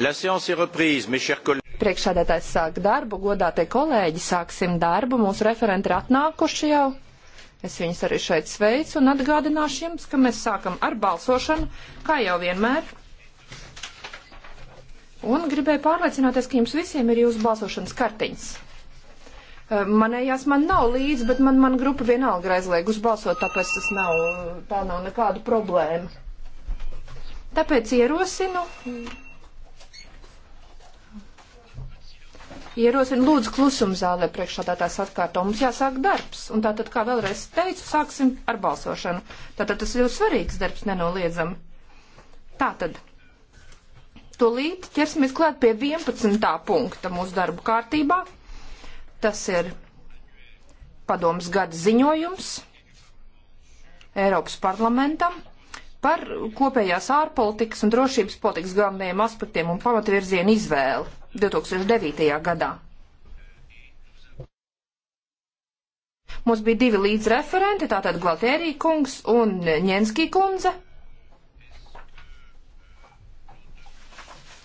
Priekšsēdētājs sāk darbu, godātie kolēģi, sāksim darbu, mūsu referenti ir atnākuši jau. Es viņus arī šeit sveicu un atgādināšu jums, ka mēs sākam ar balsošanu, kā jau vienmēr. Un gribēju pārliecināties, ka jums visiem ir jūsu balsošanas kartiņas. Manējās man nav līdzi, bet man, man grupa vienalga ir aizliegus balsot, tāpēc tas nav, tā nav nekāda problēma. Tāpēc ierosinu ierosina lūdzu klusumu zālē priekšādātājs atkārto. Mums jāsāk darbs. Un tātad, kā vēlreiz teicu, sāksim ar balsošanu. Tātad tas ir ļoti svarīgs darbs, nenoliedzami. Tātad. Tolīt ķersimies klāt pie 11. punkta mūsu darbu kārtībā. Tas ir padomas gada ziņojums Eiropas parlamentam par kopējās ārpolitikas un drošības politikas galvenajiem aspektiem un pamatvirzienu izvēli. 2009. gadā. Mums bija divi līdzreferenti, tātad Glatērī kungs un Ņenskī kundze.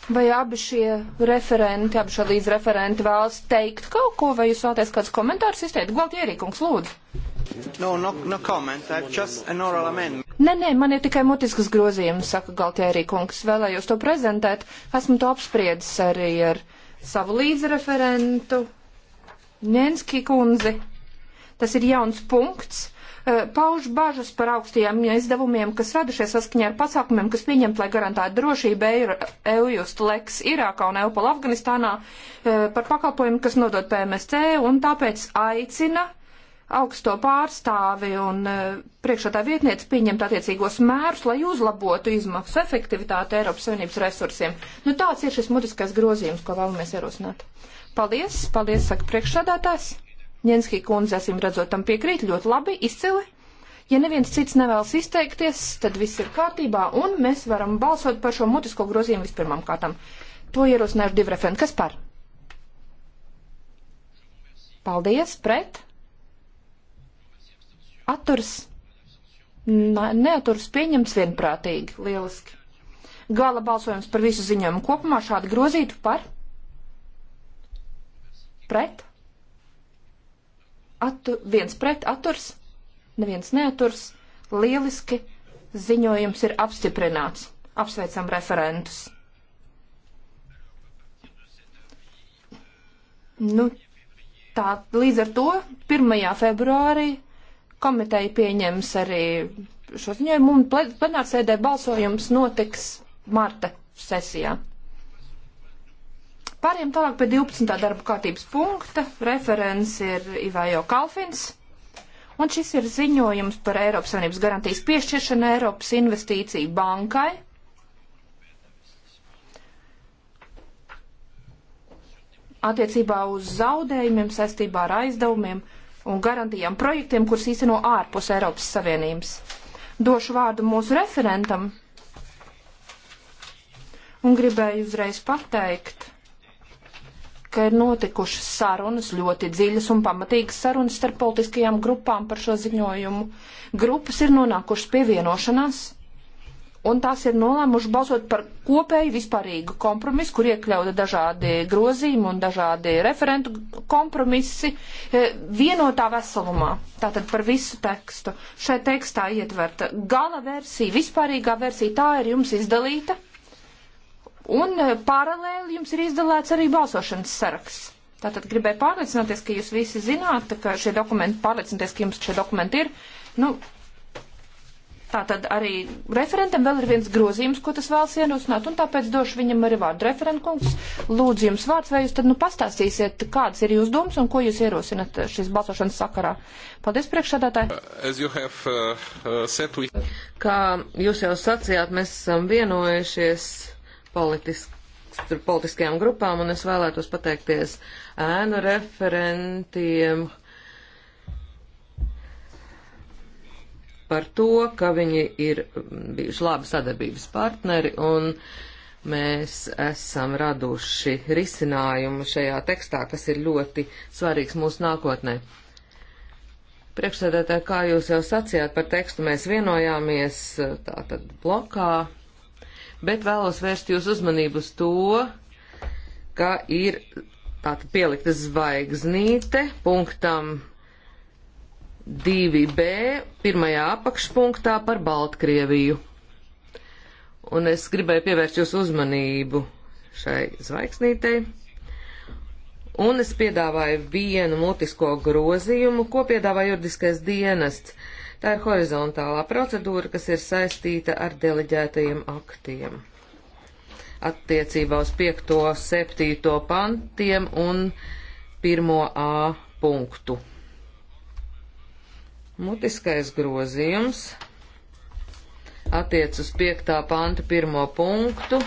Vai abi šie referenti, abi šie līdzreferenti vēlas teikt kaut ko, vai jūs vēlaties kāds komentārs izteikt? Gvaltierī, kungs, lūdzu. No, no, no comment. I've just an oral amendment. Nē, nē, man ir tikai mutiskas grozījums, saka Galtjērī kungs. Vēlējos to prezentēt. Esmu to apspriedis arī ar savu līdzreferentu Ņenski kundzi. Tas ir jauns punkts. E, pauž bažas par augstajiem izdevumiem, kas radušies saskaņā ar pasākumiem, kas pieņemt, lai garantētu drošību Eujust Leks Irākā un Eupol Afganistānā e, par pakalpojumu, kas nodot PMSC, un tāpēc aicina uh, augsto pārstāvi un e, priekšētā vietniece pieņemt attiecīgos mērus, lai uzlabotu izmaksu efektivitāti Eiropas Savienības resursiem. Nu, tāds ir šis mutiskais grozījums, ko vēlamies ierosināt. Paldies, paldies, saka priekšsādātājs. Ņenskī kundze, esim redzot, tam piekrīt ļoti labi, izcili. Ja neviens cits nevēlas izteikties, tad viss ir kārtībā un mēs varam balsot par šo mutisko grozījumu vispirmām kārtām. To ierosināšu divi referenti. Kas par? Paldies, pret? Atturs. Neaturs pieņemts vienprātīgi. Lieliski. Gala balsojums par visu ziņojumu kopumā šādi grozītu par. Pret. Atu, viens pret atturs. Neviens neaturs. Lieliski. Ziņojums ir apstiprināts. Apsveicam referentus. Nu, tā, līdz ar to 1. februārī komiteja pieņems arī šo ziņojumu un plenārsēdē balsojums notiks marta sesijā. Pāriem tālāk pie 12. darba kārtības punkta. Referents ir Ivajo Kalfins. Un šis ir ziņojums par Eiropas Savienības garantijas piešķiršanu Eiropas investīciju bankai. Attiecībā uz zaudējumiem saistībā ar aizdevumiem un garantijām projektiem, kurus īsteno ārpus Eiropas Savienības. Došu vārdu mūsu referentam un gribēju uzreiz pateikt, ka ir notikušas sarunas, ļoti dziļas un pamatīgas sarunas starp politiskajām grupām par šo ziņojumu. Grupas ir nonākušas pie vienošanās un tās ir nolēmuši balsot par kopēju vispārīgu kompromisu, kur iekļauta dažādi grozījumi un dažādi referentu kompromisi e, vienotā veselumā. Tātad par visu tekstu. Šai tekstā ietverta gala versija, vispārīgā versija, tā ir jums izdalīta. Un e, paralēli jums ir izdalēts arī balsošanas saraksts. Tātad gribēju pārliecināties, ka jūs visi zināt, ka šie dokumenti, pārliecināties, ka jums šie dokumenti ir. Nu, Tātad arī referentam vēl ir viens grozījums, ko tas vēlas ienosināt, un tāpēc došu viņam arī vārdu. Referentkungs, lūdzu jums vārds, vai jūs tad nu pastāstīsiet, kādas ir jūsu domas un ko jūs ierosinat šīs balsošanas sakarā. Paldies, priekšsādātāji. Uh, uh, uh, Kā jūs jau sacījāt, mēs esam vienojušies politiski politiskajām grupām, un es vēlētos pateikties ēnu referentiem, uh, par to, ka viņi ir bijuši labi sadarbības partneri un mēs esam raduši risinājumu šajā tekstā, kas ir ļoti svarīgs mūsu nākotnē. Priekšsēdētāji, kā jūs jau sacījāt par tekstu, mēs vienojāmies tātad blokā, bet vēlos vērst jūs uzmanību uz to, ka ir tātad pielikta zvaigznīte punktam 2b, pirmajā apakšpunktā par Baltkrieviju. Un es gribēju pievērst jūsu uzmanību šai zvaigznītei. Un es piedāvāju vienu mutisko grozījumu, ko piedāvā juridiskais dienests. Tā ir horizontālā procedūra, kas ir saistīta ar deleģētajiem aktiem. Attiecībā uz 5, 7 pantiem un 1a punktu. Mutiskais grozījums attiec uz 5. panta 1. punktu.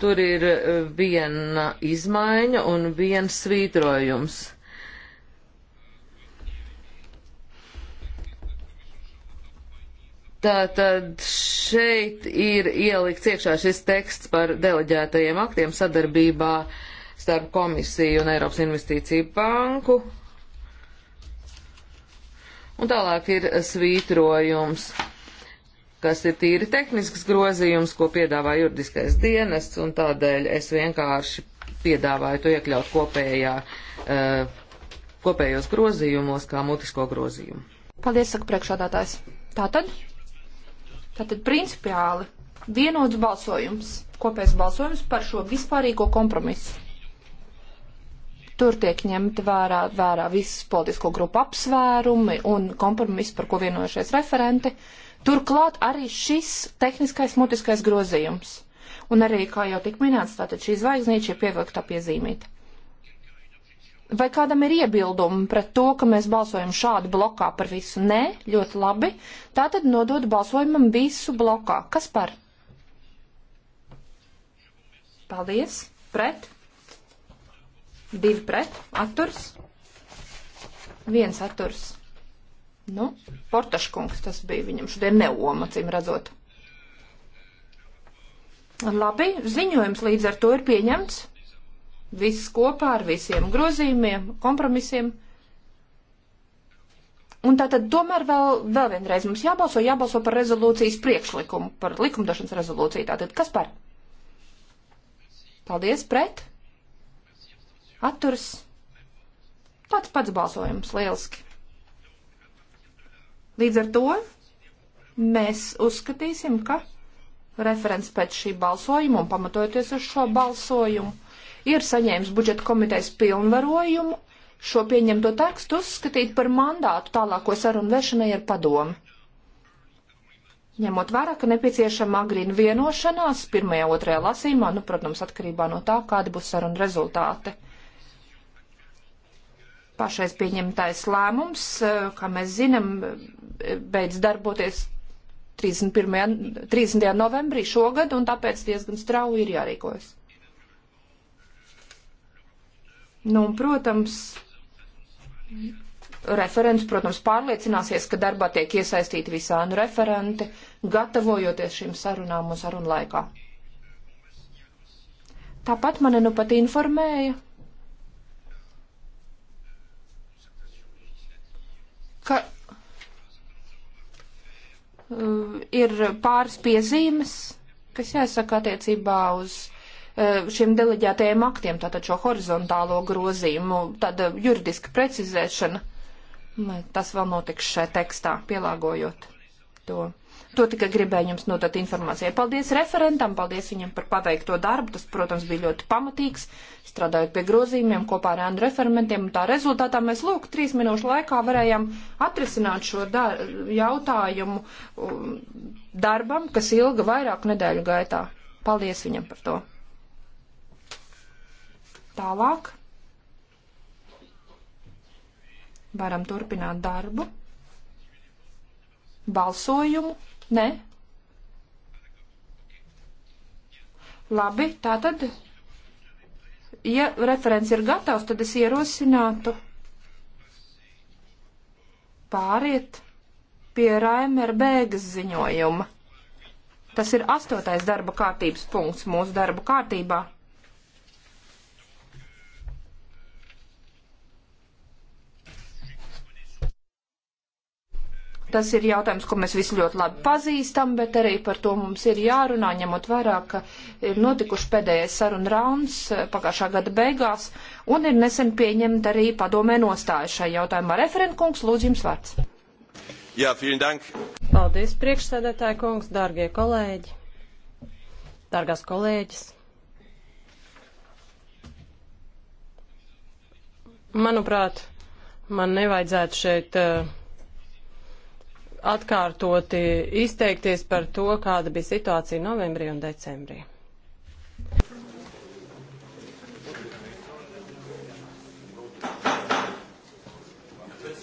Tur ir eh, viena izmaiņa un viens svītrojums. Tātad šeit ir ielikts iekšā šis teksts par deleģētajiem aktiem sadarbībā starp komisiju un Eiropas investīciju banku. Un tālāk ir svītrojums, kas ir tīri tehnisks grozījums, ko piedāvā juridiskais dienests, un tādēļ es vienkārši piedāvāju to iekļaut kopējā, eh, kopējos grozījumos kā mutisko grozījumu. Paldies, saka priekšādātājs. Tātad? Tātad principiāli vienots balsojums, kopējs balsojums par šo vispārīgo kompromisu. Tur tiek ņemti vērā, vērā visas politisko grupu apsvērumi un kompromisi, par ko vienojušies referenti. Turklāt arī šis tehniskais mutiskais grozījums. Un arī, kā jau tik minēts, tātad šī zvaigznīca ir pievilkta piezīmīta. Vai kādam ir iebildumi pret to, ka mēs balsojam šādi blokā par visu? Nē, ļoti labi. Tātad nodod balsojumam visu blokā. Kas par? Paldies. Pret? divi pret, atturs, viens atturs. Nu, Portaškungs tas bija viņam šodien neoma, cīm redzot. Labi, ziņojums līdz ar to ir pieņemts. Viss kopā ar visiem grozījumiem, kompromisiem. Un tātad tomēr vēl, vēl vienreiz mums jābalso, jābalso par rezolūcijas priekšlikumu, par likumdošanas rezolūciju. Tātad kas par? Paldies, pret? Atturs. Tāds pats balsojums. Lieliski. Līdz ar to mēs uzskatīsim, ka referents pēc šī balsojuma un pamatojoties uz šo balsojumu ir saņēmis budžeta komitejas pilnvarojumu šo pieņemto tekstu uzskatīt par mandātu tālāko sarunu vešanai ar padomu. Ņemot vērā, ka nepieciešama agrīna vienošanās pirmajā, otrajā lasīmā, nu, protams, atkarībā no tā, kādi būs saruna rezultāti pašais pieņemtais lēmums, eh, kā mēs zinām, beidz darboties 31. 30. novembrī šogad, un tāpēc diezgan strauji ir jārīkojas. Nu, un, protams, referents, protams, pārliecināsies, ka darbā tiek iesaistīti visānu referenti, gatavojoties šīm sarunām un sarunu laikā. Tāpat mani nu pat informēja, ka uh, ir pāris piezīmes, kas jāsaka attiecībā uz uh, šiem deleģētajiem aktiem, tātad šo horizontālo grozījumu, tāda uh, juridiska precizēšana. Tas vēl notiks šajā tekstā, pielāgojot to. To tikai gribēju jums nodot informācijai. Paldies referentam, paldies viņam par paveikto darbu. Tas, protams, bija ļoti pamatīgs, strādājot pie grozījumiem kopā ar ēnu referentiem. Tā rezultātā mēs, lūk, trīs minūšu laikā varējām atrisināt šo dar jautājumu um, darbam, kas ilga vairāku nedēļu gaitā. Paldies viņam par to. Tālāk. Varam turpināt darbu balsojumu Nē? Labi, tātad, ja referents ir gatavs, tad es ierosinātu pāriet pie Raimera bēgas ziņojuma. Tas ir astotais darba kārtības punkts mūsu darba kārtībā. Tas ir jautājums, ko mēs visi ļoti labi pazīstam, bet arī par to mums ir jārunā, ņemot vērā, ka ir notikuši pēdējais saruna rauns eh, pagājušā gada beigās un ir nesen pieņemta arī padomē nostāja šai jautājumā. Referentkungs, lūdzu jums vārds. Jā, vielen dank. Paldies, priekšsēdētāji kungs, dārgie kolēģi, dārgās kolēģis. Manuprāt, man nevajadzētu šeit uh, atkārtoti izteikties par to, kāda bija situācija novembrī un decembrī.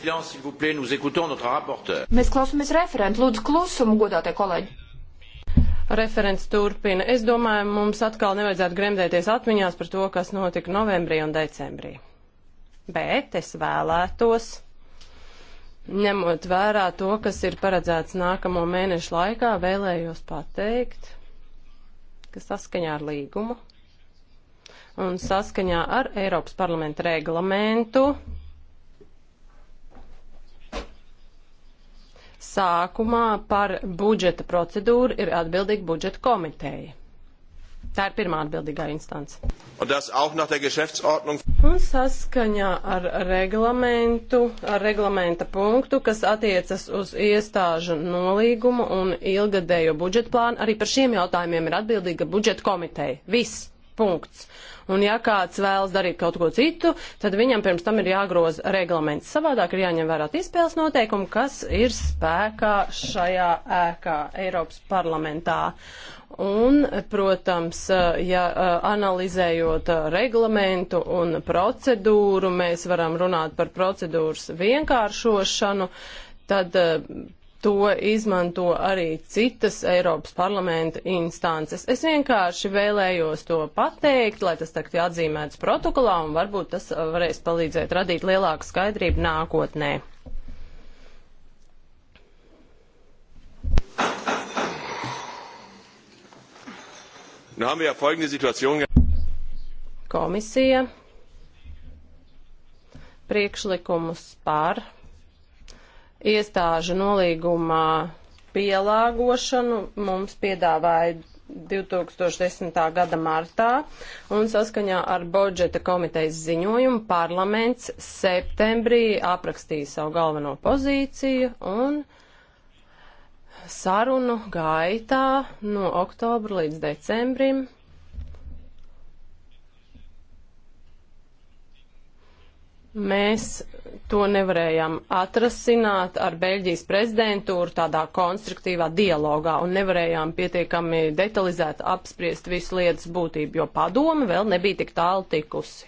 Mēs klausāmies referentu. Lūdzu, klusumu, godātie kolēģi. Referents turpina. Es domāju, mums atkal nevajadzētu gremdēties atmiņās par to, kas notika novembrī un decembrī. Bet es vēlētos Ņemot vērā to, kas ir paredzēts nākamo mēnešu laikā, vēlējos pateikt, ka saskaņā ar līgumu un saskaņā ar Eiropas parlamenta reglamentu sākumā par budžeta procedūru ir atbildīga budžeta komiteja. Tā ir pirmā atbildīgā instance. Un tas auch nach der Geschäftsordnung. Un saskaņā ar reglamentu, ar reglamenta punktu, kas attiecas uz iestāžu nolīgumu un ilgadējo budžetplānu, arī par šiem jautājumiem ir atbildīga budžeta komiteja. Viss. Punkts. Un ja kāds vēlas darīt kaut ko citu, tad viņam pirms tam ir jāgroza reglaments. Savādāk ir jāņem vērā izpēles noteikumi, kas ir spēkā šajā ēkā Eiropas parlamentā. Un, protams, ja analizējot reglamentu un procedūru, mēs varam runāt par procedūras vienkāršošanu, tad to izmanto arī citas Eiropas parlamenta instances. Es vienkārši vēlējos to pateikt, lai tas tiek atzīmēts protokolā un varbūt tas uh, varēs palīdzēt radīt lielāku skaidrību nākotnē. Komisija priekšlikumus par iestāžu nolīgumā pielāgošanu mums piedāvāja 2010. gada martā, un saskaņā ar budžeta komitejas ziņojumu parlaments septembrī aprakstīja savu galveno pozīciju un sarunu gaitā no oktobra līdz decembrim Mēs to nevarējām atrasināt ar Beļģijas prezidentūru tādā konstruktīvā dialogā un nevarējām pietiekami detalizēt apspriest visu lietas būtību, jo padome vēl nebija tik tālu tikusi.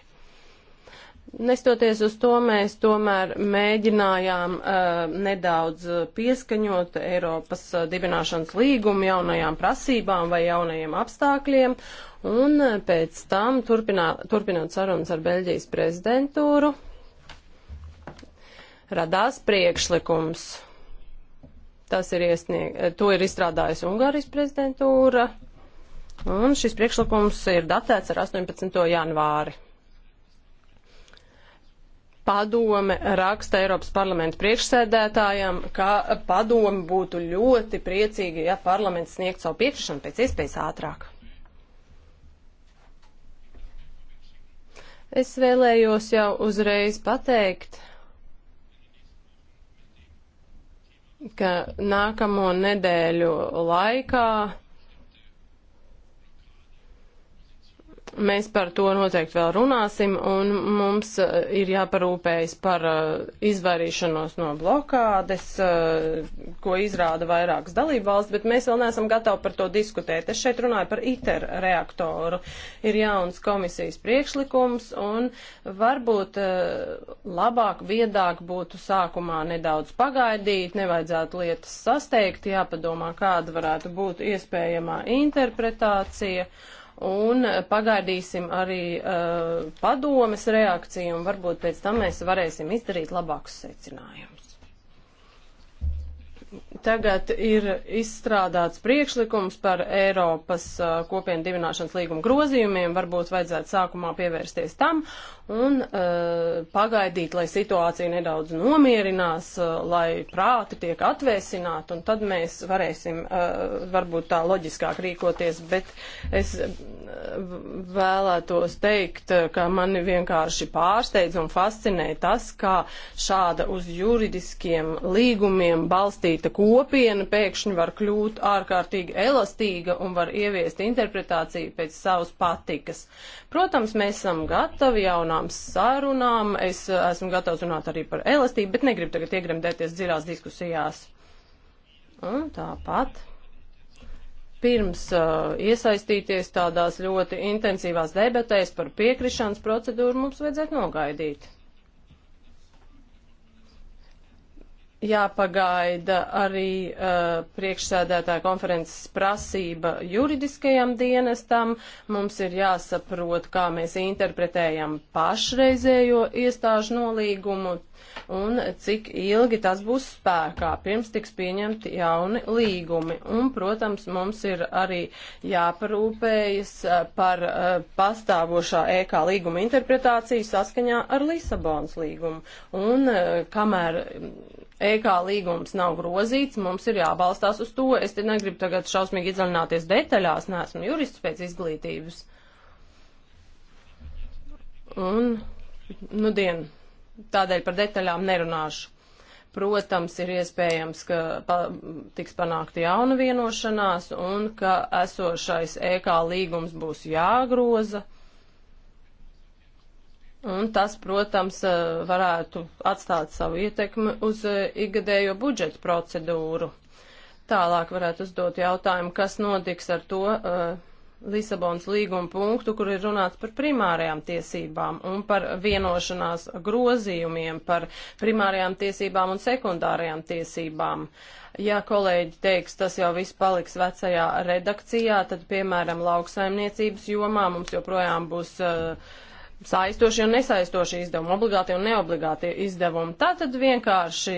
Nestoties uz to, mēs tomēr mēģinājām uh, nedaudz pieskaņot Eiropas uh, dibināšanas līgumu jaunajām prasībām vai jaunajiem apstākļiem, un uh, pēc tam turpinā, turpinot sarunas ar Beļģijas prezidentūru, uh, radās priekšlikums. Tas ir iesniegt, to ir izstrādājusi Ungārijas prezidentūra, un šis priekšlikums ir datēts ar 18. janvāri padome raksta Eiropas parlamenta priekšsēdētājam, ka padome būtu ļoti priecīga, ja parlaments sniegtu savu piekrišanu pēc iespējas ātrāk. Es vēlējos jau uzreiz pateikt, ka nākamo nedēļu laikā Mēs par to noteikti vēl runāsim, un mums uh, ir jāparūpējas par uh, izvairīšanos no blokādes, uh, ko izrāda vairākas dalībvalsts, bet mēs vēl neesam gatavi par to diskutēt. Es šeit runāju par ITER reaktoru. Ir jauns komisijas priekšlikums, un varbūt labāk, viedāk būtu sākumā nedaudz pagaidīt, nevajadzētu lietas sasteigt, jāpadomā, kāda varētu būt iespējamā interpretācija. Yeah un pagaidīsim arī uh, padomes reakciju, un varbūt pēc tam mēs varēsim izdarīt labākus secinājumus tagad ir izstrādāts priekšlikums par Eiropas uh, kopienu dibināšanas līguma grozījumiem. Varbūt vajadzētu sākumā pievērsties tam un uh, pagaidīt, lai situācija nedaudz nomierinās, uh, lai prāti tiek atvēsināti, un tad mēs varēsim uh, varbūt tā loģiskāk rīkoties. Bet es vēlētos teikt, ka mani vienkārši pārsteidz un fascinē tas, kā šāda uz juridiskiem līgumiem balstīta kopiena pēkšņi var kļūt ārkārtīgi elastīga un var ieviest interpretāciju pēc savas patikas. Protams, mēs esam gatavi jaunām sarunām, es esmu gatavs runāt arī par elastību, bet negribu tagad iegremdēties dzirās diskusijās. Un tāpat pirms uh, iesaistīties tādās ļoti intensīvās debatēs par piekrišanas procedūru, mums vajadzētu nogaidīt. Jāpagaida arī uh, priekšsēdētāja konferences prasība juridiskajam dienestam. Mums ir jāsaprot, kā mēs interpretējam pašreizējo iestāžu nolīgumu un cik ilgi tas būs spēkā, pirms tiks pieņemti jauni līgumi. Un, protams, mums ir arī jāparūpējas eh, par eh, pastāvošā EK līguma interpretāciju saskaņā ar Lisabonas līgumu. Un, eh, kamēr mm, EK līgums nav grozīts, mums ir jābalstās uz to. Es te negribu tagad šausmīgi izdziļināties detaļās, neesmu jurists pēc izglītības. Un, nu, dienu tādēļ par detaļām nerunāšu. Protams, ir iespējams, ka pa, tiks panākta jauna vienošanās un ka esošais EK līgums būs jāgroza. Un tas, protams, eh, varētu atstāt savu ietekmi uz eh, ikgadējo budžetu procedūru. Tālāk varētu uzdot jautājumu, kas notiks ar to eh, Lisabonas līguma punktu, kur ir runāts par primārajām tiesībām un par vienošanās grozījumiem, par primārajām tiesībām un sekundārajām tiesībām. Ja kolēģi teiks, tas jau viss paliks vecajā redakcijā, tad, piemēram, lauksaimniecības jomā mums joprojām būs uh, saistošie un nesaistošie izdevumi, obligāti un neobligāti izdevumi. Tātad vienkārši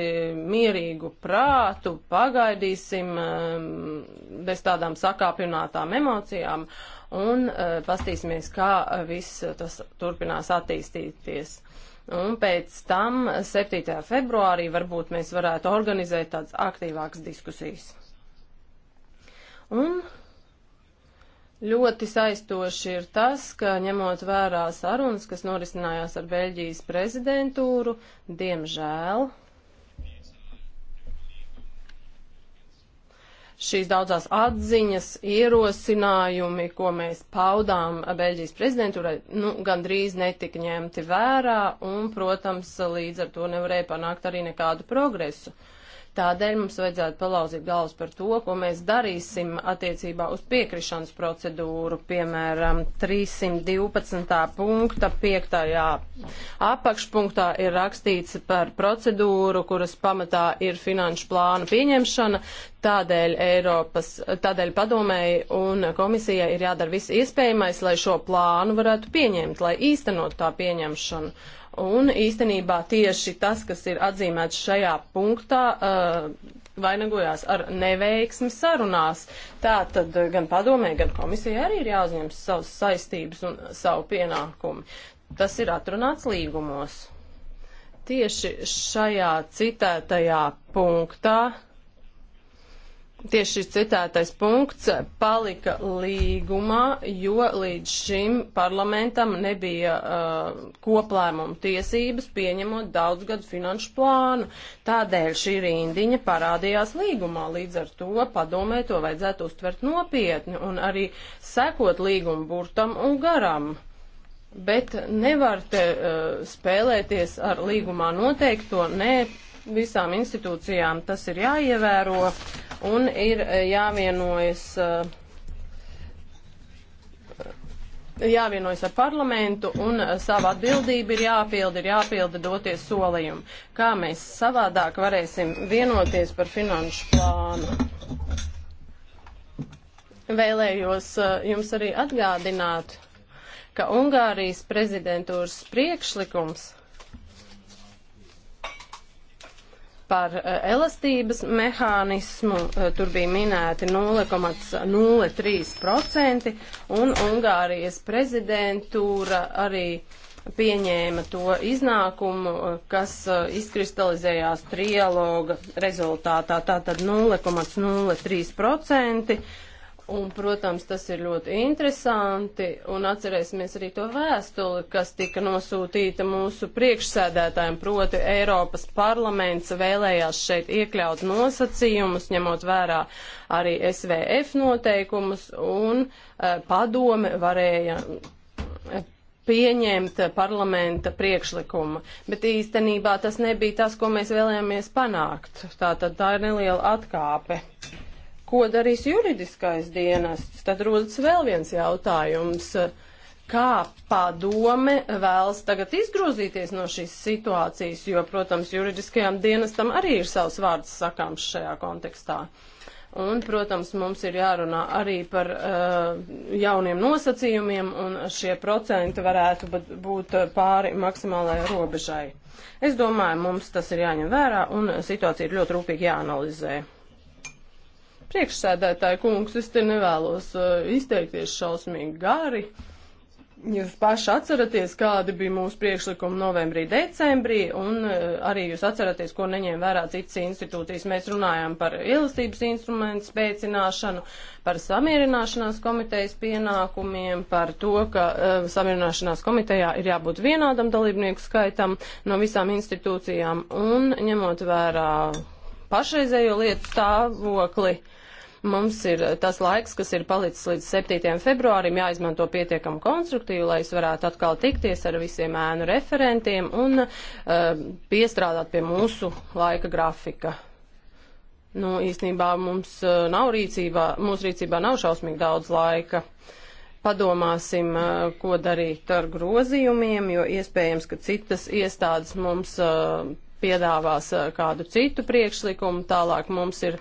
mierīgu prātu pagaidīsim um, bez tādām sakāpinātām emocijām un uh, pastīsimies, kā viss tas turpinās attīstīties. Un pēc tam 7. februārī varbūt mēs varētu organizēt tādas aktīvākas diskusijas. Un Ļoti saistoši ir tas, ka ņemot vērā sarunas, kas norisinājās ar Beļģijas prezidentūru, diemžēl šīs daudzās atziņas, ierosinājumi, ko mēs paudām Beļģijas prezidentūrai, nu, gandrīz netika ņemti vērā un, protams, līdz ar to nevarēja panākt arī nekādu progresu. Uh, Tādēļ mums vajadzētu palauzīt galvas par to, ko mēs darīsim attiecībā uz piekrišanas procedūru, piemēram, 312. punkta 5. apakšpunktā ir rakstīts par procedūru, kuras pamatā ir finanšu plānu pieņemšana, Tādēļ Eiropas, tādēļ padomēji un komisijai ir jādara viss iespējamais, lai šo plānu varētu pieņemt, lai īstenot tā pieņemšanu. Un īstenībā tieši tas, kas ir atzīmēts šajā punktā, uh, vainagojās ar neveiksmi sarunās. Tā tad gan padomē, gan komisija arī ir jāuzņems savas saistības un savu pienākumu. Tas ir atrunāts līgumos. Tieši šajā citētajā punktā Tieši šis citētais punkts palika līgumā, jo līdz šim parlamentam nebija uh, koplēmuma tiesības pieņemot daudzgadu finanšu plānu. Tādēļ šī rindiņa parādījās līgumā. Līdz ar to padomē to vajadzētu uztvert nopietni un arī sekot līguma burtam un garam. Bet nevar te uh, spēlēties ar līgumā noteikto, ne visām institūcijām tas ir jāievēro un ir eh, jāvienojas. Eh, jāvienojas ar parlamentu un eh, savu atbildību ir jāpilda, ir jāpilda doties solījumi. Kā mēs savādāk varēsim vienoties par finanšu plānu? Vēlējos jums arī atgādināt, ka Ungārijas prezidentūras priekšlikums par eh, elastības mehānismu, eh, tur bija minēti 0,03%, un Ungārijas prezidentūra arī pieņēma to iznākumu, eh, kas izkristalizējās trialoga rezultātā, tātad 0,03%. Un, protams, tas ir ļoti interesanti, un atcerēsimies arī to vēstuli, kas tika nosūtīta mūsu priekšsēdētājiem, proti Eiropas parlaments vēlējās šeit iekļaut nosacījumus, ņemot vērā arī SVF noteikumus, un eh, padome varēja eh, pieņemt parlamenta priekšlikumu, bet īstenībā tas nebija tas, ko mēs vēlējāmies panākt. Tā tad tā ir neliela atkāpe. Ko darīs juridiskais dienests? Tad rodas vēl viens jautājums. Kā padome vēlas tagad izgrozīties no šīs situācijas, jo, protams, juridiskajam dienestam arī ir savs vārds sakāms šajā kontekstā. Un, protams, mums ir jārunā arī par uh, jauniem nosacījumiem, un šie procenti varētu būt pāri maksimālajai robežai. Es domāju, mums tas ir jāņem vērā, un situācija ir ļoti rūpīgi jāanalizē. Priekšsēdētāji kungs, es te nevēlos eh, izteikties šausmīgi gari. Jūs paši atceraties, kādi bija mūsu priekšlikumi novembrī, decembrī, un eh, arī jūs atceraties, ko neņēma vērā citas institūcijas. Mēs runājām par ielastības instrumentu spēcināšanu, par samierināšanās komitejas pienākumiem, par to, ka uh, samierināšanās komitejā ir jābūt vienādam dalībnieku skaitam no visām institūcijām, un ņemot vērā pašreizējo lietu stāvokli. Uh, Mums ir tas laiks, kas ir palicis līdz 7. februārim, jāizmanto pietiekami konstruktīvi, lai es varētu atkal tikties ar visiem ēnu referentiem un uh, piestrādāt pie mūsu laika grafika. Nu, īstenībā mums eh, nav rīcībā, mūsu rīcībā nav šausmīgi daudz laika padomāsim, eh, ko darīt ar grozījumiem, jo iespējams, ka citas iestādes mums piedāvās kādu citu priekšlikumu. Tālāk mums ir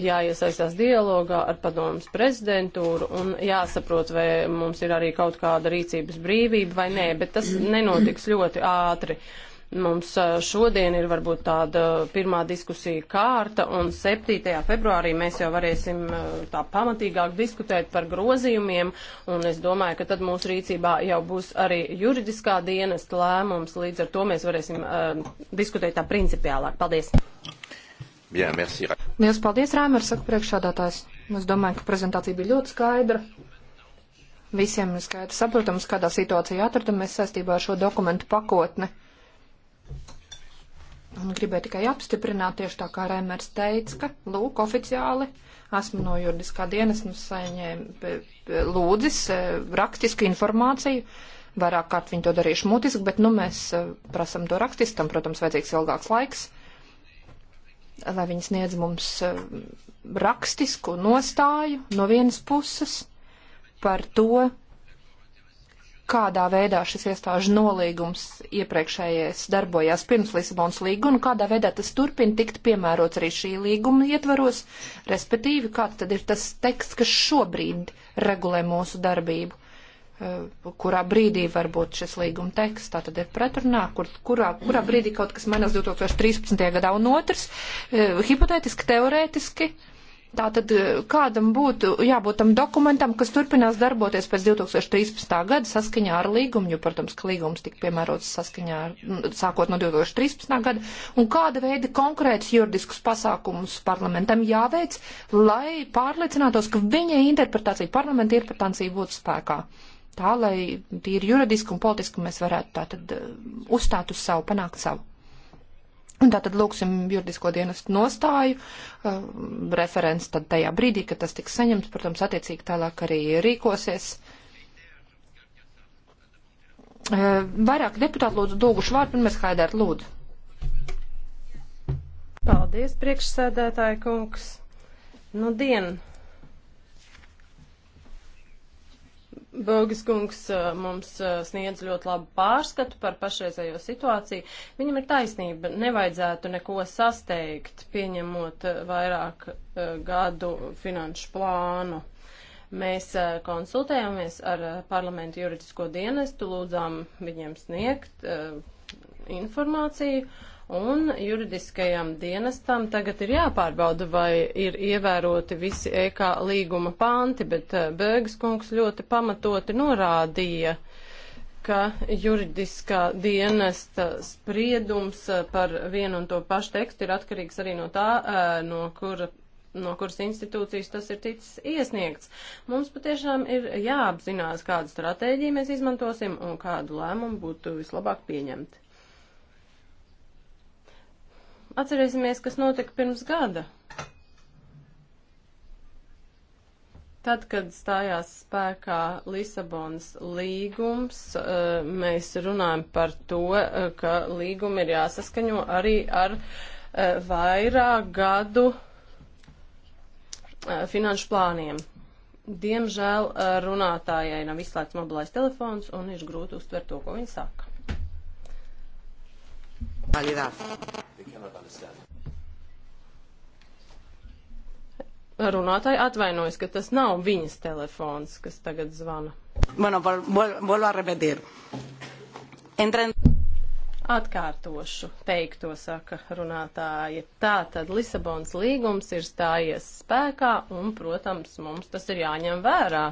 jāiesaistās dialogā ar padomus prezidentūru un jāsaprot, vai mums ir arī kaut kāda rīcības brīvība vai nē, bet tas nenotiks ļoti ātri. Mums šodien ir varbūt tāda pirmā diskusija kārta, un 7. februārī mēs jau varēsim tā pamatīgāk diskutēt par grozījumiem, un es domāju, ka tad mūsu rīcībā jau būs arī juridiskā dienas lēmums, līdz ar to mēs varēsim uh, diskutēt tā principiālāk. Paldies! Bien, merci. Lielas paldies, Rāmer, saka priekšādātājs. Es domāju, ka prezentācija bija ļoti skaidra. Visiem ir skaidrs saprotams, kādā situācijā atradamies saistībā ar šo dokumentu pakotni. Un gribēju tikai apstiprināt, tieši tā kā Rēmērs teica, ka lūk, oficiāli esmu no juridiskā dienas nu saņēmu lūdzis e, rakstisku informāciju. Vairāk kārt viņi to darījuši mutiski, bet nu mēs e, prasam to rakstiski, tam, protams, vajadzīgs ilgāks laiks lai viņi sniedz mums eh, rakstisku nostāju no vienas puses par to, kādā veidā šis iestāžu nolīgums iepriekšējais darbojās pirms Lisabonas līguma un kādā veidā tas turpina tikt piemērots arī šī līguma ietvaros, respektīvi, kāds tad ir tas teksts, kas šobrīd regulē mūsu darbību. Eh, kurā brīdī varbūt šis līguma teksts tātad ir pretrunā, kur, kurā, kurā brīdī kaut kas mainās 2013. gadā un otrs, eh, hipotētiski, teorētiski. Tātad eh, kādam būtu jābūt tam dokumentam, kas turpinās darboties pēc 2013. gada saskaņā ar līgumu, jo, protams, ka līgums tika piemērots saskaņā ar, nu, sākot no 2013. gada, un kāda veida konkrēts juridiskus pasākumus parlamentam jāveic, lai pārliecinātos, ka viņa interpretācija, parlamenta interpretācija būtu spēkā tā, lai tīri juridiski un politiski mēs varētu tātad eh, uzstāt uz savu, panākt savu. Un tātad lūksim juridisko dienestu nostāju, uh, referents tad tajā brīdī, kad tas tiks saņemts, protams, attiecīgi tālāk arī rīkosies. Uh, vairāk deputāti lūdzu dūguši vārdu, pirmais Haidērt lūdzu. Paldies, priekšsēdētāja kungs. Nu, dienu. Bogas kungs mums sniedz ļoti labu pārskatu par pašreizējo situāciju. Viņam ir taisnība, nevajadzētu neko sasteigt, pieņemot vairāk gadu finanšu plānu. Mēs konsultējāmies ar parlamentu juridisko dienestu, lūdzām viņiem sniegt informāciju un juridiskajam dienestam tagad ir jāpārbauda, vai ir ievēroti visi EK līguma panti, bet eh, Bēgas kungs ļoti pamatoti norādīja, ka juridiskā dienesta spriedums eh, par vienu un to pašu tekstu ir atkarīgs arī no tā, eh, no kura no kuras institūcijas tas ir ticis iesniegts. Mums patiešām ir jāapzinās, kādu stratēģiju mēs izmantosim un kādu lēmumu būtu vislabāk pieņemt. Atcerēsimies, kas notika pirms gada. Tad, kad stājās spēkā Lisabonas līgums, eh, mēs runājam par to, eh, ka līgumi ir jāsaskaņo arī ar eh, vairāk gadu finanšu plāniem. Diemžēl runātājai nav izslēgts mobilais telefons un ir grūti uztvert to, ko viņa saka. Validās cannot understand. Runātāji atvainojas, ka tas nav viņas telefons, kas tagad zvana. Bueno, vuelvo a repetir. Entren... Atkārtošu teikto, saka runātāji. Tā tad Lisabonas līgums ir stājies spēkā un, protams, mums tas ir jāņem vērā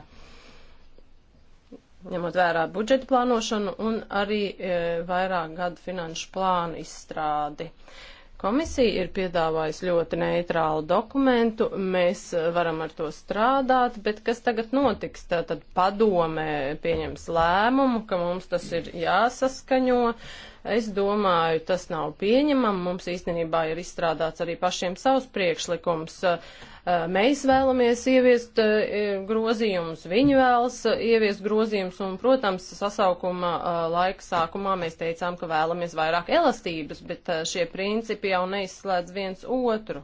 ņemot vērā budžeta plānošanu un arī e, vairāk gadu finanšu plānu izstrādi. Komisija ir piedāvājusi ļoti neitrālu dokumentu, mēs eh, varam ar to strādāt, bet kas tagad notiks? Tātad padome pieņems lēmumu, ka mums tas ir jāsaskaņo. Uh, Es domāju, tas nav pieņemam. Mums īstenībā ir izstrādāts arī pašiem savs priekšlikums. Uh, uh, mēs vēlamies ieviest uh, grozījumus, viņi vēlas ieviest grozījumus, un, protams, sasaukuma laika sākumā mēs teicām, ka vēlamies vairāk elastības, bet šie principi jau neizslēdz viens otru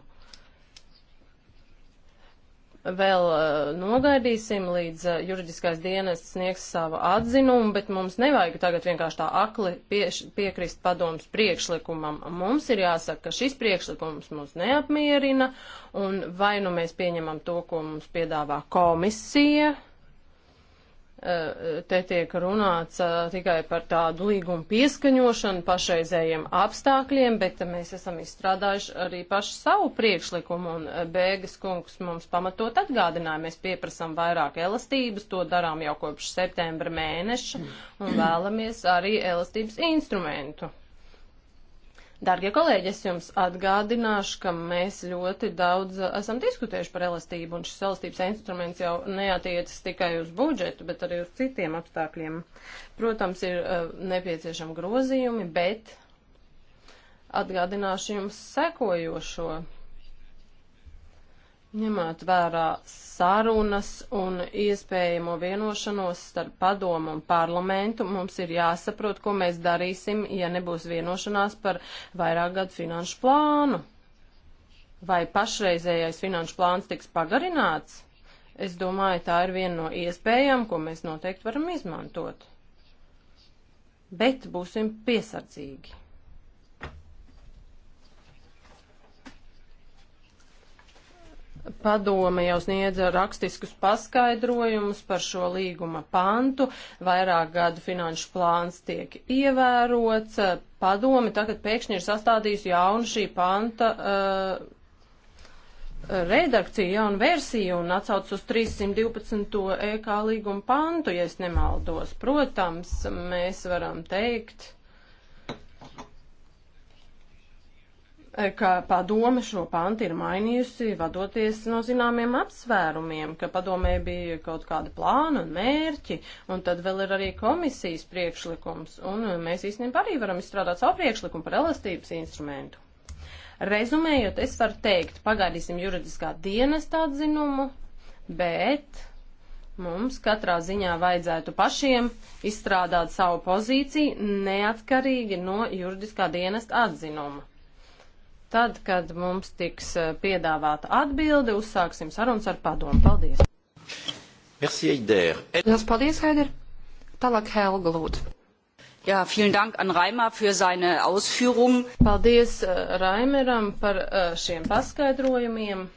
vēl uh, nogaidīsim, līdz uh, juridiskais dienests sniegs savu atzinumu, bet mums nevajag tagad vienkārši tā akli pieš, piekrist padomus priekšlikumam. Mums ir jāsaka, ka šis priekšlikums mūs neapmierina, un vai nu mēs pieņemam to, ko mums piedāvā komisija, uh, Eh, te tiek runāts eh, tikai par tādu līgumu pieskaņošanu pašreizējiem apstākļiem, bet mēs esam izstrādājuši arī pašu savu priekšlikumu, un eh, Bēgas kungs mums pamatot atgādināja, mēs pieprasam vairāk elastības, to darām jau kopš septembra mēneša, un vēlamies arī elastības instrumentu. Dargie kolēģi, es jums atgādināšu, ka mēs ļoti daudz uh, esam diskutējuši par elastību, un šis elastības instruments jau neatiecas tikai uz budžetu, bet arī uz citiem apstākļiem. Protams, ir uh, nepieciešami grozījumi, bet atgādināšu jums sekojošo. Ņemot vērā sarunas un iespējamo vienošanos starp padomu un parlamentu, mums ir jāsaprot, ko mēs darīsim, ja nebūs vienošanās par vairāk gadu finanšu plānu. Vai pašreizējais finanšu plāns tiks pagarināts? Es domāju, tā ir viena no iespējām, ko mēs noteikti varam izmantot. Bet būsim piesardzīgi. Padome jau sniedza rakstiskus paskaidrojumus par šo līguma pantu, vairāk gadu finanšu plāns tiek ievērots. Padome tagad pēkšņi ir sastādījusi jaunu šī panta uh, redakciju, jaunu versiju un atsauc uz 312. EK līguma pantu, ja es nemaldos. Protams, mēs varam teikt, E, ka padome šo pantu ir mainījusi, vadoties no zināmiem apsvērumiem, ka padomē bija kaut kāda plāna un mērķi, un tad vēl ir arī komisijas priekšlikums, un e, mēs īstenībā arī varam izstrādāt savu priekšlikumu par elastības instrumentu. Rezumējot, es varu teikt, pagaidīsim juridiskā dienesta atzinumu, bet Mums katrā ziņā vajadzētu pašiem izstrādāt savu pozīciju neatkarīgi no juridiskā dienesta atzinuma. Tad, kad mums tiks eh, piedāvāta atbilde, uzsāksim sarunas ar padomu. Paldies! Merci, Heider. Lielas paldies, Heider! Tālāk Helga lūdzu. Jā, vielen Dank an Reimer für seine Ausführungen. Paldies eh, Raimeram par eh, šiem paskaidrojumiem.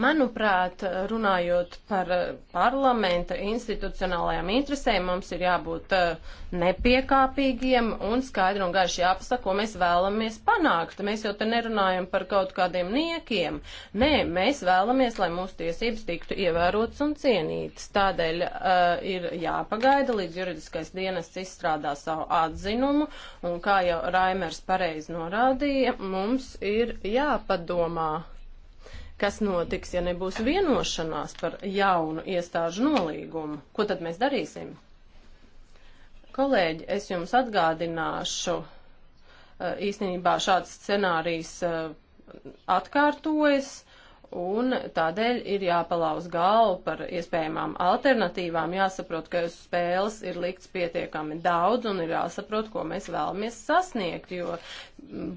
Manuprāt, runājot par eh, parlamenta institucionālajām interesēm, mums ir jābūt eh, nepiekāpīgiem un skaidri un gaiši jāpasaka, ko mēs vēlamies panākt. Mēs jau te nerunājam par kaut kādiem niekiem. Nē, mēs vēlamies, lai mūsu tiesības tiktu ievērotas un cienītas. Tādēļ uh, ir jāpagaida, līdz juridiskais dienests izstrādā savu atzinumu, un kā jau Raimers pareizi norādīja, mums ir jāpadomā Kas notiks, ja nebūs vienošanās par jaunu iestāžu nolīgumu? Ko tad mēs darīsim? Kolēģi, es jums atgādināšu, īstenībā šāds scenārijs atkārtojas un tādēļ ir jāpalauz galvu par iespējamām alternatīvām, jāsaprot, ka uz spēles ir likts pietiekami daudz un ir jāsaprot, ko mēs vēlamies sasniegt, jo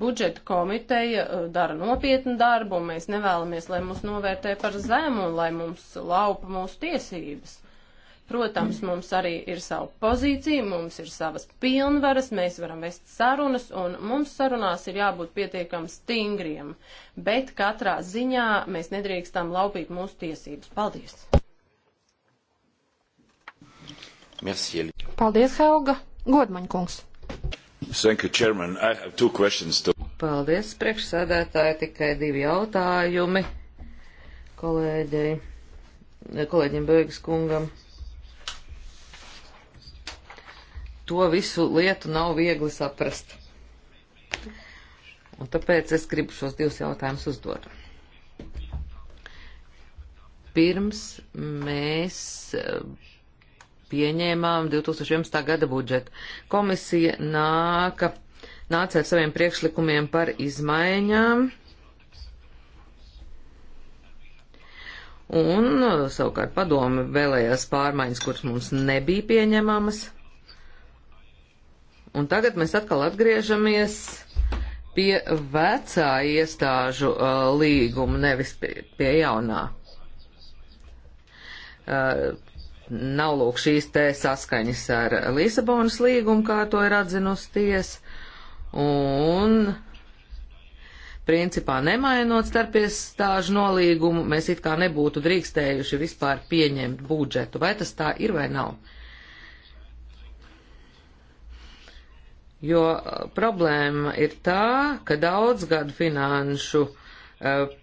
budžeta komiteja uh, dara nopietnu darbu un mēs nevēlamies, lai mūs novērtē par zemu un lai mums laupa mūsu tiesības. Protams, mums arī ir sava pozīcija, mums ir savas pilnvaras, mēs varam vest sarunas, un mums sarunās ir jābūt pietiekami stingriem. Bet katrā ziņā mēs nedrīkstam laupīt mūsu tiesības. Paldies! Merci. Paldies, Helga! Godmaņkungs! Thank you, Chairman. I have two questions to... Paldies, priekšsēdētāji, tikai divi jautājumi kolēģei, kolēģim Beigas kungam. to visu lietu nav viegli saprast. Un tāpēc es gribu šos divus jautājumus uzdot. Pirms mēs eh, pieņēmām 2011. gada budžetu, komisija nāka, nāca ar saviem priekšlikumiem par izmaiņām. Un eh, savukārt padomi vēlējās pārmaiņas, kuras mums nebija pieņemamas. Un tagad mēs atkal atgriežamies pie vecā iestāžu uh, līguma, nevis pie, pie jaunā. Uh, nav lūk šīs te saskaņas ar Lisabonas līgumu, kā to ir atzinusi ties, un principā nemainot starpiestāžu nolīgumu, mēs it kā nebūtu drīkstējuši vispār pieņemt budžetu. Vai tas tā ir vai nav? jo uh, problēma ir tā, ka daudz gadu finanšu uh,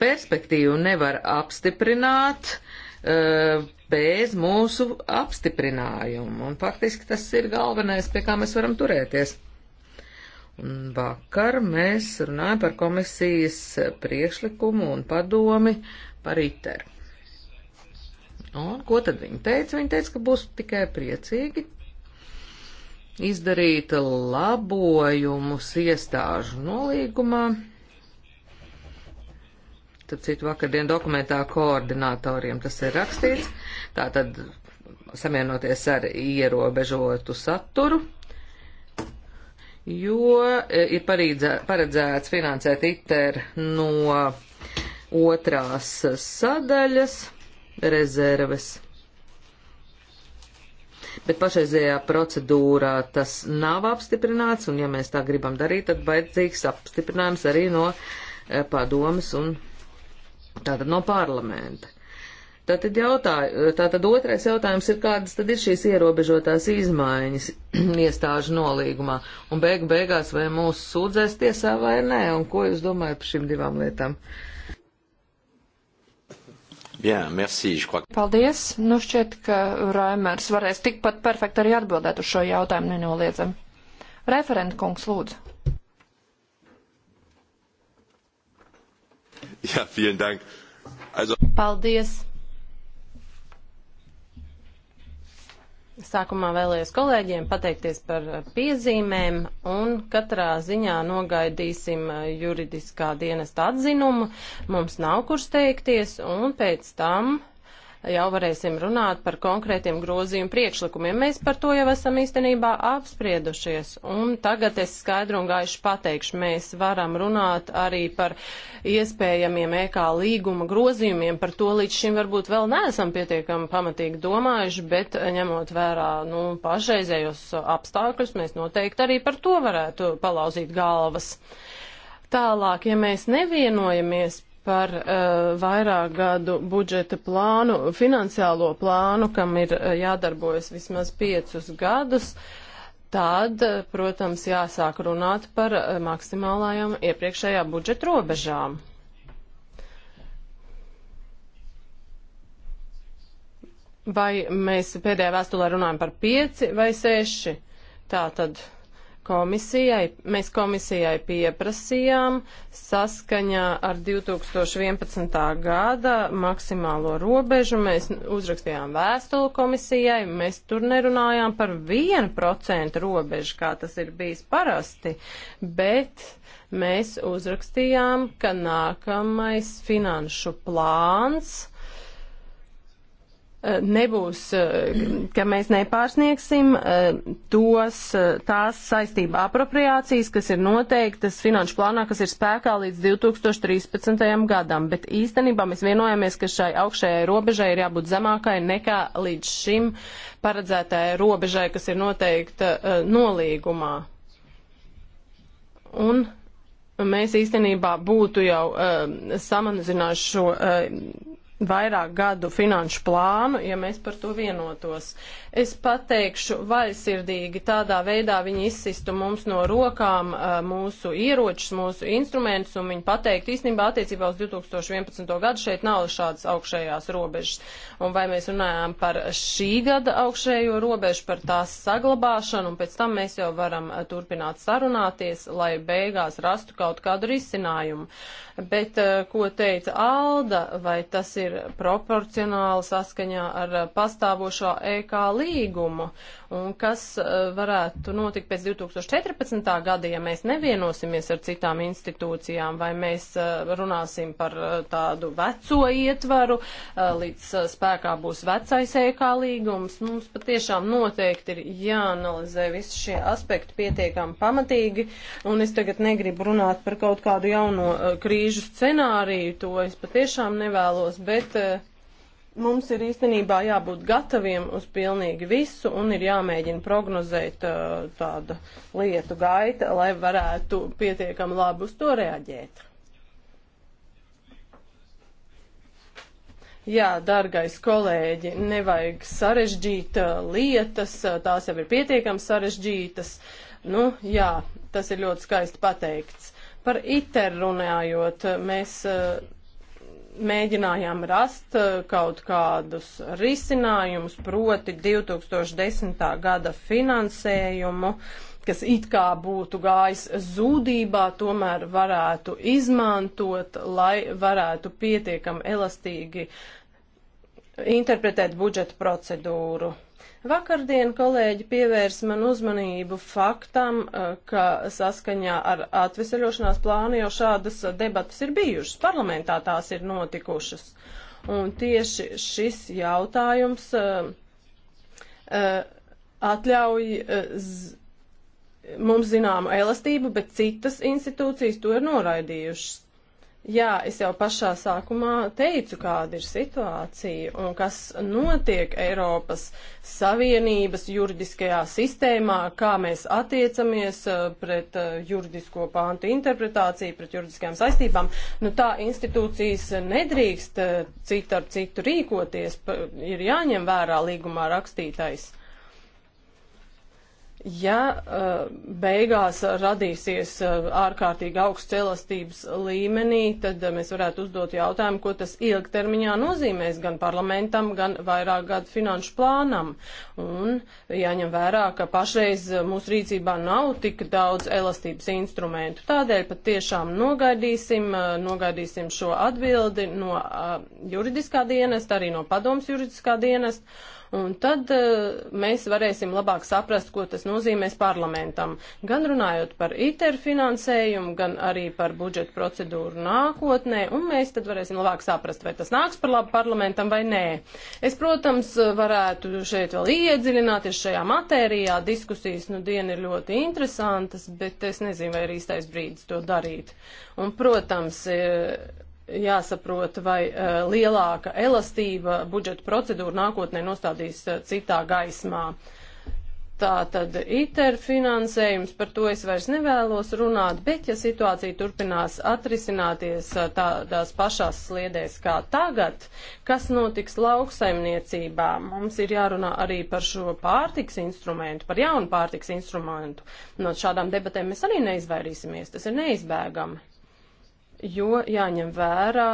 perspektīvu nevar apstiprināt uh, bez mūsu apstiprinājumu, un faktiski tas ir galvenais, pie kā mēs varam turēties. Un vakar mēs runājam par komisijas priekšlikumu un padomi par ITER. Un ko tad viņi teica? Viņi teica, ka būs tikai priecīgi izdarīt labojumus iestāžu nolīgumā. Tad citu vakardien dokumentā koordinātoriem tas ir rakstīts. Tā tad samienoties ar ierobežotu saturu, jo e, ir paredzēts finansēt ITER no otrās sadaļas rezerves bet pašreizējā procedūrā tas nav apstiprināts, un ja mēs tā gribam darīt, tad baidzīgs apstiprinājums arī no eh, padomas un tātad no parlamenta. Tātad, jautāju, tātad otrais jautājums ir, kādas tad ir šīs ierobežotās izmaiņas iestāžu nolīgumā, un beigu beigās vai mūs sūdzēs tiesā vai nē, un ko jūs domājat par šīm divām lietām? Uh, Bien, merci, je crois. Paldies. Nu šķiet, ka Raimers varēs tikpat perfekti arī atbildēt uz šo jautājumu nenoliedzami. Referenta kungs, lūdzu. Jā, ja, vielen dank. Also... Paldies. Sākumā vēlējos kolēģiem pateikties par piezīmēm un katrā ziņā nogaidīsim uh, juridiskā dienesta atzinumu. Mums nav kur steigties un pēc tam jau varēsim runāt par konkrētiem grozījumu priekšlikumiem. Mēs par to jau esam īstenībā apspriedušies, un tagad es skaidru un gaišu pateikšu, mēs varam runāt arī par iespējamiem EK līguma grozījumiem, par to līdz šim varbūt vēl neesam pietiekami pamatīgi domājuši, bet ņemot vērā nu, pašreizējos apstākļus, mēs noteikti arī par to varētu palauzīt galvas. Tālāk, ja mēs nevienojamies par uh, vairāk gadu budžeta plānu, finansiālo plānu, kam ir uh, jādarbojas vismaz piecus gadus, tad, eh, protams, jāsāk runāt par uh, maksimālajām iepriekšējā budžeta robežām. Vai mēs pēdējā vēstulē runājam par pieci vai seši? Tā tad komisijai, mēs komisijai pieprasījām saskaņā ar 2011. gada maksimālo robežu. Mēs uzrakstījām vēstuli komisijai, mēs tur nerunājām par 1% robežu, kā tas ir bijis parasti, bet mēs uzrakstījām, ka nākamais finanšu plāns nebūs, eh, ka mēs nepārsniegsim eh, tos, eh, tās saistība apropriācijas, kas ir noteiktas finanšu plānā, kas ir spēkā līdz 2013. gadam. Bet īstenībā mēs vienojamies, ka šai augšējai robežai ir jābūt zemākai nekā līdz šim paredzētajai robežai, kas ir noteikta nolīgumā. Un mēs īstenībā būtu jau uh, samazinājuši šo uh, vairāk gadu finanšu plānu, ja mēs par to vienotos. Es pateikšu vaļsirdīgi, tādā veidā viņi izsistu mums no rokām mūsu ieročus, mūsu instrumentus, un viņi pateiktu īstenībā attiecībā uz 2011. gadu šeit nav šādas augšējās robežas. Un vai mēs runājām par šī gada augšējo robežu, par tās saglabāšanu, un pēc tam mēs jau varam turpināt sarunāties, lai beigās rastu kaut kādu risinājumu bet eh, ko teica Alda, vai tas ir proporcionāli saskaņā ar eh, pastāvošo EK līgumu? Un kas eh, varētu notikt pēc 2014. gada, ja mēs nevienosimies ar citām institūcijām, vai mēs eh, runāsim par eh, tādu veco ietvaru, līdz spēkā būs vecais ēkā e līgums. Mums patiešām noteikti ir jāanalizē visi šie aspekti pietiekami pamatīgi, un es tagad negribu runāt par kaut kādu jauno krīžu scenāriju, to es patiešām nevēlos, bet. Uh, mums ir īstenībā jābūt gataviem uz pilnīgi visu un ir jāmēģina prognozēt uh, tādu lietu gaita, lai varētu pietiekami labi uz to reaģēt. Jā, dargais kolēģi, nevajag sarežģīt uh, lietas, uh, tās jau ir pietiekami sarežģītas. Nu, jā, tas ir ļoti skaisti pateikts. Par ITER runājot, uh, mēs uh, mēģinājām rast uh, kaut kādus risinājumus, proti 2010. gada finansējumu, kas it kā būtu gājis zūdībā, tomēr varētu izmantot, lai varētu pietiekami elastīgi interpretēt budžeta procedūru. Vakardien kolēģi pievērs man uzmanību faktam, eh, ka saskaņā ar atveseļošanās plānu jau šādas eh, debatas ir bijušas, parlamentā tās ir notikušas. Un tieši šis jautājums uh, uh, atļauj uh, mums zināmu elastību, bet citas institūcijas to ir noraidījušas. Jā, es jau pašā sākumā teicu, kāda ir situācija un kas notiek Eiropas Savienības juridiskajā sistēmā, kā mēs attiecamies uh, pret uh, juridisko pāntu interpretāciju, pret juridiskajām saistībām. Nu, tā institūcijas nedrīkst uh, citu ar citu rīkoties, ir jāņem vērā līgumā rakstītais. Ja eh, beigās radīsies eh, ārkārtīgi augsts celastības līmenī, tad eh, mēs varētu uzdot jautājumu, ko tas ilgtermiņā nozīmēs gan parlamentam, gan vairāk gadu finanšu plānam. Un jāņem vērā, ka pašreiz mūsu rīcībā nav tik daudz elastības instrumentu. Tādēļ pat tiešām nogaidīsim, nogaidīsim šo atbildi no juridiskā dienesta, arī no padoms juridiskā dienesta un tad uh, mēs varēsim labāk saprast, ko tas nozīmēs parlamentam. Gan runājot par ITER finansējumu, gan arī par budžetu procedūru nākotnē, un mēs tad varēsim labāk saprast, vai tas nāks par labu parlamentam vai nē. Es, protams, varētu šeit vēl iedziļināties šajā matērijā, diskusijas nu diena ir ļoti interesantas, bet es nezinu, vai ir īstais brīdis to darīt. Un, protams, ir, eh, jāsaprot, vai uh, lielāka elastība budžeta procedūra nākotnē nostādīs uh, citā gaismā. Tā tad ITER finansējums, par to es vairs nevēlos runāt, bet ja situācija turpinās atrisināties uh, tādās pašās sliedēs kā tagad, kas notiks lauksaimniecībā? Mums ir jārunā arī par šo pārtiks instrumentu, par jaunu pārtiks instrumentu. No šādām debatēm mēs arī neizvairīsimies, tas ir neizbēgami jo jāņem vērā,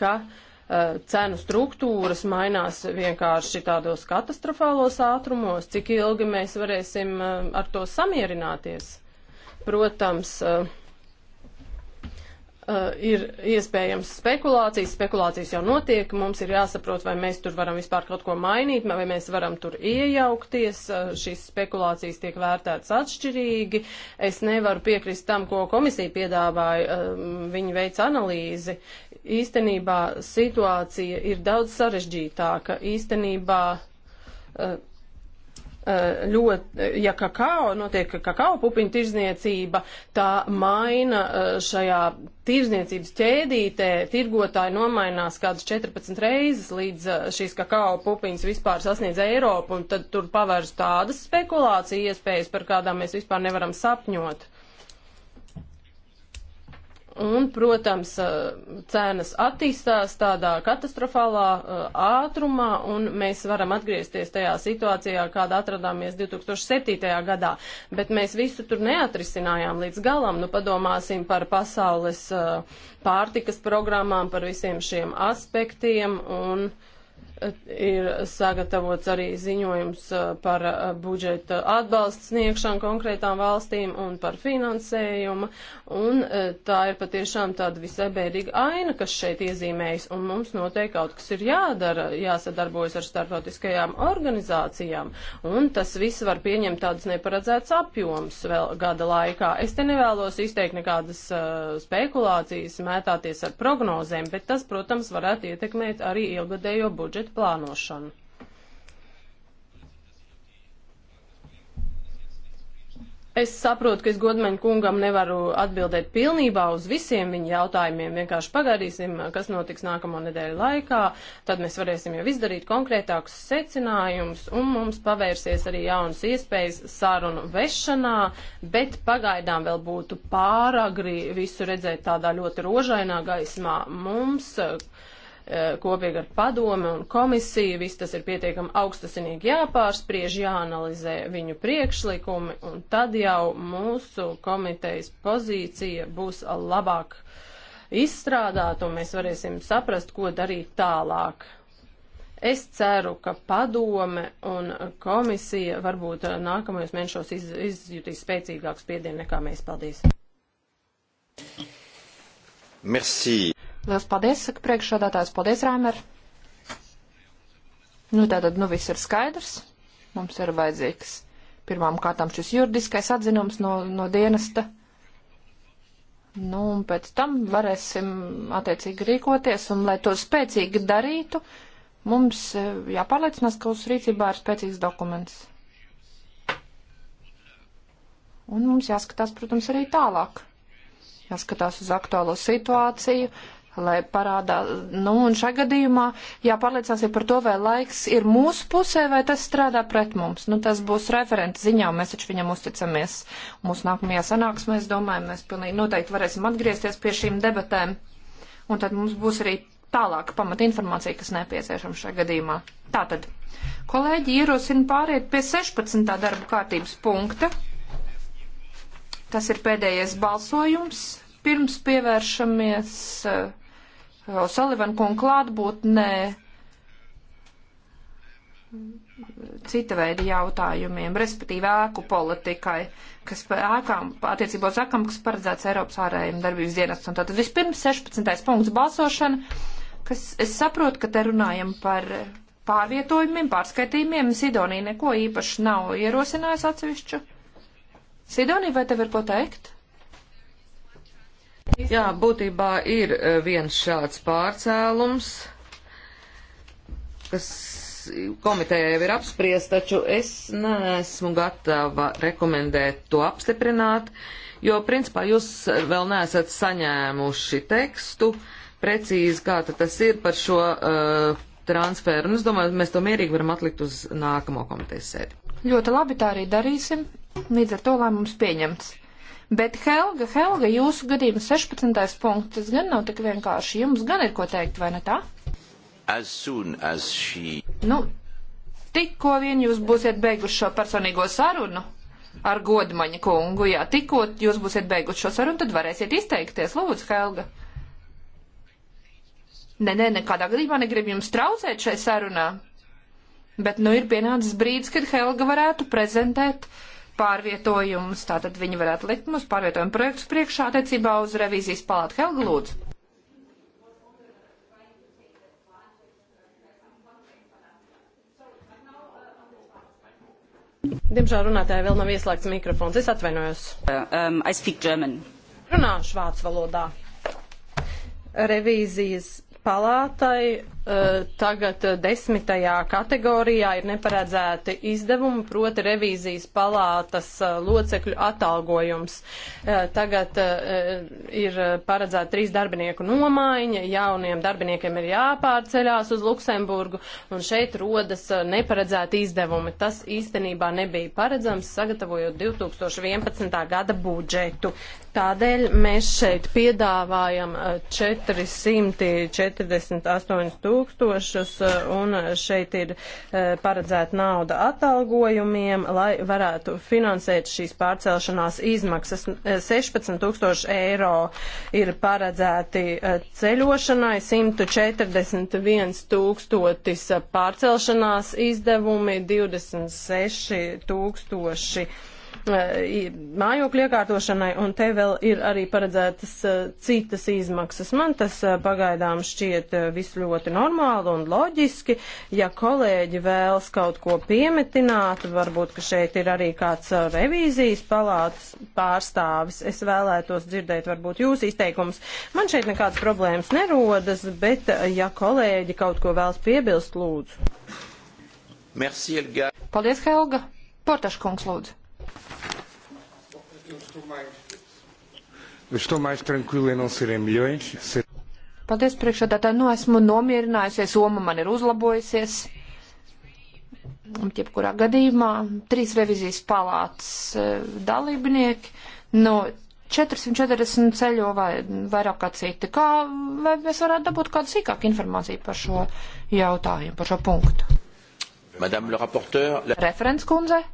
ka uh, cenu struktūras mainās vienkārši tādos katastrofālos ātrumos, cik ilgi mēs varēsim uh, ar to samierināties. Protams, uh, uh, ir iespējams spekulācijas, spekulācijas jau notiek, mums ir jāsaprot, vai mēs tur varam vispār kaut ko mainīt, vai mēs varam tur iejaukties, uh, šīs spekulācijas tiek vērtētas atšķirīgi, es nevaru piekrist tam, ko komisija piedāvāja, uh, viņi veic analīzi, īstenībā situācija ir daudz sarežģītāka, īstenībā uh, Eh, ļoti, eh, ja kakao notiek kakao pupiņu tirzniecība, tā maina eh, šajā tirzniecības ķēdītē, tirgotāji nomainās kādas 14 reizes līdz šīs kakao pupiņas vispār sasniedz Eiropu, un tad tur pavērs tādas spekulācija iespējas, par kādām mēs vispār nevaram sapņot. Un, protams, cenas attīstās tādā katastrofālā ātrumā, un mēs varam atgriezties tajā situācijā, kāda atradāmies 2007. gadā. Bet mēs visu tur neatrisinājām līdz galam. Nu, padomāsim par pasaules pārtikas programmām, par visiem šiem aspektiem. Un, uh, ir sagatavots arī ziņojums uh, par uh, budžeta atbalstu sniegšanu konkrētām valstīm un par finansējumu, un uh, tā ir patiešām tāda visai bēdīga aina, kas šeit iezīmējas, un mums noteikti kaut kas ir jādara, jāsadarbojas ar starptautiskajām organizācijām, un tas viss var pieņemt tādas neparedzētas apjoms vēl gada laikā. Es te nevēlos izteikt nekādas uh, spekulācijas, mētāties ar prognozēm, bet tas, protams, varētu ietekmēt arī ilgadējo budžetu budžeta plānošanu. Es saprotu, ka es godmeņu kungam nevaru atbildēt pilnībā uz visiem viņa jautājumiem. Vienkārši pagaidīsim, kas notiks nākamo nedēļu laikā. Tad mēs varēsim jau izdarīt konkrētākus secinājumus un mums pavērsies arī jaunas iespējas sarunu vešanā, bet pagaidām vēl būtu pāragri visu redzēt tādā ļoti rožainā gaismā. Mums E, kopīgi ar padomi un komisiju. Viss tas ir pietiekami augstasinīgi jāpārspriež, jāanalizē viņu priekšlikumi, un tad jau mūsu komitejas pozīcija būs labāk izstrādāta, un mēs varēsim saprast, ko darīt tālāk. Es ceru, ka padome un komisija varbūt nākamajos mēnešos iz, izjutīs spēcīgāku spiedienu nekā mēs. Paldies! Merci. Liels paldies, saka priekšādātājs. Paldies, Raimer. Nu, tātad, nu, viss ir skaidrs. Mums ir vajadzīgs pirmām kārtām šis juridiskais atzinums no, no dienesta. Nu, un pēc tam varēsim attiecīgi rīkoties, un lai to spēcīgi darītu, mums e, jāpārliecinās, ka uz rīcībā ir spēcīgs dokuments. Un mums jāskatās, protams, arī tālāk. Jāskatās uz aktuālo situāciju, lai parādā, nu, un šajā gadījumā jāpārliecās ir par to, vai laiks ir mūsu pusē, vai tas strādā pret mums. Nu, tas būs referents ziņā, un mēs taču viņam uzticamies. Mūsu nākamajā sanāksmē, es domāju, mēs pilnīgi noteikti varēsim atgriezties pie šīm debatēm, un tad mums būs arī tālāk pamata informācija, kas nepieciešama šajā gadījumā. Tātad, kolēģi ierosina pāriet pie 16. darba kārtības punkta. Tas ir pēdējais balsojums. Pirms pievēršamies uh, Salivan kunga klātbūtnē cita veida jautājumiem, respektīvi ēku politikai, kas ēkām, attiecībā uz ēkām, kas paredzēts Eiropas ārējiem darbības dienestam. Tātad vispirms 16. punkts balsošana, kas es saprotu, ka te runājam par pārvietojumiem, pārskaitījumiem. Sidonija neko īpaši nav ierosinājusi atsevišķu. Sidonija, vai tev ir ko teikt? Jā, būtībā ir e, viens šāds pārcēlums, kas komiteja jau ir apspriest, taču es neesmu gatava rekomendēt to apstiprināt, jo principā jūs vēl neesat saņēmuši tekstu precīzi, kā tas ir par šo uh, transferu. Un es domāju, mēs to mierīgi varam atlikt uz nākamo komitejas sēdi. Ļoti labi, tā arī darīsim. Līdz ar to lēmums pieņemts. Bet Helga, Helga, jūsu gadījuma 16. punkts, tas gan nav tik vienkārši. Jums gan ir ko teikt, vai ne tā? As soon as she... Nu, tikko vien jūs būsiet beiguši šo personīgo sarunu ar godmaņa kungu, jā, tikko jūs būsiet beiguši šo sarunu, tad varēsiet izteikties. Lūdzu, Helga. Nē, nē, nekādā gadījumā negribu jums traucēt šai sarunā. Bet nu ir pienācis brīdis, kad Helga varētu prezentēt uh, pārvietojumus, tātad viņi varētu likt mums pārvietojumu projektus priekšā attiecībā uz revīzijas palātu Helga lūdzu. Diemžēl runātāja vēl nav ieslēgts mikrofons. Es atvainojos. Uh, um, I speak German. Runāšu vācu valodā. Revīzijas palātai Eh, tagad eh, desmitajā kategorijā ir neparedzēti izdevumi, proti revīzijas palātas eh, locekļu atalgojums. Tagad ir paredzēta trīs darbinieku nomaiņa, jauniem darbiniekiem ir jāpārceļās uz Luksemburgu, un šeit rodas neparedzēti izdevumi. Tas īstenībā nebija paredzams, sagatavojot 2011. gada budžetu. Tādēļ mēs šeit piedāvājam 448 tūkstoši tūkstošus, eh, un šeit ir eh, paredzēta nauda atalgojumiem, lai varētu finansēt šīs pārcelšanās izmaksas. 16 eh, tūkstoši eiro ir paredzēti ceļošanai, 141 tūkstotis pārcelšanās izdevumi, 26 tūkstoši eiro E, mājokļu iekārtošanai, un te vēl ir arī paredzētas e, citas izmaksas. Man tas e, pagaidām šķiet visu ļoti normāli un loģiski. Ja kolēģi vēlas kaut ko piemetināt, varbūt, ka šeit ir arī kāds revīzijas palātas pārstāvis, es vēlētos dzirdēt varbūt jūsu izteikumus. Man šeit nekādas problēmas nerodas, bet ja kolēģi kaut ko vēlas piebilst, lūdzu. Merci, Elga. Paldies, Helga. Portaškungs, lūdzu. Estou mais tranquilo em não serem milhões. Ser... Paldies, priekšādātāji. Nu, esmu nomierinājusies, Oma man ir uzlabojusies. Un, jebkurā gadījumā, trīs revizijas palātas eh, dalībnieki no nu, 440 ceļo vai vairāk kā citi. Kā, vai mēs varētu dabūt kādu sīkāku informāciju par šo jautājumu, par šo punktu? Madame le rapporteur. La... Referents kundze.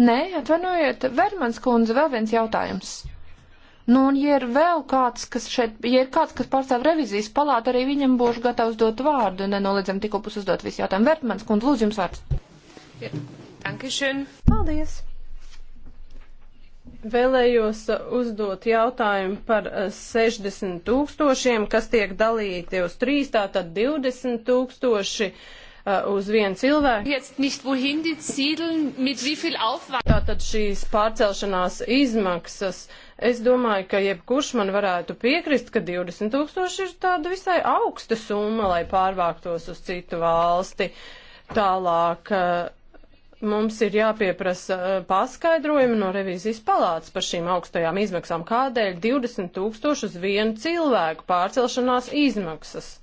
Nē, atvainojiet, Vermans kundze, vēl viens jautājums. Nu, un ja ir vēl kāds, kas šeit, ja ir kāds, kas pārstāv revizijas palātu, arī viņam būšu gatavs dot vārdu, nenoliedzam tikko pus uzdot visu jautājumu. Vertmans kundze, lūdzu jums vārds. Ja. Dankeschön. Paldies. Vēlējos uzdot jautājumu par 60 eh, tūkstošiem, kas tiek dalīti uz trīs, tātad 20 tūkstoši. Uh, Uh, uz vienu cilvēku. Tātad šīs pārcelšanās izmaksas, es domāju, ka jebkurš man varētu piekrist, ka 20 tūkstoši ir tāda visai augsta summa, lai pārvāktos uz citu valsti. Tālāk uh, mums ir jāpieprasa uh, paskaidrojumi no revīzijas palātas par šīm augstajām izmaksām. Kādēļ 20 tūkstoši uz vienu cilvēku pārcelšanās izmaksas?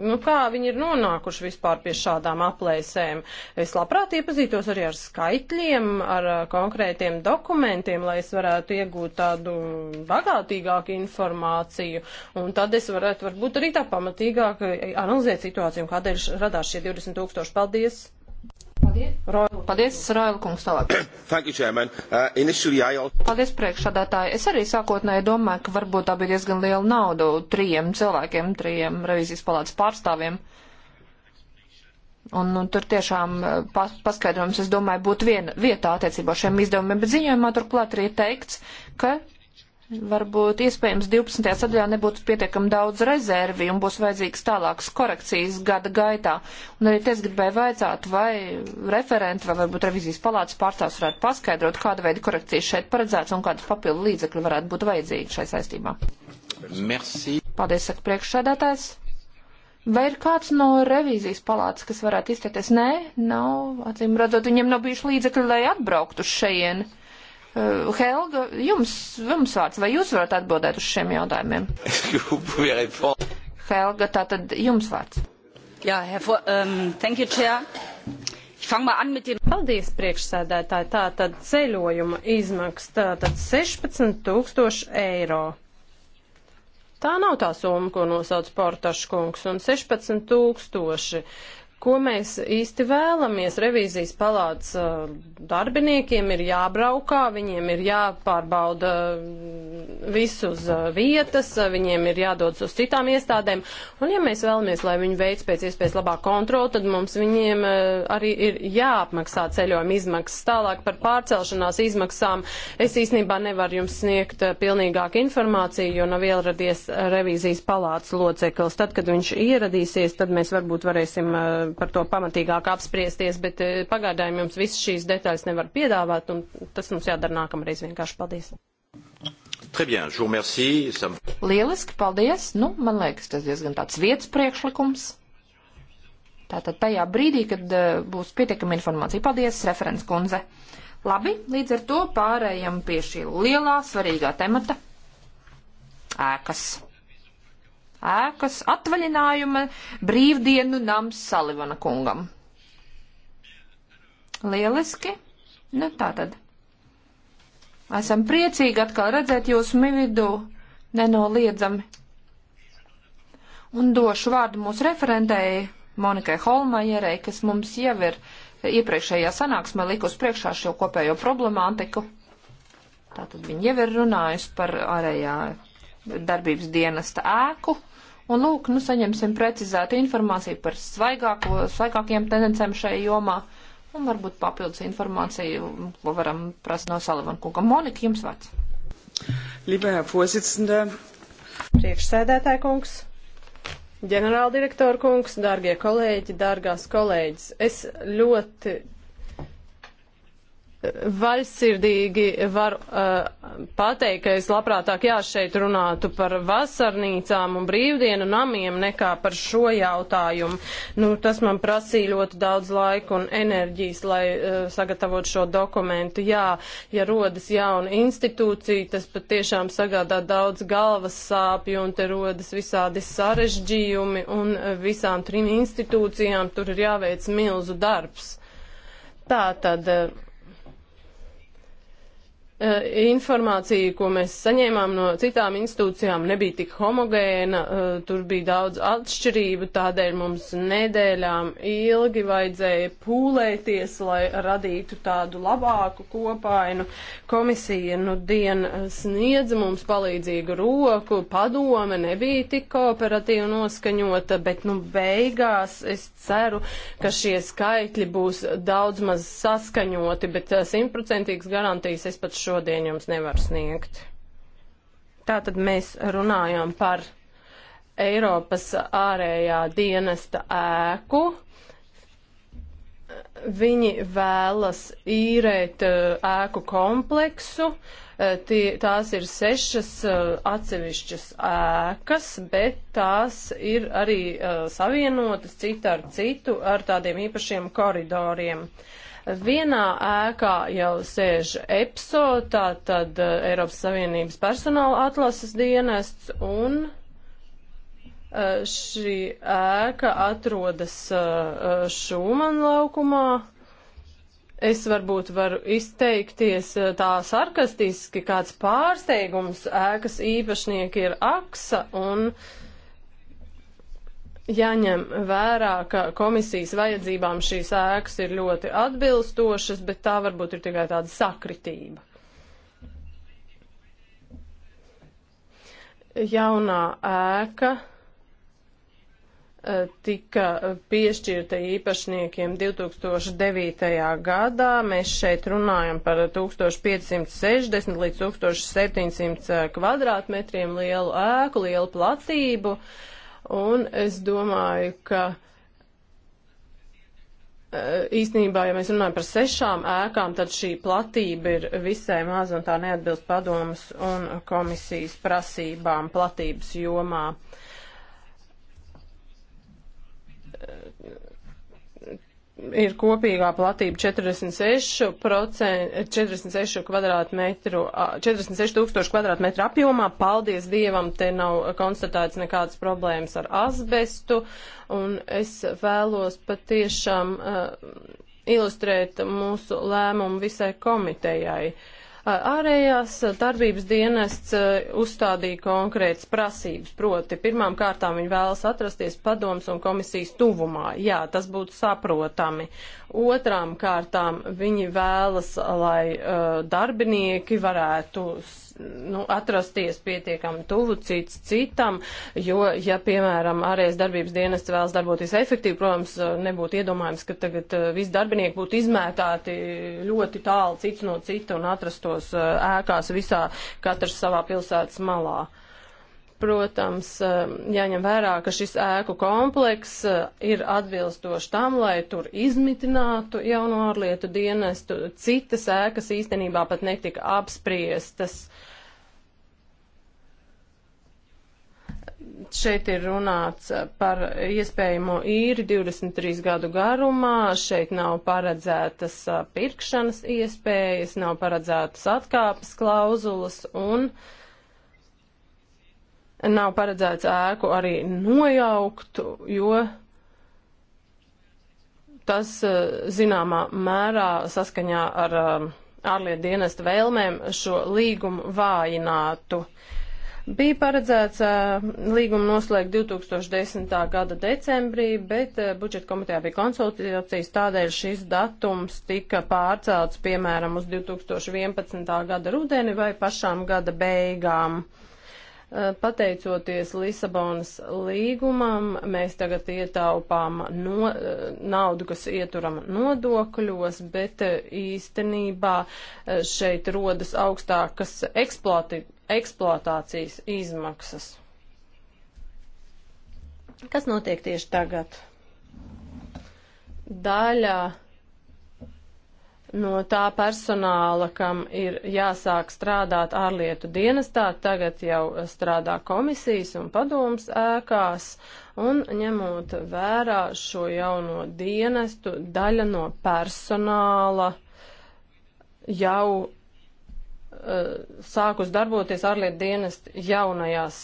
Nu, kā viņi ir nonākuši vispār pie šādām aplēsēm? Es labprāt iepazītos arī ar skaitļiem, ar uh, konkrētiem dokumentiem, lai es varētu iegūt tādu bagātīgāku informāciju. Un tad es varētu varbūt arī tā pamatīgāk eh, analizēt situāciju, kādēļ radās šie 20 tūkstoši. Paldies! Paldies, Roila. Paldies, Roila kungs, tālāk. Thank you, Chairman. Uh, initially I also... Paldies, priekšsādātāji. Es arī sākotnēji domāju, ka varbūt tā bija diezgan liela nauda trījiem cilvēkiem, trījiem revizijas palātas pārstāvjiem. Un, un tur tiešām uh, pas, paskaidrojums, es domāju, būtu viena vietā attiecībā šiem izdevumiem, bet ziņojumā turklāt arī teikts, ka Varbūt iespējams 12. sadaļā nebūtu pietiekami daudz rezervi un būs vajadzīgs tālākas korekcijas gada gaitā. Un arī es gribēju vaicāt, vai referenti vai varbūt revizijas palātas pārstāvs varētu paskaidrot, kāda veida korekcijas šeit paredzēts un kādas papildu līdzekļi varētu būt vajadzīgi šai saistībā. Merci. Paldies, saka priekšsēdētājs. Vai ir kāds no revīzijas palātas, kas varētu izteikties? Nē, nav. Acīm redzot, viņiem nav bijuši līdzekļi, lai atbrauktu uz šejienu. Eh, Helga, jums, jums vārds, vai jūs varat atbildēt uz šiem jautājumiem? Helga, tātad jums vārds. Jā, Herr, um, thank you, Chair. Paldies, priekšsēdētāji. Tā tad ceļojuma izmaksas tātad 16 tūkstoši eiro. Tā nav tā summa, ko nosauc Portaškungs, un 16 tūkstoši ko mēs īsti vēlamies. Revīzijas palāts uh, darbiniekiem ir jābraukā, viņiem ir jāpārbauda uh, visu uz uh, vietas, viņiem ir jādodas uz citām iestādēm. Un ja mēs vēlamies, lai viņi veic pēc iespējas labāk kontroli, tad mums viņiem arī ir jāapmaksā ceļojuma izmaksas. Tālāk par pārcelšanās izmaksām es īstenībā nevaru jums sniegt pilnīgāku informāciju, jo nav ieradies revīzijas palāts loceklis. Tad, kad viņš ieradīsies, tad mēs varbūt varēsim par to pamatīgāk apspriesties, bet eh, pagaidām jums visas šīs detaļas nevar piedāvāt, un tas mums jādara nākamreiz vienkārši. Paldies! Très bien, je vous remercie. Ça... Lieliski, paldies. Nu, man liekas, tas diezgan tāds vietas priekšlikums. Tātad tajā brīdī, kad uh, būs pietiekama informācija. Paldies, referents kundze. Labi, līdz ar to pārējam pie šī lielā, svarīgā temata - ēkas ēkas atvaļinājuma brīvdienu nams Salivana kungam. Lieliski. Nu tā tad. Esam priecīgi atkal redzēt jūs mividū nenoliedzami. Un došu vārdu mūsu referentēji Monikai Holmajerei, kas mums jau ir iepriekšējā sanāksmē likus priekšā šo kopējo problemātiku. Tātad viņi jau ir runājusi par ārējā darbības dienesta ēku. Un lūk, nu saņemsim precizētu informāciju par svaigāko, svaigākajiem tendencēm šajā jomā un varbūt papildus informāciju, ko varam prasīt no Salavana kunga. Monika, jums vārds. Libējā posicindē. Priekšsēdētāja kungs, ģenerāldirektora kungs, dārgie kolēģi, dārgās kolēģis. Es ļoti vaļsirdīgi varu uh, eh, pateikt, ka es labprātāk jā šeit runātu par vasarnīcām un brīvdienu namiem nekā par šo jautājumu. Nu, tas man prasīja ļoti daudz laika un enerģijas, lai uh, sagatavot šo dokumentu. Jā, ja rodas jauna institūcija, tas patiešām sagādā daudz galvas sāpju un te rodas visādi sarežģījumi un uh, visām trim institūcijām tur ir jāveic milzu darbs. Tā tad. Uh, Eh, informācija, ko mēs saņēmām no citām institūcijām, nebija tik homogēna, eh, tur bija daudz atšķirību, tādēļ mums nedēļām ilgi vajadzēja pūlēties, lai radītu tādu labāku kopainu. Komisija nu dien sniedza mums palīdzīgu roku, padome nebija tik kooperatīvi noskaņota, bet nu beigās es ceru, ka šie skaitļi būs daudz maz saskaņoti, bet eh, simtprocentīgas garantijas es pat šo šodien jums nevar sniegt. Tātad mēs runājam par Eiropas ārējā dienesta ēku. Viņi vēlas īrēt eh, ēku kompleksu. Eh, tie, tās ir sešas eh, atsevišķas ēkas, bet tās ir arī savienotas cita ar citu ar tādiem īpašiem koridoriem. Uh, Vienā ēkā jau sēž EPSO, tātad uh, Eiropas Savienības personāla atlases dienests, un uh, šī ēka atrodas uh, Šūman laukumā. Es varbūt varu izteikties tā sarkastiski, kāds pārsteigums ēkas īpašnieki ir aksa un uh, jāņem vērā, ka komisijas vajadzībām šīs ēkas ir ļoti atbilstošas, bet tā varbūt ir tikai tāda sakritība. Jaunā ēka eh, tika piešķirta īpašniekiem 2009. gadā. Mēs šeit runājam par 1560 līdz 1700 eh, kvadrātmetriem lielu ēku, lielu platību. Uh, Un es domāju, ka e, īstenībā, ja mēs runājam par sešām ēkām, tad šī platība ir visai maza un tā neatbilst padomas un komisijas prasībām platības jomā. Uh, ir kopīgā platība 46, 46 kvadrātmetru, 46 tūkstošu kvadrātmetru apjomā. Paldies Dievam, te nav konstatēts nekādas problēmas ar asbestu, un es vēlos patiešām uh, ilustrēt mūsu lēmumu visai komitejai. Uh, Ārējās darbības dienests uzstādīja konkrētas prasības, proti pirmām kārtām viņi vēlas atrasties padoms un komisijas tuvumā. Jā, tas būtu saprotami. Otrām kārtām viņi vēlas, lai darbinieki varētu nu, atrasties pietiekami tuvu cits citam, jo, ja, piemēram, ārējais darbības dienests vēlas darboties efektīvi, protams, nebūtu iedomājams, ka tagad eh, visi darbinieki būtu izmētāti ļoti tālu cits no cita un atrastos eh, ēkās visā, katrs savā pilsētas malā protams, eh, jāņem vērā, ka šis ēku kompleks ir atbilstoši tam, lai tur izmitinātu jauno ārlietu dienestu. Citas ēkas īstenībā pat netika apspriestas. Uh, Šeit ir runāts par iespējamo īri 23 gadu garumā, šeit nav paredzētas pirkšanas iespējas, nav paredzētas atkāpes klauzulas un nav paredzēts ēku arī nojaukt, jo tas zināmā mērā saskaņā ar ārlietu dienestu vēlmēm šo līgumu vājinātu. Uh, Bija paredzēts līgumu noslēgt 2010. gada decembrī, bet budžeta komitejā bija konsultācijas, tādēļ šis datums tika pārcelts, piemēram, uz 2011. gada rudeni vai pašām gada beigām. Pateicoties Lisabonas līgumam, mēs tagad ietaupām no, naudu, kas ieturam nodokļos, bet īstenībā šeit rodas augstākas eksploatācijas eksploatācijas izmaksas. Kas notiek tieši tagad? Daļa no tā personāla, kam ir jāsāk strādāt ārlietu dienestā, tagad jau strādā komisijas un padomas ēkās, un ņemot vērā šo jauno dienestu, daļa no personāla jau Eh, sākus darboties ārlietu dienest jaunajās,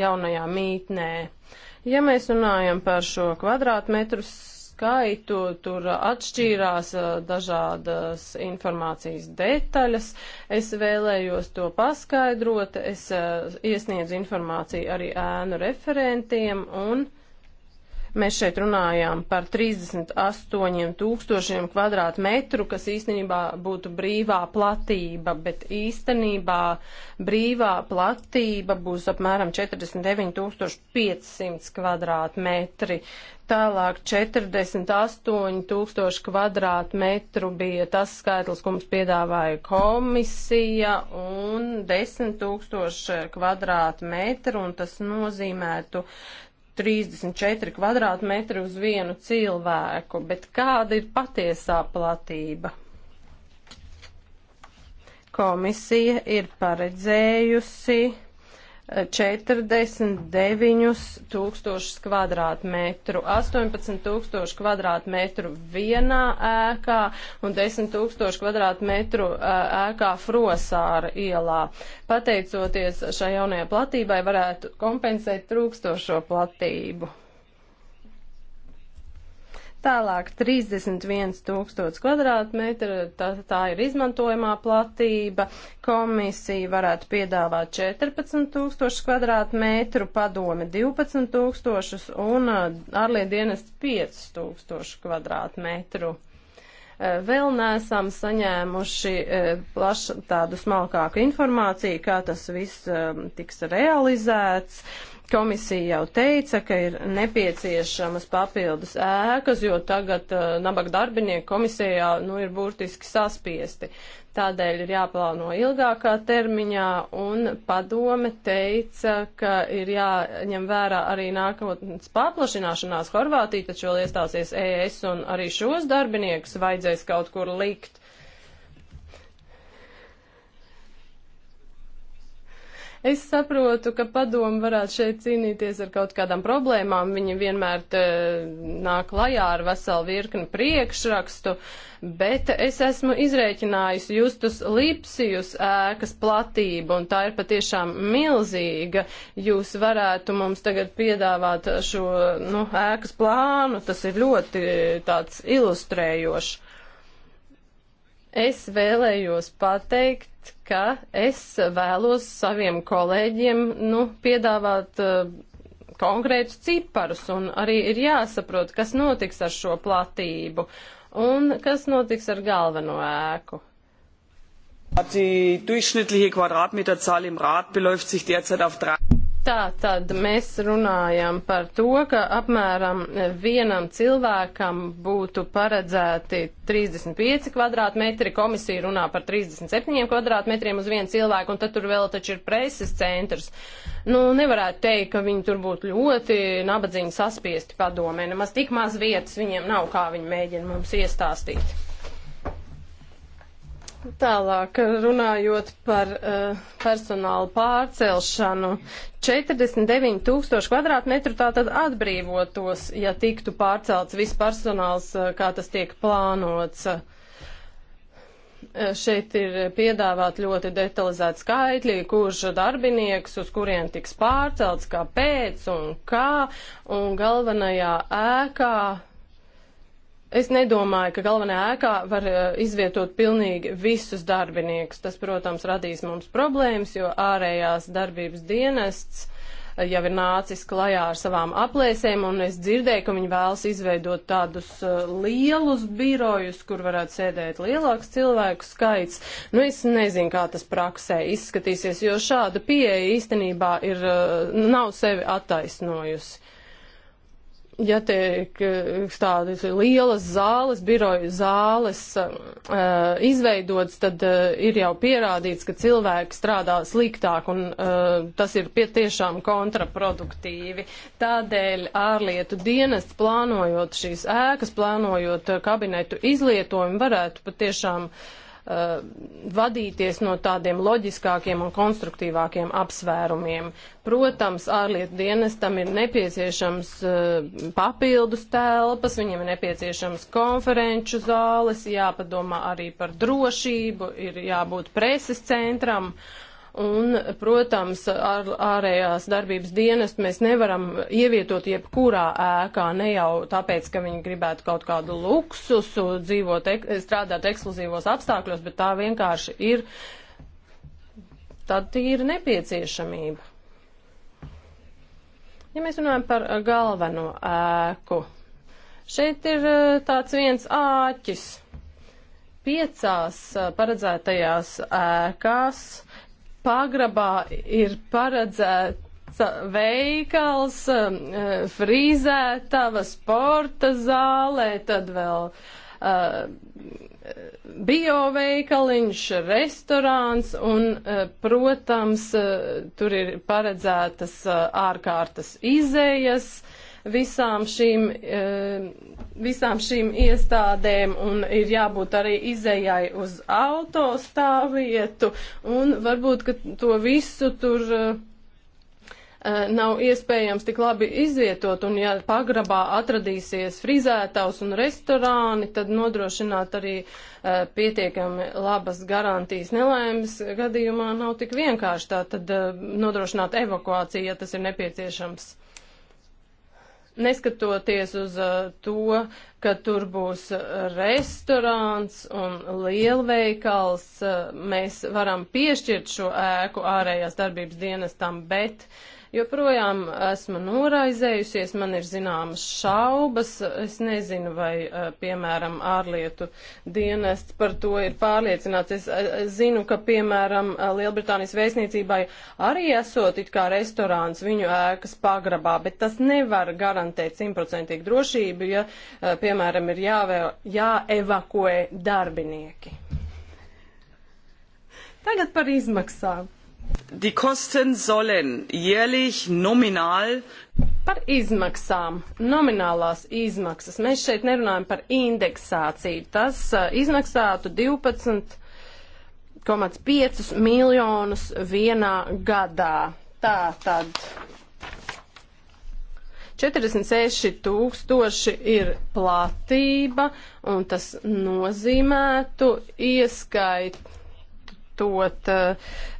jaunajā mītnē. Ja mēs runājam par šo kvadrātmetru skaitu, tur atšķīrās eh, dažādas informācijas detaļas. Es vēlējos to paskaidrot, es eh, iesniedzu informāciju arī ēnu referentiem un. Mēs šeit runājām par 38 tūkstošiem kvadrātmetru, kas īstenībā būtu brīvā platība, bet īstenībā brīvā platība būs apmēram 49 500 kvadrātmetri. Tālāk 48,000 kvadrātmetru bija tas skaitlis, ko mums piedāvāja komisija, un 10,000 kvadrātmetru, un tas nozīmētu 34 kvadrātmetri uz vienu cilvēku, bet kāda ir patiesā platība? Komisija ir paredzējusi 49 tūkstošus kvadrātmetru, 18 tūkstošu kvadrātmetru vienā ēkā un 10 tūkstošu kvadrātmetru ēkā Frosāra ielā. Pateicoties šai jaunajai platībai, varētu kompensēt trūkstošo platību. Tālāk 31 tūkstots kvadrātmetru, tā, tā ir izmantojamā platība, komisija varētu piedāvāt 14 tūkstošus kvadrātmetru, padome 12 tūkstošus un uh, ārlietu dienas 5 tūkstošu kvadrātmetru. Uh, vēl neesam saņēmuši uh, plaš, tādu smalkāku informāciju, kā tas viss um, tiks realizēts. Komisija jau teica, ka ir nepieciešamas papildus ēkas, jo tagad uh, nabaga darbinieki komisijā nu, ir burtiski saspiesti. Tādēļ ir jāplāno ilgākā termiņā, un padome teica, ka ir jāņem vērā arī nākotnes paplašināšanās. Horvātija taču vēl iestāsies ES, un arī šos darbiniekus vajadzēs kaut kur likt. Es saprotu, ka padomu varētu šeit cīnīties ar kaut kādām problēmām. Viņi vienmēr te, nāk lajā ar veselu virkni priekšrakstu, bet es esmu izrēķinājusi justus lipsijus ēkas platību, un tā ir patiešām milzīga. Jūs varētu mums tagad piedāvāt šo nu, ēkas plānu, tas ir ļoti tāds ilustrējošs. Es vēlējos pateikt, ka es vēlos saviem kolēģiem nu, piedāvāt uh, konkrētus ciparus, un arī ir jāsaprot, kas notiks ar šo platību un kas notiks ar galveno ēku. Die durchschnittliche Quadratmeterzahl im Rat beläuft sich derzeit auf 3. Tā tad mēs runājam par to, ka apmēram vienam cilvēkam būtu paredzēti 35 kvadrātmetri, komisija runā par 37 kvadrātmetriem uz vienu cilvēku, un tad tur vēl taču ir preses centrs. Nu, nevarētu teikt, ka viņi tur būtu ļoti nabadzīgi saspiesti padomē, nemaz tik maz vietas viņiem nav, kā viņi mēģina mums iestāstīt. Tālāk, runājot par uh, eh, personālu pārcelšanu, 49 tūkstoši kvadrātmetru tātad atbrīvotos, ja tiktu pārcelts viss personāls, uh, kā tas tiek plānots. Uh, šeit ir piedāvāt ļoti detalizēti skaitļi, kurš darbinieks, uz kurien tiks pārcelts, kāpēc un kā, un galvenajā ēkā Es nedomāju, ka galvenajā ēkā var eh, izvietot pilnīgi visus darbiniekus. Tas, protams, radīs mums problēmas, jo ārējās darbības dienests eh, jau ir nācis klajā ar savām aplēsēm, un es dzirdēju, ka viņi vēlas izveidot tādus eh, lielus birojus, kur varētu sēdēt lielāks cilvēku skaits. Nu, es nezinu, kā tas praksē izskatīsies, jo šāda pieeja īstenībā ir, nav sevi attaisnojusi ja tiek eh, tādas lielas zāles, biroju zāles uh, izveidotas, tad uh, ir jau pierādīts, ka cilvēki strādā sliktāk un uh, tas ir patiešām kontraproduktīvi. Tādēļ ārlietu dienests plānojot šīs ēkas, plānojot kabinetu izlietojumu, varētu patiešām uh, uh, vadīties no tādiem loģiskākiem un konstruktīvākiem apsvērumiem. Protams, ārlietu dienestam ir nepieciešams uh, papildus telpas, viņiem ir nepieciešams konferenču zāles, jāpadomā arī par drošību, ir jābūt preses centram. Uh, Un, protams, ar ārējās darbības dienestu mēs nevaram ievietot jebkurā ēkā, ne jau tāpēc, ka viņi gribētu kaut kādu luksusu, dzīvot, strādāt ekskluzīvos apstākļos, bet tā vienkārši ir, tad ir nepieciešamība. Ja mēs runājam par galveno ēku, šeit ir eh, tāds viens āķis. Piecās eh, paredzētajās ēkās pagrabā ir paredzēta veikals, um, frīzētava, sporta zālē, tad vēl uh, bioveikaliņš, restorāns un, uh, protams, uh, tur ir paredzētas uh, ārkārtas izējas, uh, visām šīm, e, visām šīm iestādēm un ir jābūt arī izējai uz autostāvvietu un varbūt, ka to visu tur e, e, nav iespējams tik labi izvietot, un ja pagrabā atradīsies frizētavs un restorāni, tad nodrošināt arī uh, pietiekami labas garantijas nelaimes gadījumā nav tik vienkārši tā, tad uh, nodrošināt evakuāciju, ja tas ir nepieciešams neskatoties uz uh, to, ka tur būs restorāns un lielveikals, uh, mēs varam piešķirt šo ēku ārējās darbības dienestam, bet uh, Joprojām esmu noraizējusies, man ir zināmas šaubas. Es nezinu, vai, eh, piemēram, ārlietu dienests par to ir pārliecināts. Es eh, zinu, ka, piemēram, eh, Lielbritānijas vēstniecībai arī esot it kā restorāns viņu ēkas pagrabā, bet tas nevar garantēt simtprocentīgu drošību, ja, piemēram, ir jāvē, jāevakuē darbinieki. Tagad par izmaksām. Die Kosten sollen jährlich nominal Par izmaksām, nominālās izmaksas. Mēs šeit nerunājam par indeksāciju. Tas uh, izmaksātu 12,5 miljonus vienā gadā. Tā tad 46 tūkstoši ir platība, un tas nozīmētu ieskaitu izskatot eh,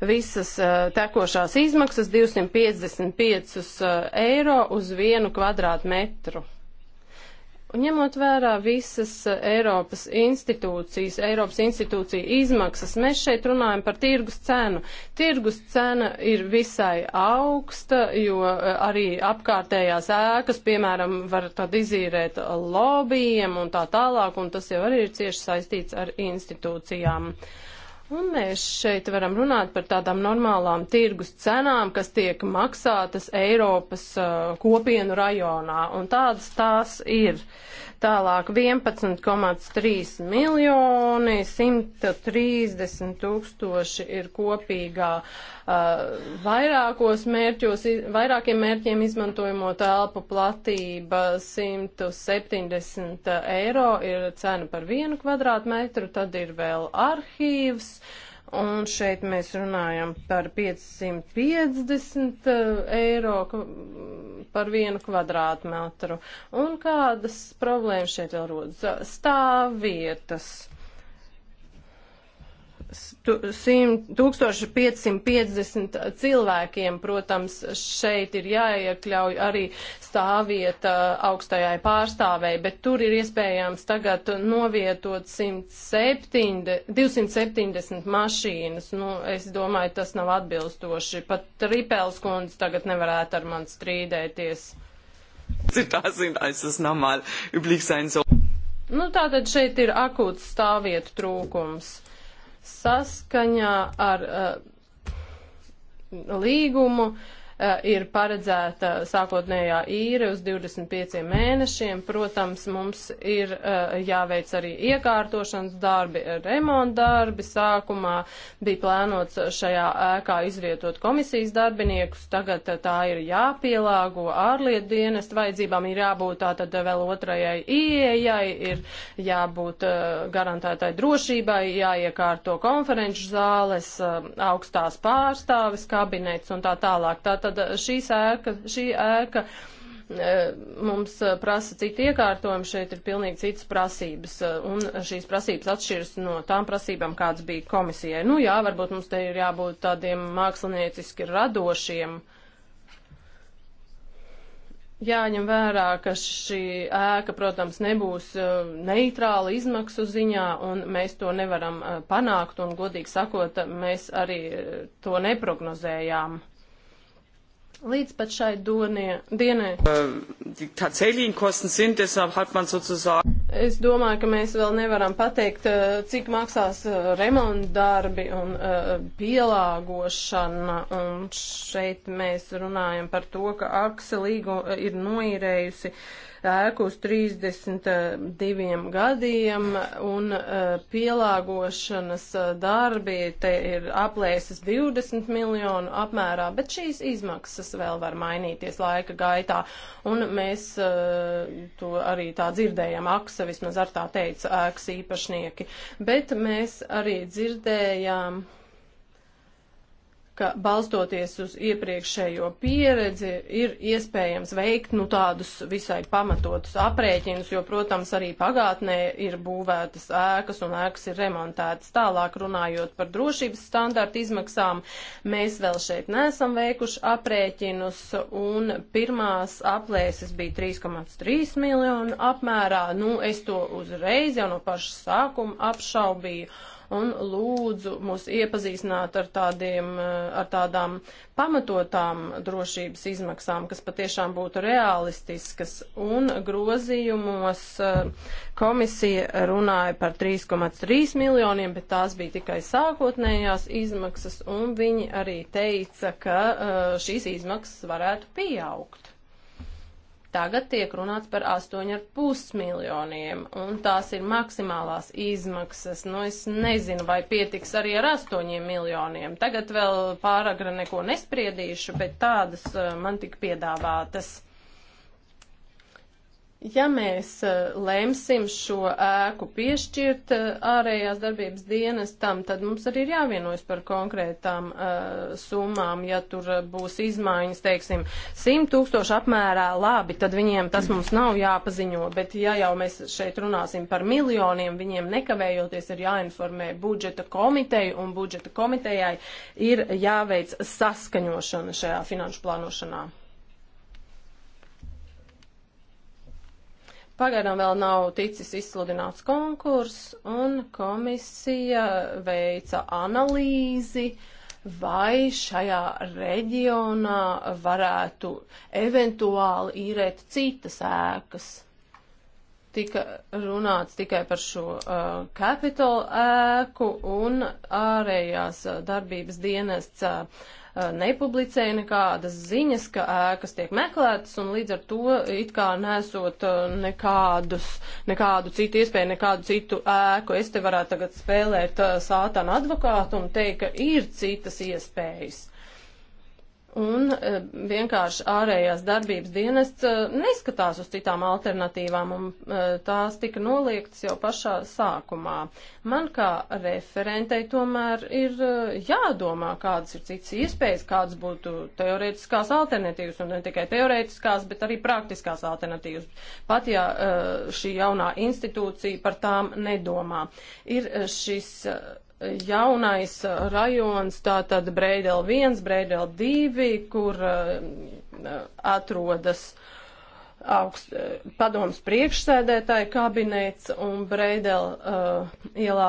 visas eh, tekošās izmaksas 255 eh, eiro uz vienu kvadrātmetru. Un ņemot vērā visas Eiropas institūcijas, Eiropas institūcija izmaksas, mēs šeit runājam par tirgus cenu. Tirgus cena ir visai augsta, jo arī apkārtējās ēkas, piemēram, var tad izīrēt lobbyiem un tā tālāk, un tas jau arī ir cieši saistīts ar institūcijām. Uh, Un mēs šeit varam runāt par tādām normālām tirgus cenām, kas tiek maksātas Eiropas uh, kopienu rajonā, un tādas tās ir. Tālāk 11,3 miljoni, 130 tūkstoši ir kopīgā uh, vairākos mērķos, vairākiem mērķiem izmantojamo telpu platība 170 eiro ir cena par vienu kvadrātmetru, tad ir vēl arhīvs. Uh, Un šeit mēs runājam par 550 eh, eiro par vienu kvadrātmetru. Un kādas problēmas šeit vēl rodas? Stāvvietas 100, 1550 cilvēkiem, protams, šeit ir jāiekļauj arī stāvvieta augstajai pārstāvēji, bet tur ir iespējams tagad novietot 170, 270 mašīnas. Nu, es domāju, tas nav atbilstoši. Pat Ripels kundze tagad nevarētu ar man strīdēties. Citādi sind, als es normāli üblich sein soll. Nu, tātad šeit ir akūts stāvvietu trūkums saskaņā ar uh, līgumu. Uh, Eh, ir paredzēta sākotnējā īre uz 25 mēnešiem. Protams, mums ir eh, jāveic arī iekārtošanas darbi, remonta darbi. Sākumā bija plānots šajā ēkā izvietot komisijas darbiniekus, tagad eh, tā ir jāpielāgo ārlietu dienestu vajadzībām, ir jābūt tātad vēl otrajai ieejai, ir jābūt garantētai drošībai, jāiekārto konferenču zāles, augstās pārstāvis kabinets un tā tālāk. Tātad tad uh, šīs ēka, šī ēka uh, mums uh, prasa citu iekārtojumu, šeit ir pilnīgi citas prasības, un šīs prasības atšķiras no tām prasībām, kādas bija komisijai. Nu jā, varbūt mums te ir jābūt tādiem mākslinieciski radošiem. Jāņem vērā, ka šī ēka, protams, nebūs neitrāla izmaksu ziņā, un mēs to nevaram panākt, un, godīgi sakot, mēs arī to neprognozējām līdz pat šai donie, dienai. Äh, es domāju, ka mēs vēl nevaram pateikt, äh, cik maksās äh, remontdarbi un pielāgošana. Un šeit mēs runājam par to, ka Aksa līgu ir noīrējusi uh, ēku uz 32 eh, gadiem un eh, pielāgošanas eh, darbi te ir aplēsas 20 miljonu apmērā, bet šīs izmaksas vēl var mainīties laika gaitā. Un mēs to arī tā dzirdējam, aksa vismaz ar tā teica ēkas īpašnieki. Bet mēs arī dzirdējām ka balstoties uz iepriekšējo pieredzi ir iespējams veikt nu, tādus visai pamatotus aprēķinus, jo, protams, arī pagātnē ir būvētas ēkas un ēkas ir remontētas. Tālāk runājot par drošības standartu izmaksām, mēs vēl šeit nesam veikuši aprēķinus un pirmās aplēses bija 3,3 miljonu apmērā. Nu, es to uzreiz jau no paša sākuma apšaubīju un lūdzu mūs iepazīstināt ar, tādiem, eh, ar tādām pamatotām drošības izmaksām, kas patiešām būtu realistiskas, un grozījumos eh, komisija runāja par 3,3 miljoniem, bet tās bija tikai sākotnējās izmaksas, un viņi arī teica, ka eh, šīs izmaksas varētu pieaugt. Tagad tiek runāts par 8,5 miljoniem, un tās ir maksimālās izmaksas. Nu, es nezinu, vai pietiks arī ar 8 miljoniem. Tagad vēl pāragra neko nespriedīšu, bet tādas eh, man tik piedāvātas. Ja mēs eh, lemsim šo ēku piešķirt eh, ārējās darbības dienestam, tad mums arī ir jāvienojas par konkrētām uh, summām. Ja tur būs izmaiņas, teiksim, 100 tūkstoši apmērā, labi, tad viņiem tas mums nav jāpaziņo. Bet ja jau mēs šeit runāsim par miljoniem, viņiem nekavējoties ir jāinformē budžeta komiteju un budžeta komitejai ir jāveic saskaņošana šajā finanšu plānošanā. Pagaidām vēl nav ticis izsludināts konkurss, un komisija veica analīzi, vai šajā reģionā varētu eventuāli īrēt citas ēkas. Tika runāts tikai par šo uh, kapitāla ēku un ārējās uh, darbības dienests. Uh, Eh, nepublicēja nekādas ziņas, ka ēkas tiek meklētas un līdz ar to it kā nesot eh, nekādus, nekādu citu iespēju, nekādu citu ēku. Es te varētu tagad spēlēt eh, sātana advokātu un teikt, ka ir citas iespējas. Un eh, vienkārši ārējās darbības dienests eh, neskatās uz citām alternatīvām, un eh, tās tika noliektas jau pašā sākumā. Man kā referentei tomēr ir jādomā, kādas ir citas iespējas, kādas būtu teorētiskās alternatīvas, un ne tikai teorētiskās, bet arī praktiskās alternatīvas, pat ja šī jaunā institūcija par tām nedomā. Ir šis jaunais uh, rajons, tātad Breidel 1, Breidel 2, kur uh, uh, atrodas augst, padoms priekšsēdētāja kabinets un Breidel uh, ielā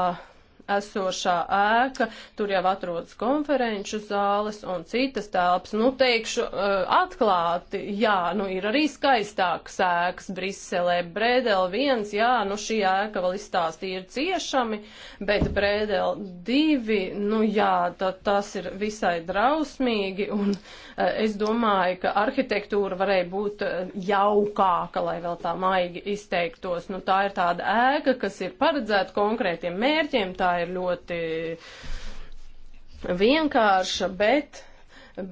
esošā ēka, tur jau atrodas konferenču zāles un citas telpas. Nu, teikšu eh, atklāti, jā, nu ir arī skaistākas ēkas Briselē. Brēdel viens, jā, nu šī ēka vēl izstāstīja ir ciešami, bet Brēdel divi, nu jā, tad tas ir visai drausmīgi un eh, es domāju, ka arhitektūra varēja būt eh, jaukāka, lai vēl tā maigi izteiktos. Nu, tā ir tāda ēka, kas ir paredzēta konkrētiem mērķiem. Tā tā ir ļoti vienkārša, bet.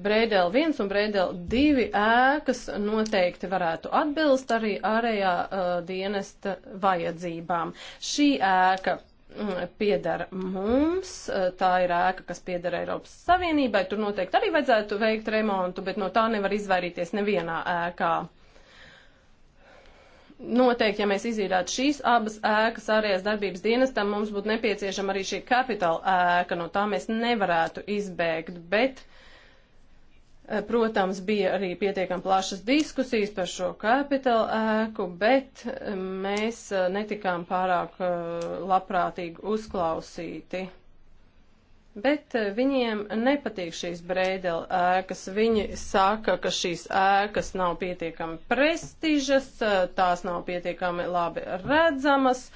Brēdel 1 un Brēdel 2 ēkas noteikti varētu atbilst arī ārējā uh, dienesta vajadzībām. Šī ēka mm, piedara mums, uh, tā ir ēka, kas piedara Eiropas Savienībai, tur noteikti arī vajadzētu veikt remontu, bet no tā nevar izvairīties nevienā ēkā. Uh, Noteikti, ja mēs izīrētu šīs abas ēkas ārējās darbības dienestam, mums būtu nepieciešama arī šī kapitāla ēka, no tā mēs nevarētu izbēgt, bet, eh, protams, bija arī pietiekam plašas diskusijas par šo kapitāla ēku, bet eh, mēs eh, netikām pārāk labprātīgi uzklausīti. Bet eh, viņiem nepatīk šīs brēdela ēkas. Viņi saka, ka šīs ēkas nav pietiekami prestižas, eh, tās nav pietiekami labi redzamas,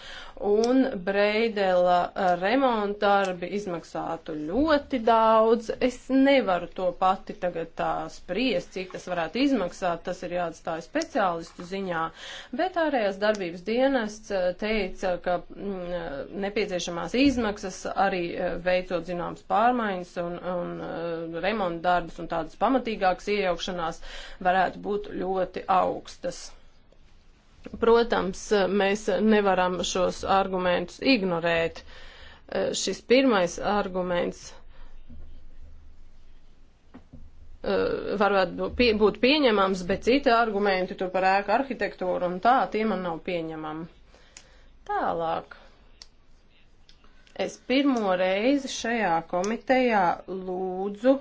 un Breidela remontdarbi izmaksātu ļoti daudz. Es nevaru to pati tagad tā spriest, cik tas varētu izmaksāt, tas ir jāatstāj speciālistu ziņā, bet ārējās darbības dienests eh, teica, ka m, mm, nepieciešamās izmaksas arī eh, veicot zināmas pārmaiņas un, un eh, remontdarbus un tādas pamatīgākas iejaukšanās varētu būt ļoti augstas. Protams, mēs nevaram šos argumentus ignorēt. Šis pirmais arguments eh, varētu būt pieņemams, bet citi argumenti tur par ēku arhitektūru un tā, tie man nav pieņemami. Tālāk. Es pirmo reizi šajā komitejā lūdzu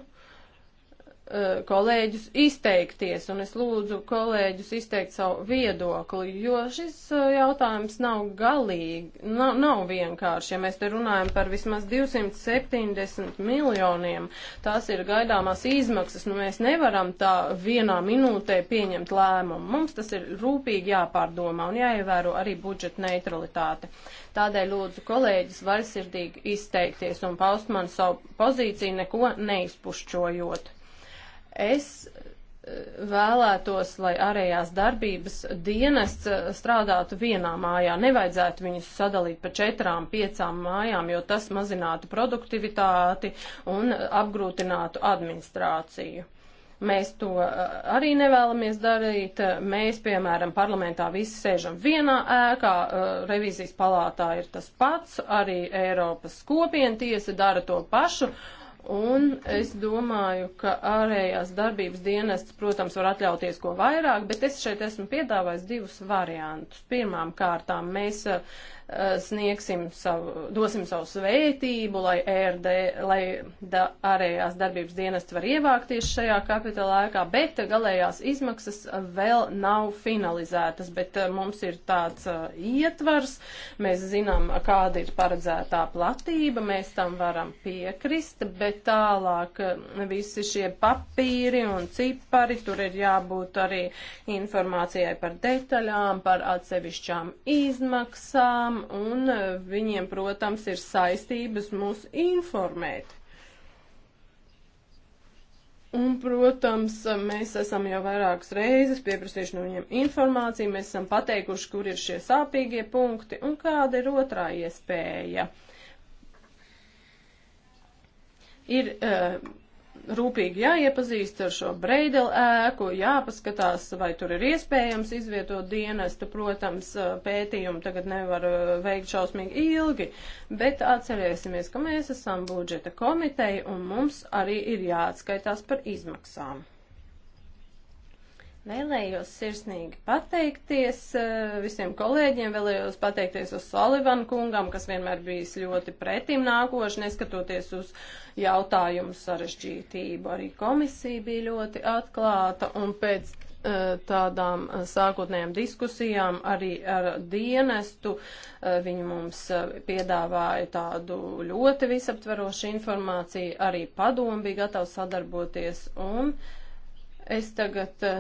Eh, kolēģus izteikties, un es lūdzu kolēģus izteikt savu viedokli, jo šis eh, jautājums nav galīgi, nav, nav vienkārši. Ja mēs te runājam par vismaz 270 miljoniem, tās ir gaidāmās izmaksas, nu mēs nevaram tā vienā minūtē pieņemt lēmumu. Mums tas ir rūpīgi jāpārdomā un jāievēro arī budžeta neutralitāte. Tādēļ lūdzu kolēģis vaļsirdīgi izteikties un paust man savu pozīciju, neko neizpušķojot. Es eh, vēlētos, lai ārējās darbības dienests eh, strādātu vienā mājā. Nevajadzētu viņus sadalīt pa četrām, piecām mājām, jo tas mazinātu produktivitāti un apgrūtinātu administrāciju. Mēs to eh, arī nevēlamies darīt. Mēs, piemēram, parlamentā visi sēžam vienā ēkā, revīzijas palātā ir tas pats, arī Eiropas kopientiesa dara to pašu, Un es domāju, ka ārējās darbības dienests, protams, var atļauties ko vairāk, bet es šeit esmu piedāvājis divus variantus. Pirmām kārtām mēs Eh, sniegsim savu, dosim savu svētību, lai, ERD, lai da, ārējās darbības dienests var ievākties šajā kapitāla ēkā, bet galējās izmaksas vēl nav finalizētas, bet eh, mums ir tāds uh, ietvars, mēs zinām, kāda ir paredzētā platība, mēs tam varam piekrist, bet tālāk visi šie papīri un cipari, tur ir jābūt arī informācijai par detaļām, par atsevišķām izmaksām, lietām, un e, viņiem, protams, ir saistības mūs informēt. Un, protams, mēs esam jau vairākas reizes pieprasījuši no viņiem informāciju, mēs esam pateikuši, kur ir šie sāpīgie punkti un kāda ir otrā iespēja. Ir uh, rūpīgi jāiepazīst ar šo breidelu ēku, jāpaskatās, vai tur ir iespējams izvietot dienestu. Protams, pētījumu tagad nevar veikt šausmīgi ilgi, bet atcerēsimies, ka mēs esam budžeta komiteja un mums arī ir jāatskaitās par izmaksām. Vēlējos sirsnīgi pateikties eh, visiem kolēģiem, vēlējos pateikties uz Salivanu kungam, kas vienmēr bijis ļoti pretim nākoši, neskatoties uz jautājumu sarežģītību. Arī komisija bija ļoti atklāta un pēc eh, tādām eh, sākotnējām diskusijām arī ar dienestu. Viņi mums piedāvāja tādu ļoti visaptverošu informāciju, arī padomu bija gatavs sadarboties un es tagad uh,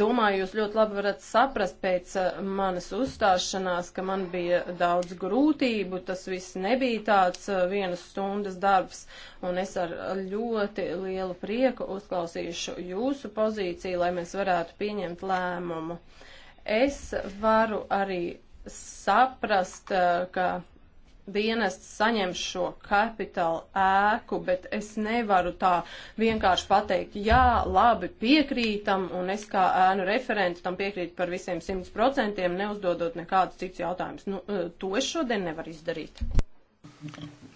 Domāju, jūs ļoti labi varat saprast pēc eh, manas uzstāšanās, ka man bija daudz grūtību, tas viss nebija tāds eh, vienas stundas darbs, un es ar ļoti lielu prieku uzklausīšu jūsu pozīciju, lai mēs varētu pieņemt lēmumu. Es varu arī saprast, eh, ka dienests saņem šo kapitāla ēku, bet es nevaru tā vienkārši pateikt, jā, labi, piekrītam, un es kā ēnu referentu tam piekrītu par visiem 100%, neuzdodot nekādus cits jautājumus. Nu, eh, to es šodien nevaru izdarīt.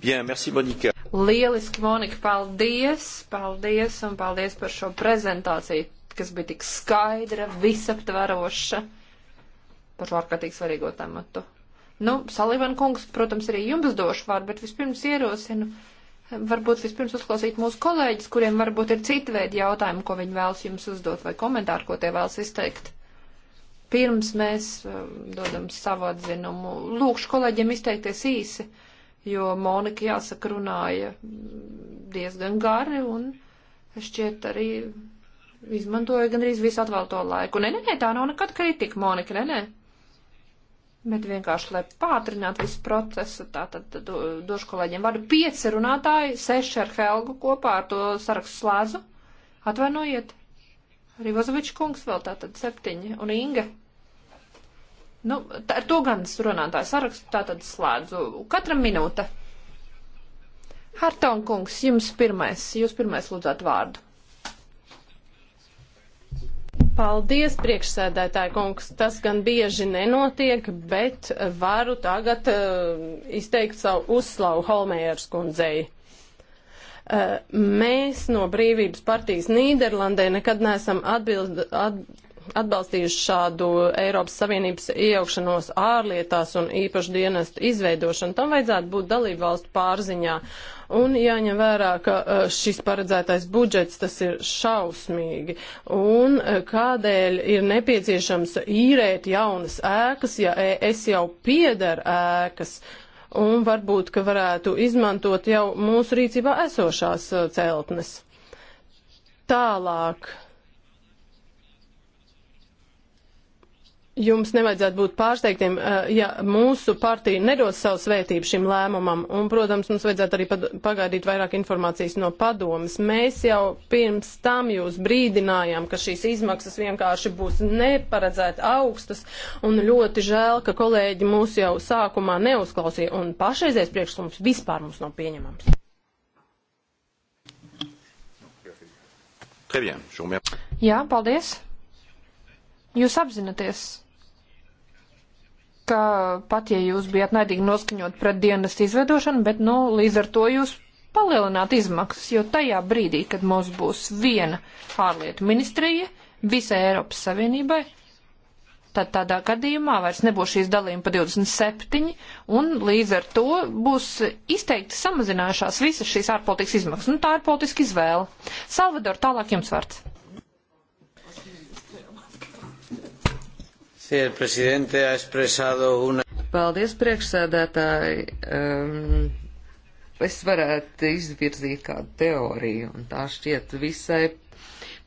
Bien, merci, Monika. Lieliski, Monika, paldies, paldies un paldies par šo prezentāciju, kas bija tik skaidra, visaptveroša par šo ārkārtīgi svarīgo tematu. Nu, Salivan kungs, protams, arī jums došu vārdu, bet vispirms ierosinu, varbūt vispirms uzklausīt mūsu kolēģis, kuriem varbūt ir cita veida jautājumi, ko viņi vēlas jums uzdot vai komentāru, ko tie vēlas izteikt. Pirms mēs um, dodam savu atzinumu. Lūkšu kolēģiem izteikties īsi, jo Monika, jāsaka, runāja diezgan gari un šķiet arī izmantoja gandrīz visu atvēlto laiku. Nē, nē, nē, tā nav nekad kritika, Monika, nē, nē. Bet vienkārši, lai pātrinātu visu procesu, tā tad do, došu kolēģiem vārdu pieci runātāji, seši ar Helgu kopā ar to sarakstu slēdzu. Atvainojiet. Arī Vozovičs kungs vēl tā tad septiņi un Inga. Nu, tā, ar to gan runātāju sarakstu tā tad slēdzu. Katra minūte. Harton kungs, jums pirmais, jūs pirmais lūdzat vārdu. Paldies, priekšsēdētāji kungs. Tas gan bieži nenotiek, bet varu tagad uh, izteikt savu uzslavu Holmējers kundzei. Uh, mēs no Brīvības partijas Nīderlandē nekad neesam atbild, at, atbalstījuši šādu Eiropas Savienības iejaukšanos ārlietās un īpašu dienestu izveidošanu. Tam vajadzētu būt dalību valstu pārziņā. Uh, Un jāņem vērā, ka e, šis paredzētais budžets tas ir šausmīgi. Un e, kādēļ ir nepieciešams īrēt jaunas ēkas, ja es jau piedar ēkas? Un varbūt, ka varētu izmantot jau mūsu rīcībā esošās e, celtnes. Tālāk jums nevajadzētu būt pārsteigtiem, eh, ja mūsu partija nedos savu svētību šim lēmumam. Un, protams, mums vajadzētu arī pagaidīt vairāk informācijas no padomas. Mēs jau pirms tam jūs brīdinājām, ka šīs izmaksas vienkārši būs neparedzēti augstas. Un ļoti žēl, ka kolēģi mūs jau sākumā neuzklausīja. Un pašreizējais priekšlikums vispār mums nav pieņemams. Jā, paldies. Jūs apzināties ka pat ja jūs bijat naidīgi noskaņot pret dienas izvedošanu, bet nu, līdz ar to jūs palielināt izmaksas, jo tajā brīdī, kad mums būs viena ārlietu ministrija visai Eiropas Savienībai, tad tādā gadījumā vairs nebūs šīs dalījuma pa 27, un līdz ar to būs izteikti samazinājušās visas šīs ārpolitikas izmaksas. Nu, tā ir politiska izvēle. Salvador, tālāk jums vārds. Paldies, priekšsēdētāji. Um, es varētu izvirzīt kādu teoriju, un tā šķiet visai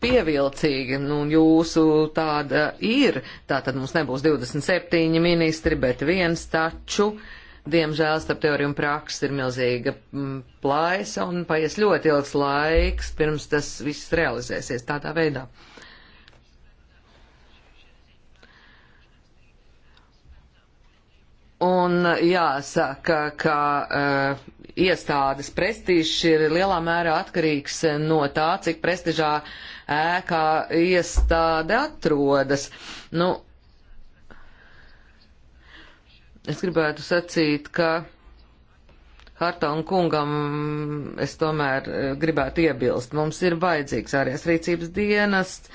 pievilcīga, nu, jūsu tāda ir. Tātad mums nebūs 27 ministri, bet viens taču. Diemžēl starp teoriju un praksi ir milzīga mm, plaisa un paies ļoti ilgs laiks, pirms tas viss realizēsies tādā veidā. Uh, Un jāsaka, ka uh, iestādes prestižs ir lielā mērā atkarīgs no tā, cik prestižā ēkā iestāde atrodas. Nu, es gribētu sacīt, ka Hartona kungam es tomēr eh, gribētu iebilst. Mums ir vajadzīgs ārējās rīcības dienests,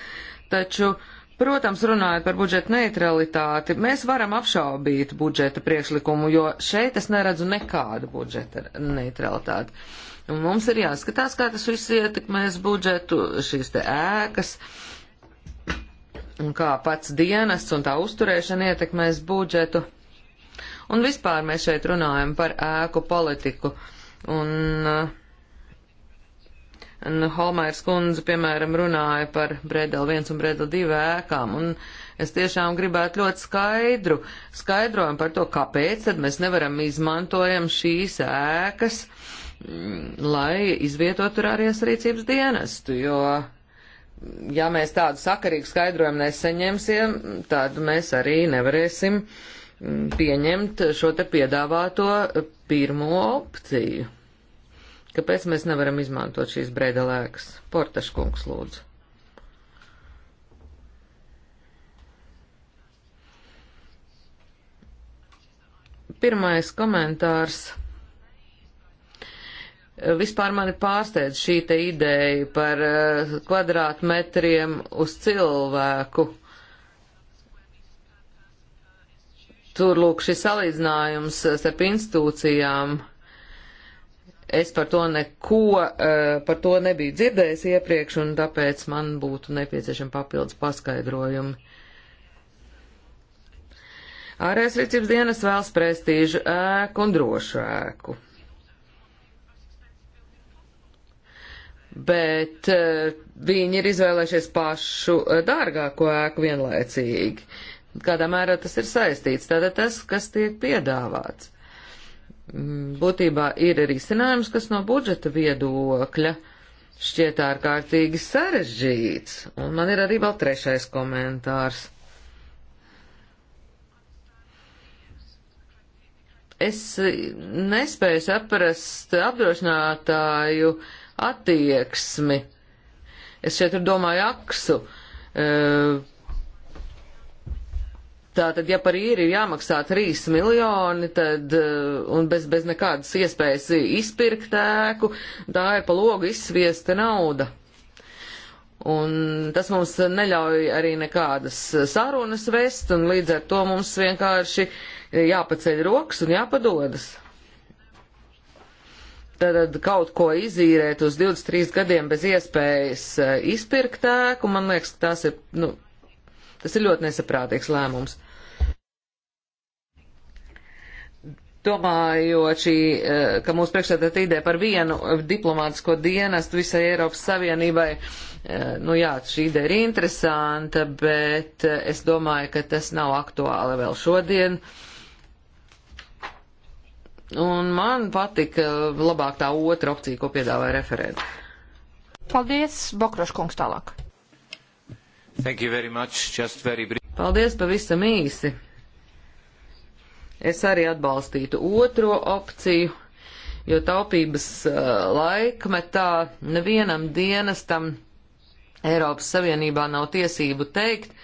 taču Protams, runājot par budžeta neutralitāti, mēs varam apšaubīt budžeta priekšlikumu, jo šeit es neredzu nekādu budžeta neutralitāti. Un mums ir jāskatās, kā tas viss ietekmēs budžetu, šīs te ēkas, un kā pats dienests un tā uzturēšana ietekmēs budžetu. Un vispār mēs šeit runājam par ēku politiku. Un, uh, Nu, Holmairs kundze, piemēram, runāja par Bredel 1 un Bredel 2 ēkām, un es tiešām gribētu ļoti skaidru skaidrojumu par to, kāpēc tad mēs nevaram izmantojam šīs ēkas, mm, lai izvietotu tur arī asarīcības dienestu, jo, ja mēs tādu sakarīgu skaidrojumu nesaņemsim, tad mēs arī nevarēsim mm, pieņemt šo te piedāvāto pirmo opciju. Kāpēc mēs nevaram izmantot šīs brēdelēkas? Portaškungs lūdzu. Pirmais komentārs. Vispār mani pārsteidz šī te ideja par eh, kvadrātmetriem uz cilvēku. Tur lūk šis salīdzinājums eh, starp institūcijām. Uh, Es par to neko, eh, par to nebiju dzirdējis iepriekš, un tāpēc man būtu nepieciešama papildus paskaidrojumi. Ārējais rīcības dienas vēlas prestīžu ēku un drošu ēku. Bet eh, viņi ir izvēlējušies pašu eh, dārgāko ēku vienlaicīgi. Kādā mērā tas ir saistīts? Tātad tas, kas tiek piedāvāts. Mm, būtībā ir risinājums, kas no budžeta viedokļa šķiet ārkārtīgi sarežģīts. Un man ir arī vēl trešais komentārs. Es eh, nespēju saprast apdrošinātāju attieksmi. Es šeit domāju aksu. Uh, Tātad, ja par īri ir jāmaksā 3 miljoni, tad, eh, un bez, bez nekādas iespējas izpirkt ēku, tā ir pa logu izsviesta nauda. Un tas mums neļauj arī nekādas sarunas vest, un līdz ar to mums vienkārši jāpaceļ rokas un jāpadodas. Tad kaut ko izīrēt uz 23 gadiem bez iespējas eh, izpirkt ēku, man liekas, tas ir, nu, tas ir ļoti nesaprātīgs lēmums. domājot šī, eh, ka mūsu priekšsēdētā ideja par vienu diplomātisko dienestu visai Eiropas Savienībai, eh, nu jā, šī ideja ir interesanta, bet eh, es domāju, ka tas nav aktuāli vēl šodien. Un man patika labāk tā otra opcija, ko piedāvāja referenti. Paldies, Bokroškungs tālāk. Thank you very much, just very brief. Paldies pavisam īsi. Es arī atbalstītu otro opciju, jo taupības uh, laikmetā nevienam dienestam Eiropas Savienībā nav tiesību teikt,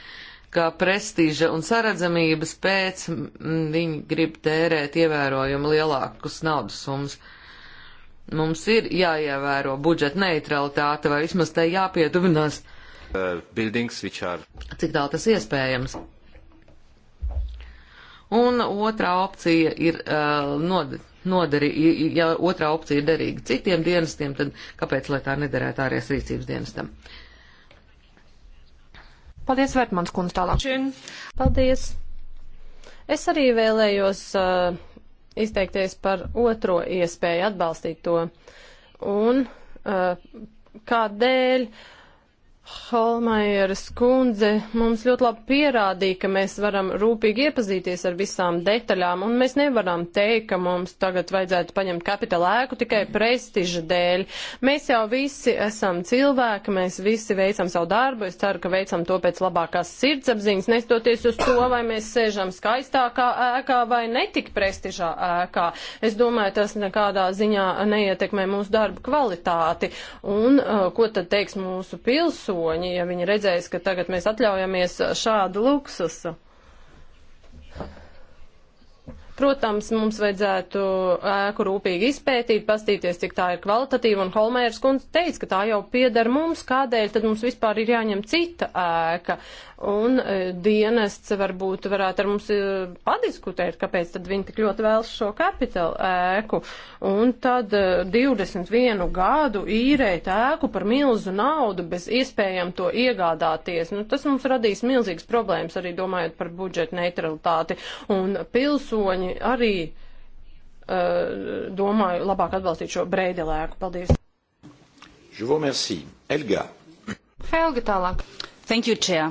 ka prestīža un saredzamības pēc viņi grib tērēt ievērojami lielākus naudas summas. Mums ir jāievēro budžeta neutralitāte vai vismaz tai jāpietuvinās. Uh, buildings, which are... Cik tālu tas iespējams? Un otrā opcija ir uh, nod, nodari, ja otrā opcija ir derīga citiem dienestiem, tad kāpēc lai tā nederētu ārējās rīcības dienestam? Paldies, Vērtmans kundze, tālāk. Čin. Paldies. Es arī vēlējos uh, izteikties par otro iespēju atbalstīt to. Un uh, kādēļ? Uh, Holmajeras kundze mums ļoti labi pierādīja, ka mēs varam rūpīgi iepazīties ar visām detaļām, un mēs nevaram teikt, ka mums tagad vajadzētu paņemt kapitāla ēku tikai prestiža dēļ. Mēs jau visi esam cilvēki, mēs visi veicam savu darbu, es ceru, ka veicam to pēc labākās sirdsapziņas, nestoties uz to, vai mēs sēžam skaistākā ēkā vai netik prestižā ēkā. Es domāju, tas nekādā ziņā neietekmē mūsu darbu kvalitāti. Un uh, ko tad teiks mūsu pilsūņi? pilsoņi, ja viņi redzēs, ka tagad mēs atļaujamies šādu luksusu. Protams, mums vajadzētu ēku rūpīgi izpētīt, pastīties, cik tā ir kvalitatīva, un Holmēras kundze teica, ka tā jau pieder mums, kādēļ tad mums vispār ir jāņem cita ēka, un e, dienests varbūt varētu ar mums e, padiskutēt, kāpēc tad viņi tik ļoti vēlas šo kapitalu ēku, un tad e, 21 gadu īrēt ēku par milzu naudu bez iespējām to iegādāties, nu tas mums radīs milzīgas problēmas arī domājot par budžeta neutralitāti, un pilsoņi amerikāņi arī uh, domāju labāk atbalstīt šo brēdelēku. Paldies. Je vous remercie. Helga. Helga tālāk. Thank you, Chair.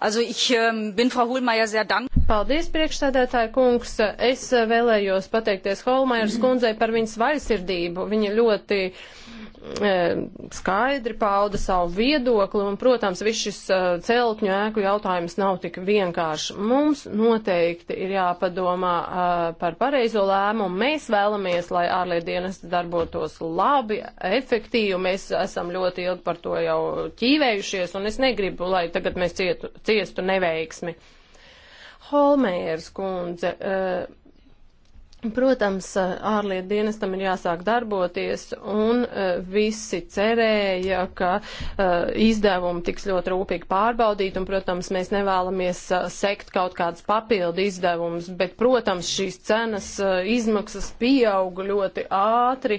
Also ich ähm, bin Frau Hohlmeier sehr dankbar. Paldies, priekšsēdētāja kungs. Es äh, vēlējos pateikties Holmajeras kundzei par viņas vaļsirdību. Viņa ļoti uh, E, skaidri pauda savu viedokli, un, protams, viss šis e, celtņu ēku jautājums nav tik vienkārši. Mums noteikti ir jāpadomā e, par pareizo lēmumu. Mēs vēlamies, lai ārlietu dienas darbotos labi, efektīvi. Mēs esam ļoti ilgi par to jau ķīvējušies, un es negribu, lai tagad mēs cietu, ciestu neveiksmi. Holmējers kundze. Uh, Protams, eh, ārlietu dienestam ir jāsāk darboties, un uh, visi cerēja, ka uh, izdevumi tiks ļoti rūpīgi pārbaudīti, un, protams, mēs nevēlamies uh, sekt kaut kādas papildu izdevumus, bet, protams, šīs cenas uh, izmaksas pieauga ļoti ātri,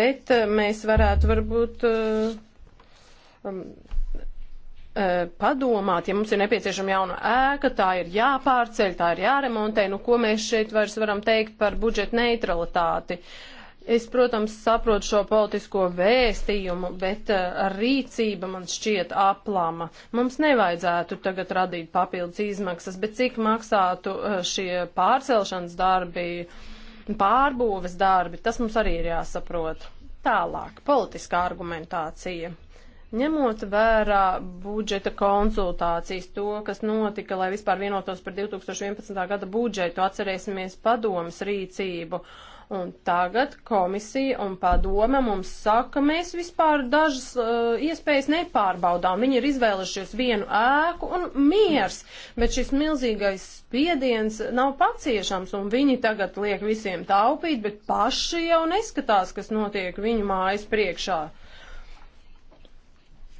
bet uh, mēs varētu varbūt. Uh, um, E, padomāt, ja mums ir nepieciešama jauna ēka, tā ir jāpārceļ, tā ir jāremontē, nu ko mēs šeit vairs varam teikt par budžeta neutralitāti. Es, protams, saprotu šo politisko vēstījumu, bet uh, rīcība man šķiet aplama. Mums nevajadzētu tagad radīt papildus izmaksas, bet cik maksātu uh, šie pārcelšanas darbi, pārbūves darbi, tas mums arī ir jāsaprot. Tālāk, politiskā argumentācija. Ņemot vērā budžeta konsultācijas, to, kas notika, lai vispār vienotos par 2011. gada budžetu, atcerēsimies padomas rīcību. Un tagad komisija un padome mums saka, mēs vispār dažas uh, iespējas nepārbaudām. Viņi ir izvēlušies vienu ēku un miers, bet šis milzīgais spiediens nav paciešams un viņi tagad liek visiem taupīt, bet paši jau neskatās, kas notiek viņu mājas priekšā. Uh,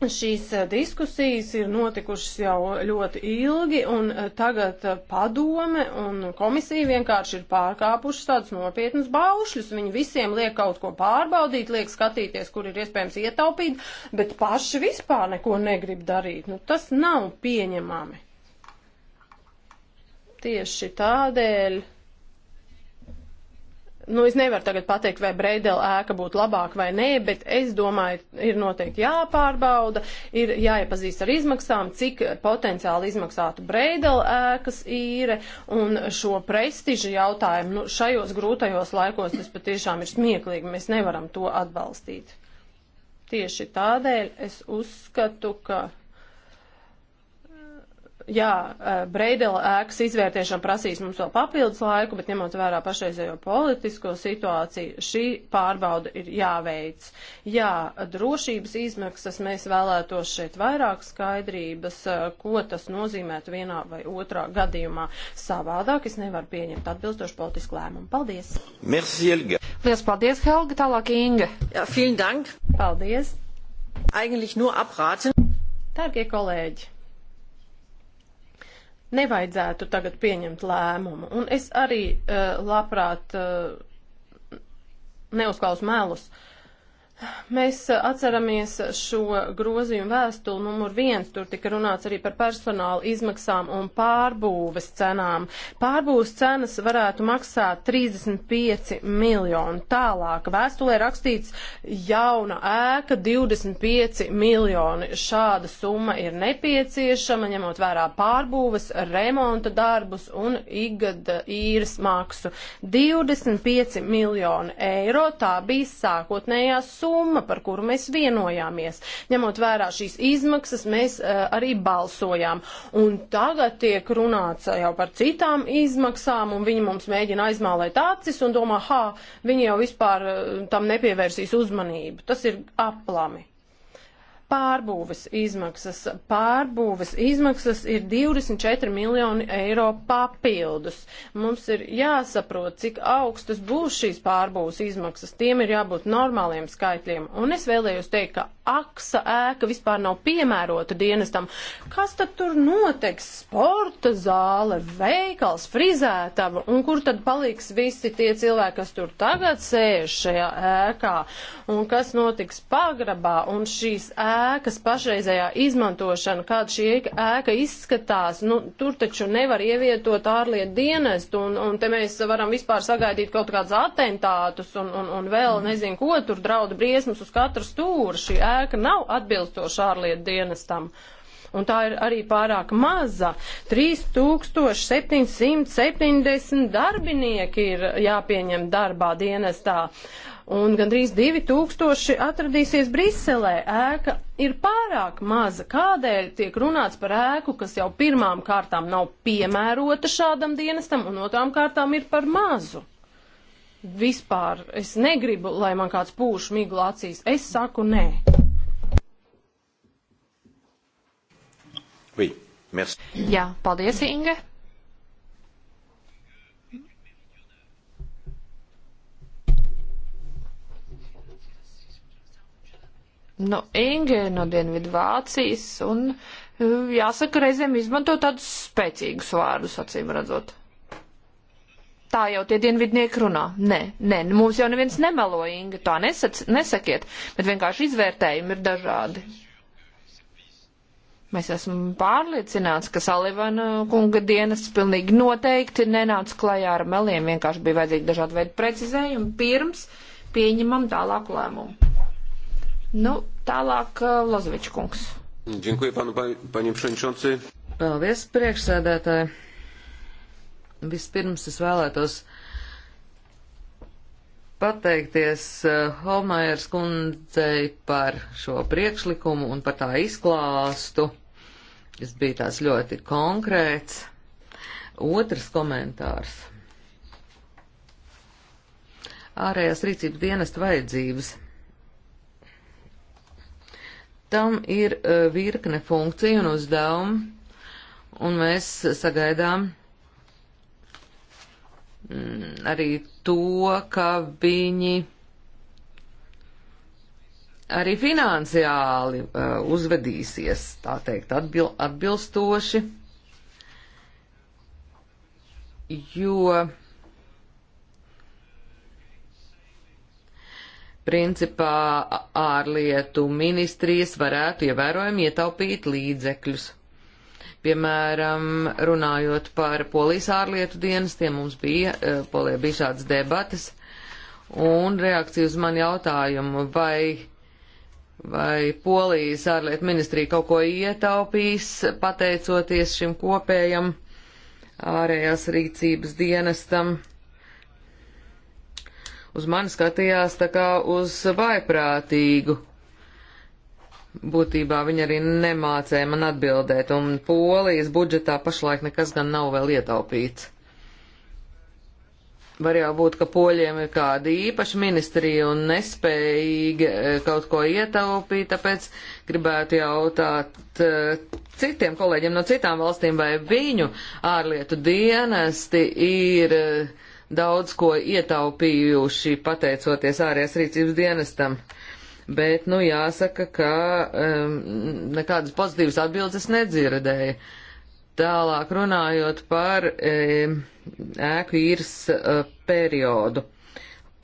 Šīs eh, diskusijas ir notikušas jau ļoti ilgi, un eh, tagad eh, padome un komisija vienkārši ir pārkāpušas tādus nopietnus baušļus. Viņi visiem liek kaut ko pārbaudīt, liek skatīties, kur ir iespējams ietaupīt, bet paši vispār neko negrib darīt. Nu, tas nav pieņemami. Tieši tādēļ Nu, es nevaru tagad pateikt, vai Breidela ēka būtu labāka vai nē, bet es domāju, ir noteikti jāpārbauda, ir jāiepazīst ar izmaksām, cik potenciāli izmaksātu Breidela ēkas īre un šo prestižu jautājumu. Nu, šajos grūtajos laikos tas patiešām ir smieklīgi, mēs nevaram to atbalstīt. Tieši tādēļ es uzskatu, ka jā, eh, Breidela ēkas izvērtiešana prasīs mums vēl papildus laiku, bet ņemot vērā pašreizējo politisko situāciju, šī pārbauda ir jāveic. Jā, drošības izmaksas mēs vēlētos šeit vairāk skaidrības, eh, ko tas nozīmētu vienā vai otrā gadījumā. Savādāk es nevaru pieņemt atbilstošu politisku lēmumu. Paldies! Merci, Helga! Lielas paldies, Helga! Tālāk Inga! Ja, vielen dank! Paldies! Eigentlich nur abraten. Dārgie kolēģi! nevajadzētu tagad pieņemt lēmumu. Un es arī uh, labprāt uh, eh, neuzklausu melus. Uh, Mēs atceramies šo grozījumu vēstuli numur viens, tur tika runāts arī par personāla izmaksām un pārbūves cenām. Pārbūves cenas varētu maksāt 35 miljonu. Tālāk vēstulē rakstīts jauna ēka 25 miljoni. Šāda summa ir nepieciešama, ņemot vērā pārbūves, remonta darbus un igada īres maksu. 25 miljoni eiro tā bija sākotnējā summa summa, par kuru mēs vienojāmies. Ņemot vērā šīs izmaksas, mēs uh, arī balsojām. Un tagad tiek runāts jau par citām izmaksām, un viņi mums mēģina aizmālēt acis un domā, ha, viņi jau vispār uh, tam nepievērsīs uzmanību. Tas ir aplami pārbūves izmaksas. Pārbūves izmaksas ir 24 miljoni eiro papildus. Mums ir jāsaprot, cik augstas būs šīs pārbūves izmaksas. Tiem ir jābūt normāliem skaitļiem. Un es vēlējos teikt, ka aksa ēka vispār nav piemērota dienestam. Kas tad tur noteiks? Sporta zāle, veikals, frizētava. Un kur tad paliks visi tie cilvēki, kas tur tagad sēž šajā ēkā? Un kas notiks pagrabā? Un šīs ēkas ēkas pašreizējā izmantošana, kāda šī ēka izskatās, nu, tur taču nevar ievietot ārlietu dienestu, un, un te mēs varam vispār sagaidīt kaut kādus atentātus, un, un, un vēl nezinu, ko tur draud briesmas uz katru stūru. Šī ēka nav atbilstoša ārlietu dienestam un tā ir arī pārāk maza. 3770 darbinieki ir jāpieņem darbā dienestā un gandrīz 2000 atradīsies Briselē. Ēka ir pārāk maza. Kādēļ tiek runāts par ēku, kas jau pirmām kārtām nav piemērota šādam dienestam, un otrām kārtām ir par mazu? Vispār es negribu, lai man kāds pūš miglu acīs. Es saku nē. Oui, merci. Jā, paldies, Inge. no nu, Inge, no Dienvidu Vācijas, un e, jāsaka, reizēm izmanto tādus spēcīgus vārdus, acīm redzot. Tā jau tie dienvidnieki runā. Nē, nē, mums jau neviens nemelo, Inga, tā nesac, nesakiet, bet vienkārši izvērtējumi ir dažādi. Mēs esam pārliecināts, ka Salivana kunga dienas pilnīgi noteikti nenāca klajā ar meliem, vienkārši bija vajadzīgi dažādi veidi precizējumi pirms pieņemam tālāku lēmumu. Nu, tālāk uh, Lozovičs kungs. Dziękuję panu, panie przewodniczący. Paldies, priekšsēdētāji. Vispirms es vēlētos pateikties uh, Holmajers kundzei par šo priekšlikumu un par tā izklāstu. Tas bija tās ļoti konkrēts. Otrs komentārs. Ārējās rīcības dienesta vajadzības. Tam ir e, virkne funkciju un uzdevumu, un mēs sagaidām mm, arī to, ka viņi arī finansiāli uh, uzvedīsies, tā teikt, atbil, atbilstoši, jo Principā ārlietu ministrijas varētu ievērojami ietaupīt līdzekļus. Piemēram, runājot par polijas ārlietu dienestiem, mums bija, eh, polijā bija šādas debatas, un reakcija uz mani jautājumu, vai vai Polijas ārlietu ministrija kaut ko ietaupīs, pateicoties šim kopējam ārējās rīcības dienestam uz mani skatījās tā kā uz vaiprātīgu. Būtībā viņi arī nemācēja man atbildēt, un polijas budžetā pašlaik nekas gan nav vēl ietaupīts. Var jau būt, ka poļiem ir kāda īpaša ministrija un nespējīgi eh, kaut ko ietaupīt, tāpēc gribētu jautāt eh, citiem kolēģiem no citām valstīm, vai viņu ārlietu dienesti ir uh, daudz ko ietaupījuši pateicoties ārējās rīcības dienestam. Bet, nu, jāsaka, ka um, nekādas pozitīvas atbildes nedzirdēja. Tālāk runājot par um, ēku īres uh, periodu,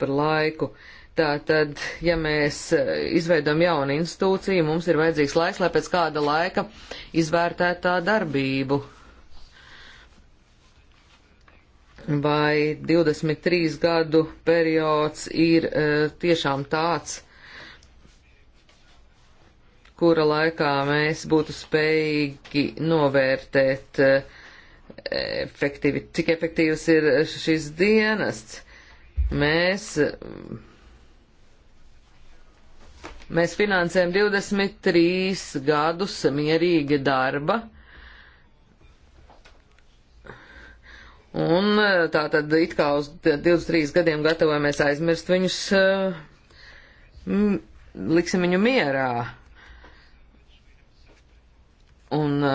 par laiku. Tātad, ja mēs e, izveidam jaunu institūciju, mums ir vajadzīgs laiks, lai pēc kāda laika izvērtētu tā darbību, vai 23 gadu periods ir e, tiešām tāds, kura laikā mēs būtu spējīgi novērtēt, e, efektīvi, cik efektīvs ir šis dienests. Mēs, e, mēs finansējam 23 gadus mierīgi darba Un e, tā tad it kā uz 23 gadiem gatavojamies aizmirst viņus, e, liksim viņu mierā. Un e,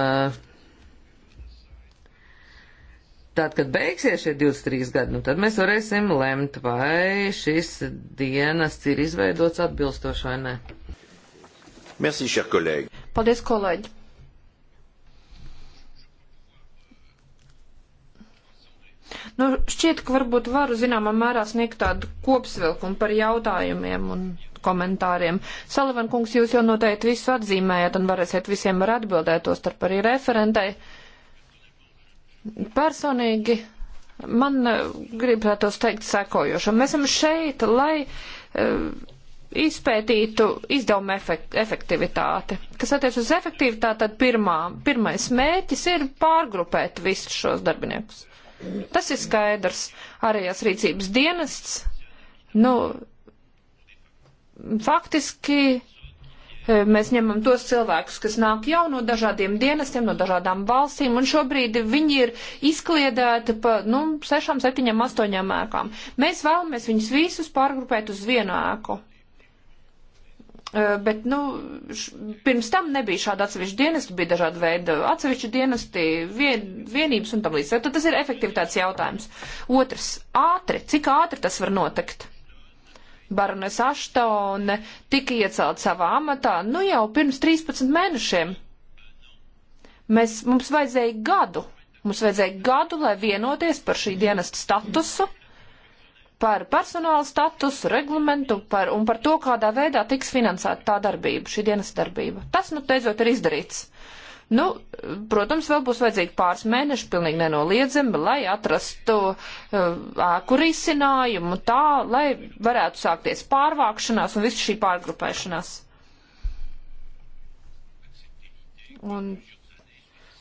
tad, kad beigsies šie 23 gadi, nu tad mēs varēsim lemt, vai šis dienas ir izveidots atbilstoši vai nē. Merci, cher collègue. Paldies, kolēģi! Nu, šķiet, ka varbūt varu zināmā mērā sniegt tādu kopsvilkumu par jautājumiem un komentāriem. Salavan kungs, jūs jau noteikti visu atzīmējat un varēsiet visiem var atbildēt, to starp arī referentai. Personīgi man eh, gribētos teikt sekojošo. Mēs esam šeit, lai uh, izpētītu izdevuma efekt, efektivitāti. Kas attiec uz efektivitāti, tad pirmā, pirmais mērķis ir pārgrupēt visus šos darbiniekus. Tas ir skaidrs. Ārējās rīcības dienests, nu, faktiski e, mēs ņemam tos cilvēkus, kas nāk jau no dažādiem dienestiem, no dažādām valstīm, un šobrīd viņi ir izkliedēti pa, nu, sešām, septiņām, astoņām ēkām. Mēs vēlamies viņus visus pārgrupēt uz vienu ēku. Bet, nu, š, pirms tam nebija šāda atsevišķa dienesta, bija dažāda veida atsevišķa dienesti, vien, vienības un tam līdzīgi. Tad tas ir efektivitātes jautājums. Otrs - ātri. Cik ātri tas var notikt? Barones Aštone tika iecelt savā amatā, nu jau pirms 13 mēnešiem. Mēs, mums vajadzēja gadu. Mums vajadzēja gadu, lai vienoties par šī dienesta statusu. Mm par personāla statusu, reglamentu par, un par to, kādā veidā tiks finansēta tā darbība, šī dienas darbība. Tas, nu, teidzot, ir izdarīts. Nu, protams, vēl būs vajadzīgi pāris mēneši, pilnīgi nenoliedzami, lai atrastu uh, ēku risinājumu tā, lai varētu sākties pārvākšanās un viss šī pārgrupēšanās. Un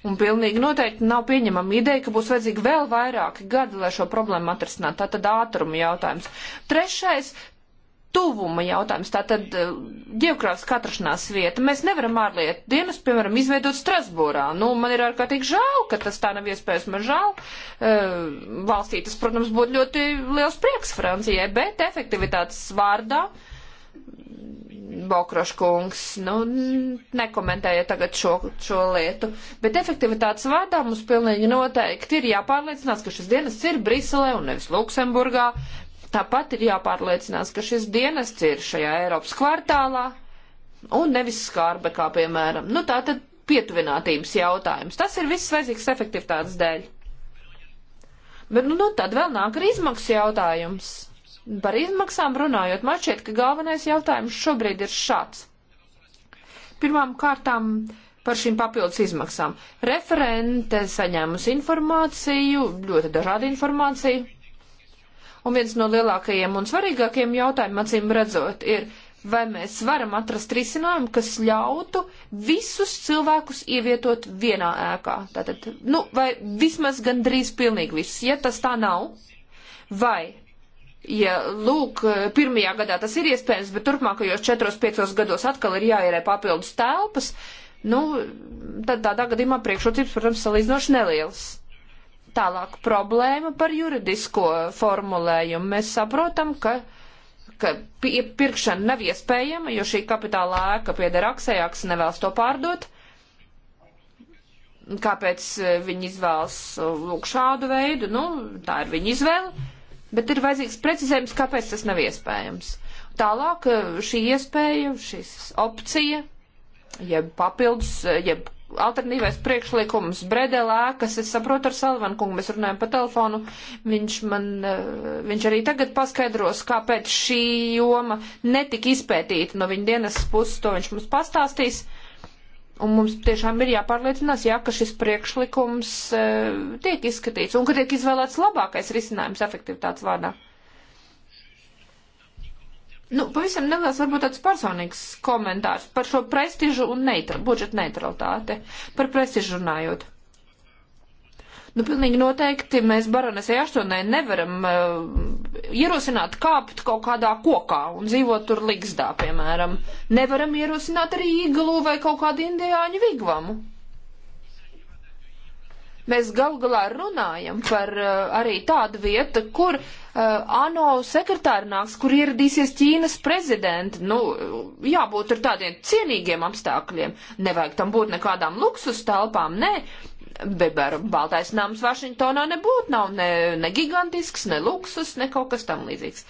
Un pilnīgi noteikti nav pieņemama ideja, ka būs vajadzīgi vēl vairāki gadi, lai šo problēmu atrisinātu. Tā tad ātruma jautājums. Trešais tuvuma jautājums, tātad eh, ģeogrāfiska atrašanās vieta. Mēs nevaram ārlietu dienas, piemēram, izveidot Strasbūrā. Nu, man ir ārkārtīgi žēl, ka tas tā nav iespējams, man žēl. E, valstī tas, protams, būtu ļoti liels prieks Francijai, bet efektivitātes vārdā Bokraškungs, nu, nekomentēja tagad šo, šo lietu, bet efektivitātes vārdā mums pilnīgi noteikti ir jāpārliecinās, ka šis dienas ir Briselē un nevis Luksemburgā. Tāpat ir jāpārliecinās, ka šis dienas ir šajā Eiropas kvartālā un nevis skārbekā, piemēram. Nu, tā tad pietuvinātības jautājums. Tas ir viss vajadzīgs efektivitātes dēļ. Bet, nu, nu tad vēl nāk arī izmaksu jautājums Par izmaksām runājot, man šķiet, ka galvenais jautājums šobrīd ir šāds. Pirmām kārtām par šīm papildus izmaksām. Referente saņēmusi informāciju, ļoti dažādu informāciju. Un viens no lielākajiem un svarīgākajiem jautājumiem, acīm redzot, ir, vai mēs varam atrast risinājumu, kas ļautu visus cilvēkus ievietot vienā ēkā. Tātad, nu, vai vismaz gandrīz pilnīgi visus. Ja tas tā nav, vai Ja, lūk, pirmajā gadā tas ir iespējams, bet turpmākajos četros, piecos gados atkal ir jāierē papildus telpas, nu, tad tādā gadījumā priekšrocības, protams, salīdzinoši nelielas. Tālāk problēma par juridisko formulējumu. Mēs saprotam, ka, ka pirkšana nav iespējama, jo šī kapitāla ēka pieder aksējāks nevēlas to pārdot. Kāpēc eh, viņi izvēlas lūk šādu veidu? Nu, tā ir viņa izvēle Bet ir vajadzīgs precizējums, kāpēc tas nav iespējams. Tālāk eh, šī iespēja, šis opcija, jeb papildus, eh, jeb alternatīvais priekšlikums Bredelā, kas es saprotu ar Salvanu kungu, mēs runājam pa telefonu, viņš man, eh, viņš arī tagad paskaidros, kāpēc šī joma netika izpētīta no viņa dienas puses, to viņš mums pastāstīs. Uh, Un mums tiešām ir jāpārliecinās, jā, ka šis priekšlikums e, tiek izskatīts un ka tiek izvēlēts labākais risinājums efektivitātes vārdā. Nu, pavisam neliels, varbūt tāds personīgs komentārs par šo prestižu un neitra, budžeta neutralitāti. Par prestižu runājot. Nu, pilnīgi noteikti mēs baronesei aštonai nevaram uh, ierosināt kāpt kaut kādā kokā un dzīvot tur ligzdā, piemēram. Nevaram ierosināt arī īgalu vai kaut kādu indiāņu vigvamu. Mēs gal galā runājam par uh, arī tādu vietu, kur uh, ANO sekretāri nāks, kur ieradīsies Ķīnas prezidenta. Nu, jābūt ar tādiem cienīgiem apstākļiem. Nevajag tam būt nekādām luksus telpām, nē. Ne Beber Baltais nams Vašingtonā nebūtu, nav ne, ne gigantisks, ne luksus, ne kaut kas tam līdzīgs.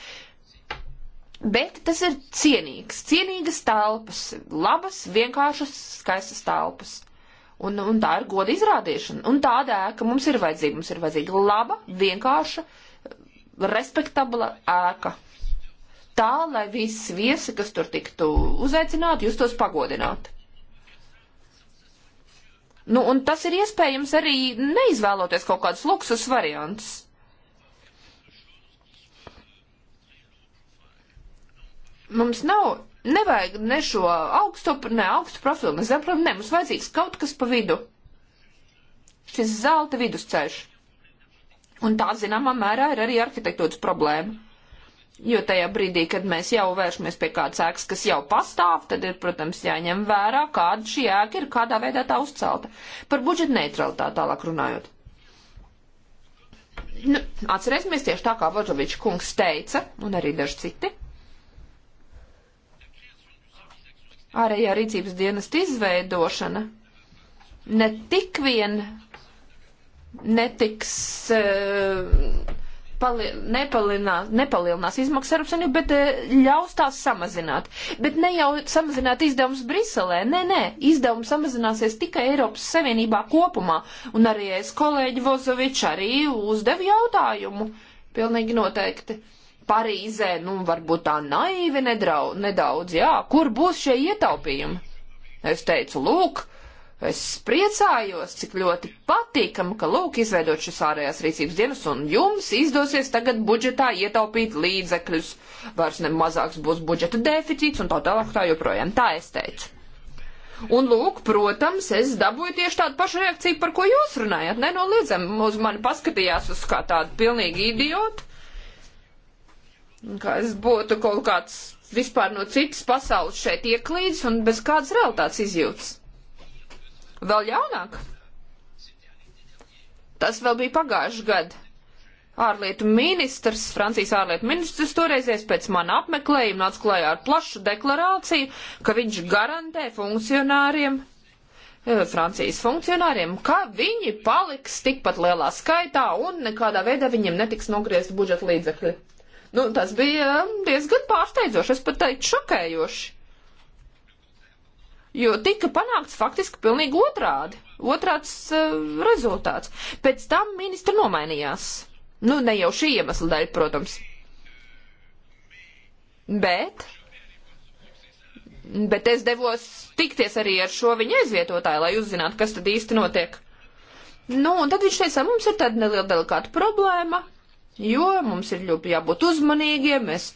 Bet tas ir cienīgs, cienīgas telpas, labas, vienkāršas, skaistas telpas. Un, un tā ir goda izrādīšana. Un tādā, ka mums ir vajadzīga, mums ir vajadzīga laba, vienkārša, respektabla ēka. Tā, lai visi viesi, kas tur tiktu uzaicināti, jūs tos pagodinātu. Nu, un tas ir iespējams arī neizvēloties kaut kādus luksus variants. Mums nav, nevajag ne šo augstu, ne augstu profilu, ne zem profilu, ne, mums vajadzīgs kaut kas pa vidu. Šis zelta vidusceļš. Un tā, zināmā mērā, ir arī arhitektūras problēma. Jo tajā brīdī, kad mēs jau vēršamies pie kādas ēkas, kas jau pastāv, tad ir, protams, jāņem vērā, kāda šī ēka ir, kādā veidā tā uzcelta. Par budžeta neutralitāti tālāk runājot. Nu, atcerēsimies tieši tā, kā Vodovičs kungs teica, un arī daži citi. Ārējā rīcības dienesta izveidošana ne tik vien netiks. Uh, pali, nepalilinās, nepalielinās izmaksas Eiropas Savienībai, bet eh, ļaus tās samazināt. Bet ne jau samazināt izdevumus Briselē, nē, nē, izdevumi samazināsies tikai Eiropas Savienībā kopumā. Un arī es kolēģi Vozovičs arī uzdevu jautājumu, pilnīgi noteikti. Parīzē, nu, varbūt tā naivi nedrau, nedaudz, jā, kur būs šie ietaupījumi? Es teicu, lūk, uh, Es priecājos, cik ļoti patīkam, ka lūk izveidot šis ārējās rīcības dienas un jums izdosies tagad budžetā ietaupīt līdzekļus. Vairs ne mazāks būs budžeta deficīts un tā tālāk tā joprojām. Tā es teicu. Un lūk, protams, es dabūju tieši tādu pašu reakciju, par ko jūs runājat. Nenoliedzami uz mani paskatījās uz kā tādu pilnīgi idiotu. Kā es būtu kaut kāds vispār no citas pasaules šeit ieklīdis un bez kādas realitātes izjūtas. Vēl jaunāk? Tas vēl bija pagājuši gadu. Ārlietu ministrs, Francijas ārlietu ministrs toreizies pēc mana apmeklējuma nāca klajā ar plašu deklarāciju, ka viņš garantē funkcionāriem e, Francijas funkcionāriem, ka viņi paliks tikpat lielā skaitā un nekādā veidā viņiem netiks nogriezt budžeta līdzekļi. Nu, tas bija um, diezgan pārsteidzoši, es pat teiktu šokējoši. Jo tika panākts faktiski pilnīgi otrādi, otrāds uh, rezultāts. Pēc tam ministra nomainījās. Nu, ne jau šī iemesla dēļ, protams. Bet bet es devos tikties arī ar šo viņa aizvietotāju, lai uzzinātu, kas tad īsti notiek. Nu, un tad viņš teica, mums ir tāda neliela delikāta problēma, jo mums ir ļoti jābūt uzmanīgiem, mēs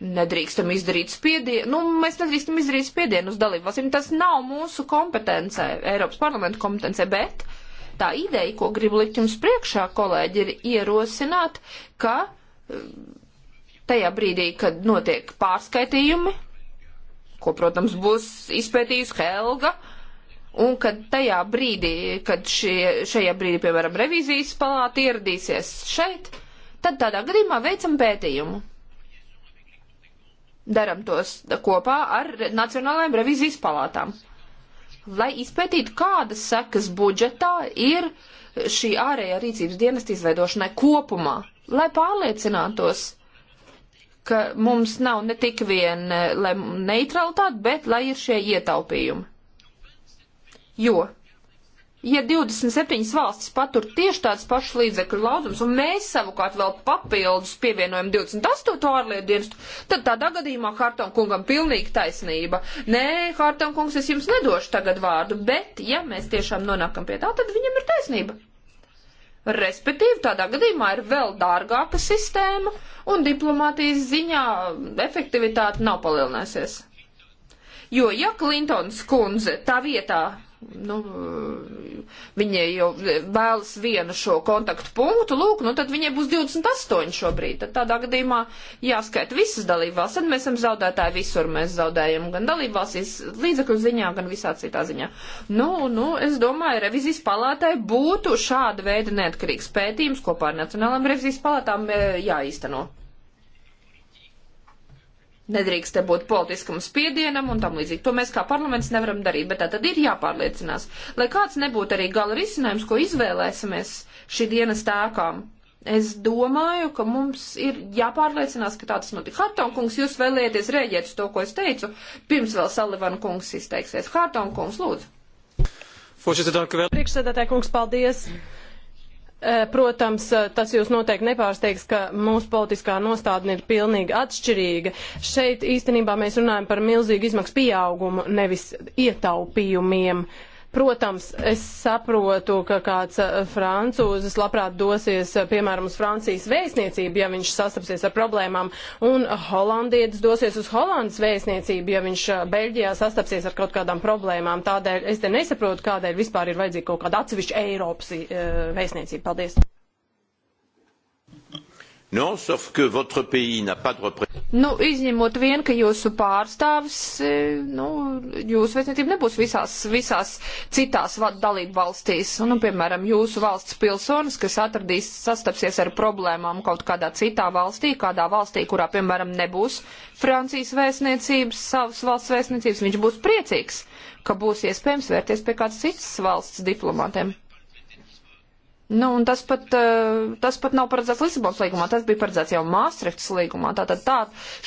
nedrīkstam izdarīt spiedienu, nu, mēs nedrīkstam izdarīt spiedienu uz dalībvalstīm. Tas nav mūsu kompetencē, Eiropas parlamenta kompetencē, bet tā ideja, ko gribu likt jums priekšā, kolēģi, ir ierosināt, ka eh, tajā brīdī, kad notiek pārskaitījumi, ko, protams, būs izpētījusi Helga, un kad tajā brīdī, kad šie, šajā brīdī, piemēram, revīzijas palāta ieradīsies šeit, tad tādā gadījumā veicam pētījumu Daram tos kopā ar Nacionālajām revizijas palātām, lai izpētītu, kādas sekas budžetā ir šī ārējā rīcības dienesta izveidošanai kopumā, lai pārliecinātos, ka mums nav ne tik vien eh, neutralitāte, bet lai ir šie ietaupījumi. Jo ja 27 valstis patur tieši tāds pašs līdzekļu laudzums, un mēs savukārt vēl papildus pievienojam 28 ārlietu dienestu, tad tādā gadījumā Hartam kungam pilnīgi taisnība. Nē, Hartam kungs, es jums nedošu tagad vārdu, bet ja mēs tiešām nonākam pie tā, tad viņam ir taisnība. Respektīvi, tādā gadījumā ir vēl dārgāka sistēma, un diplomātijas ziņā efektivitāte nav palielināsies. Jo, ja Klintons kundze tā vietā nu, viņai jau vēlas vienu šo kontaktu punktu, lūk, nu tad viņai būs 28 šobrīd. Tad tādā gadījumā jāskaita visas dalībvalsts, tad mēs esam zaudētāji visur, mēs zaudējam gan dalībvalstīs līdzekļu ziņā, gan visā citā ziņā. Nu, nu, es domāju, revizijas palātai būtu šāda veida neatkarīgs pētījums kopā ar Nacionālām revizijas palātām e, jāīsteno. Nedrīkst te būt politiskam spiedienam un tam līdzīgi. To mēs kā parlaments nevaram darīt, bet tā tad ir jāpārliecinās, lai kāds nebūtu arī gala risinājums, ko izvēlēsimies šī dienas tēkām. Es domāju, ka mums ir jāpārliecinās, ka tāds notika. Hartonkungs, jūs vēlēties rēģēt uz to, ko es teicu, pirms vēl Salivana kungs izteiksies. Hartonkungs, lūdzu. Priekšsēdētāji kungs, paldies. Mm. Eh, protams, eh, tas jūs noteikti nepārsteigs, ka mūsu politiskā nostādne ir pilnīgi atšķirīga. Šeit īstenībā mēs runājam par milzīgu izmaksu pieaugumu, nevis ietaupījumiem. Uh, Protams, es saprotu, ka kāds eh, francūzis labprāt dosies, eh, piemēram, uz Francijas vēstniecību, ja viņš sastapsies ar problēmām, un holandietis dosies uz Holandas vēstniecību, ja viņš eh, Beļģijā sastapsies ar kaut kādām problēmām. Tādēļ es te nesaprotu, kādēļ vispār ir vajadzīga kaut kāda atsevišķa Eiropas vēstniecība. Paldies! Non, sauf que votre pays n'a pas de représentant. Nu, izņemot vien, ka jūsu pārstāvis, e, nu, jūsu vēstniecība nebūs visās, visās citās dalību valstīs. Un, nu, piemēram, jūsu valsts pilsonis, kas atradīs, sastapsies ar problēmām kaut kādā citā valstī, kādā valstī, kurā, piemēram, nebūs Francijas vēstniecības, savas valsts vēstniecības, viņš būs priecīgs, ka būs iespējams vērties pie kāds cits valsts diplomātiem. Nu, un tas pat, eh, tas pat nav paredzēts Lisabons līgumā, tas bija paredzēts jau Maastrichtas līgumā. Tātad tā,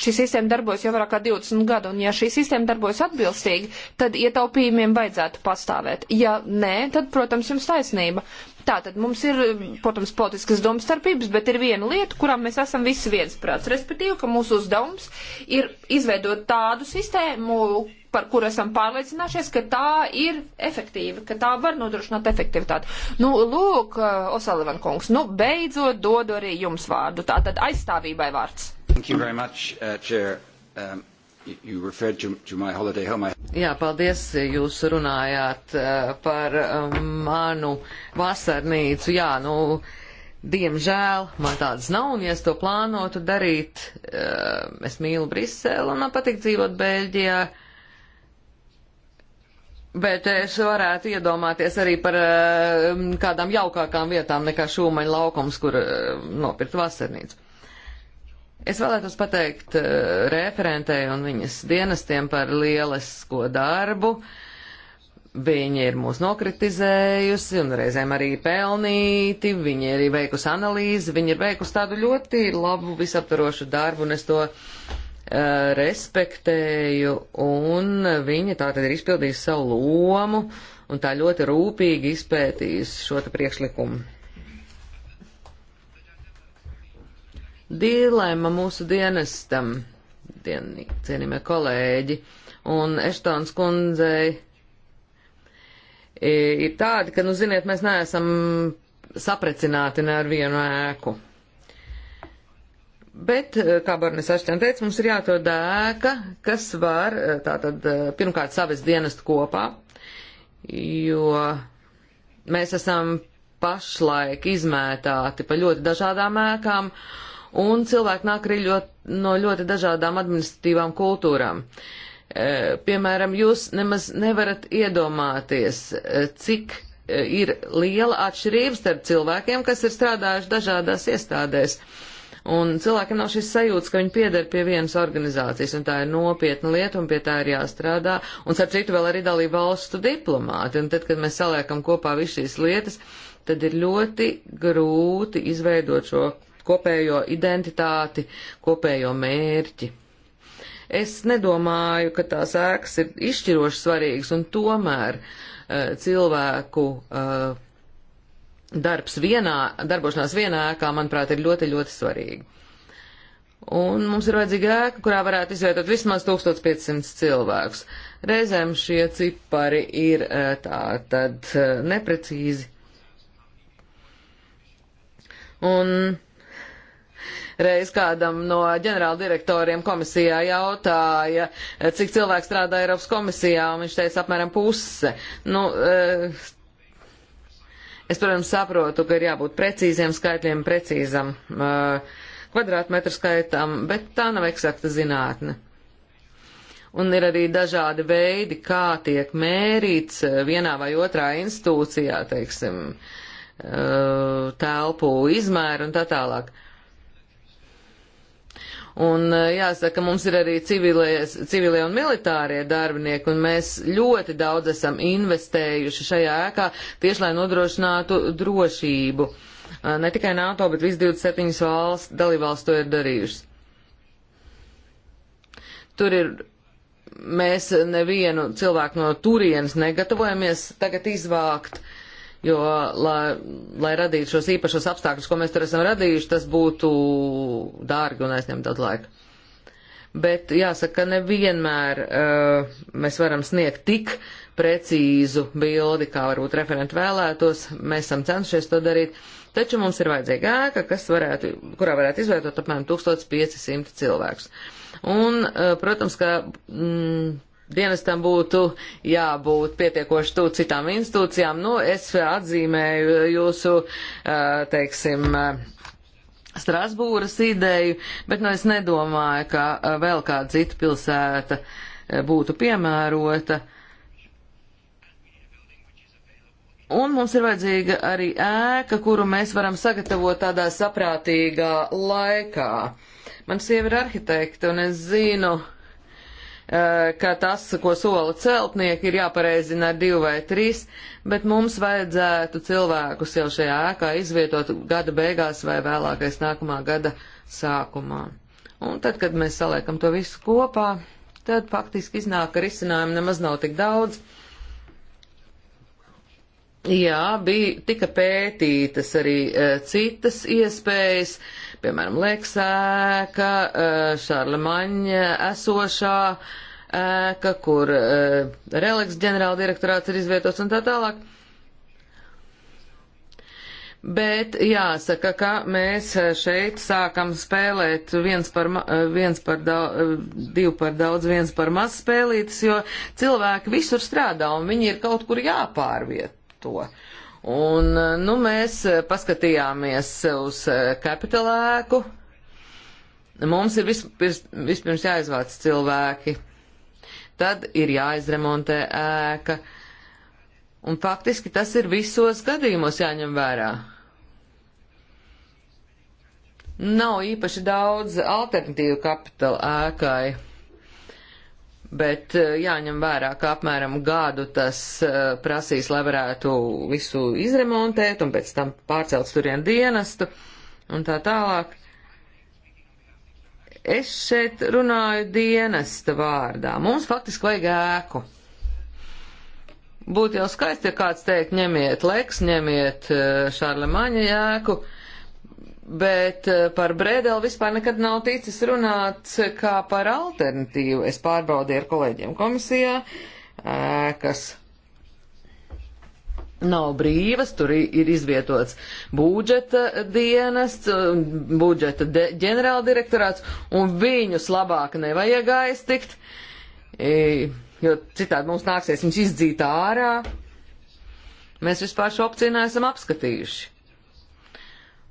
šī sistēma darbojas jau vairāk kā 20 gadu, un ja šī sistēma darbojas atbilstīgi, tad ietaupījumiem vajadzētu pastāvēt. Ja nē, tad, protams, jums taisnība. Tātad mums ir, protams, politiskas domstarpības, bet ir viena lieta, kurā mēs esam visi viensprāts, respektīvi, ka mūsu uzdevums ir izveidot tādu sistēmu, par kuru esam pārliecinājušies, ka tā ir efektīva, ka tā var nodrošināt efektivitāti. Nu, lūk, Osalivan kungs, nu, beidzot dodu arī jums vārdu. Tātad aizstāvībai vārds. Thank you very much, uh, Chair. Um... You referred to, to my holiday home. I... Jā, paldies, jūs runājāt uh, par um, manu vasarnīcu. Jā, nu, diemžēl man tādas nav, un ja es to plānotu darīt, uh, es mīlu Briselu un man patīk dzīvot Beļģijā. Bet es varētu iedomāties arī par uh, kādām jaukākām vietām nekā šūmaņa laukums, kur nopirkt vasarnīcu. Es vēlētos pateikt uh, referentei un viņas dienestiem par lielisko darbu. Viņa ir mūs nokritizējusi un reizēm arī pelnīti, viņa ir veikusi analīzi, viņa ir veikusi tādu ļoti labu visaptarošu darbu un es to uh, respektēju un viņa tātad ir izpildījusi savu lomu un tā ļoti rūpīgi izpētījusi šo priekšlikumu. dilema mūsu dienestam, dien, cienījamie kolēģi, un Eštons kundzei ir tādi, ka, nu, ziniet, mēs neesam saprecināti ne ar vienu ēku. Bet, kā Barnis Ašķēn teica, mums ir jāatrod ēka, kas var tātad pirmkārt savas dienestu kopā, jo mēs esam pašlaik izmētāti pa ļoti dažādām ēkām, uh, un cilvēki nāk arī ļoti, no ļoti dažādām administratīvām kultūrām. E, piemēram, jūs nemaz nevarat iedomāties, e, cik e, ir liela atšķirība starp cilvēkiem, kas ir strādājuši dažādās iestādēs. Un cilvēkiem nav šis sajūta, ka viņi pieder pie vienas organizācijas, un tā ir nopietna lieta, un pie tā ir jāstrādā. Un, starp citu, vēl arī dalība valstu diplomāti. Un tad, kad mēs saliekam kopā visu šīs lietas, tad ir ļoti grūti izveidot šo kopējo identitāti, kopējo mērķi. Es nedomāju, ka tās ēkas ir izšķiroši svarīgas, un tomēr uh, cilvēku uh, darbs vienā, darbošanās vienā ēkā, manuprāt, ir ļoti, ļoti svarīga. Un mums ir vajadzīga ēka, kurā varētu izvietot vismaz 1500 cilvēkus. Reizēm šie cipari ir eh, tā tad neprecīzi. Un reiz kādam no ģenerāldirektoriem komisijā jautāja, e, cik cilvēku strādā Eiropas komisijā, un viņš teica apmēram puse. Nu, e, es, protams, saprotu, ka ir jābūt precīziem skaitļiem, precīzam e, kvadrātmetru skaitam, bet tā nav eksakta zinātne. Un ir arī dažādi veidi, kā tiek mērīts vienā vai otrā institūcijā, teiksim, uh, telpu izmēru un tā tālāk. Un eh, jāsaka, mums ir arī civilie, civilie un militārie darbinieki, un mēs ļoti daudz esam investējuši šajā ēkā tieši, lai nodrošinātu drošību. Eh, ne tikai NATO, bet visas 27 valsts dalībvalsts to ir darījušas. Tur ir, mēs nevienu cilvēku no turienes negatavojamies tagad izvākt. Uh, Jo, lai, lai radītu šos īpašos apstākļus, ko mēs tur esam radījuši, tas būtu dārgi un aizņem daudz laika. Bet jāsaka, nevienmēr uh, mēs varam sniegt tik precīzu bildi, kā varbūt referenti vēlētos. Mēs esam cenšies to darīt, taču mums ir vajadzīga ēka, kas varētu, kurā varētu izvietot apmēram 1500 cilvēkus. Un, uh, protams, ka. Mm, dienestam būtu jābūt pietiekoši tu citām institūcijām. Nu, es atzīmēju jūsu, teiksim, Strasbūras ideju, bet nu es nedomāju, ka vēl kāda cita pilsēta būtu piemērota. Un mums ir vajadzīga arī ēka, kuru mēs varam sagatavot tādā saprātīgā laikā. Man sieva ir arhitekta, un es zinu, uh, Eh, ka tas, ko sola celtnieki, ir jāpareizina ar divu vai trīs, bet mums vajadzētu cilvēkus jau šajā ēkā izvietot gada beigās vai vēlākais nākamā gada sākumā. Un tad, kad mēs saliekam to visu kopā, tad faktiski iznāk, ka risinājumu nemaz nav tik daudz. Jā, bija, tika pētītas arī e, citas iespējas, e, piemēram, Lēksēka, eh, Šarlemaņa esošā ēka, kur eh, Reliks ģenerāla direktorāts ir izvietots un tā tālāk. Bet jāsaka, ka mēs eh, šeit sākam spēlēt viens par, viens par daudz, divi par daudz, viens par maz spēlītas, jo cilvēki visur strādā un viņi ir kaut kur jāpārvieto. Uh, Un, nu, mēs paskatījāmies uz kapitalēku. Eh, Mums ir vispirms, vispirms jāizvāc cilvēki, tad ir jāizremontē ēka. Un faktiski tas ir visos gadījumos jāņem vērā. Nav īpaši daudz alternatīvu kapitāla ēkai bet eh, jāņem vērā, ka apmēram gadu tas eh, prasīs, lai varētu visu izremontēt un pēc tam pārcelt turien dienestu un tā tālāk. Es šeit runāju dienesta vārdā. Mums faktiski vajag ēku. Būtu jau skaisti, ja kāds teikt, ņemiet leks, ņemiet eh, šārlemaņa ēku, uh, bet eh, par Brēdeli vispār nekad nav ticis runāts kā par alternatīvu. Es pārbaudīju ar kolēģiem komisijā, eh, kas nav brīvas, tur ir izvietots budžeta dienests, budžeta ģenerāldirektorāts, un viņus labāk nevajag aiztikt, jo citādi mums nāksies viņus izdzīt ārā. Mēs vispār šo opciju neesam apskatījuši.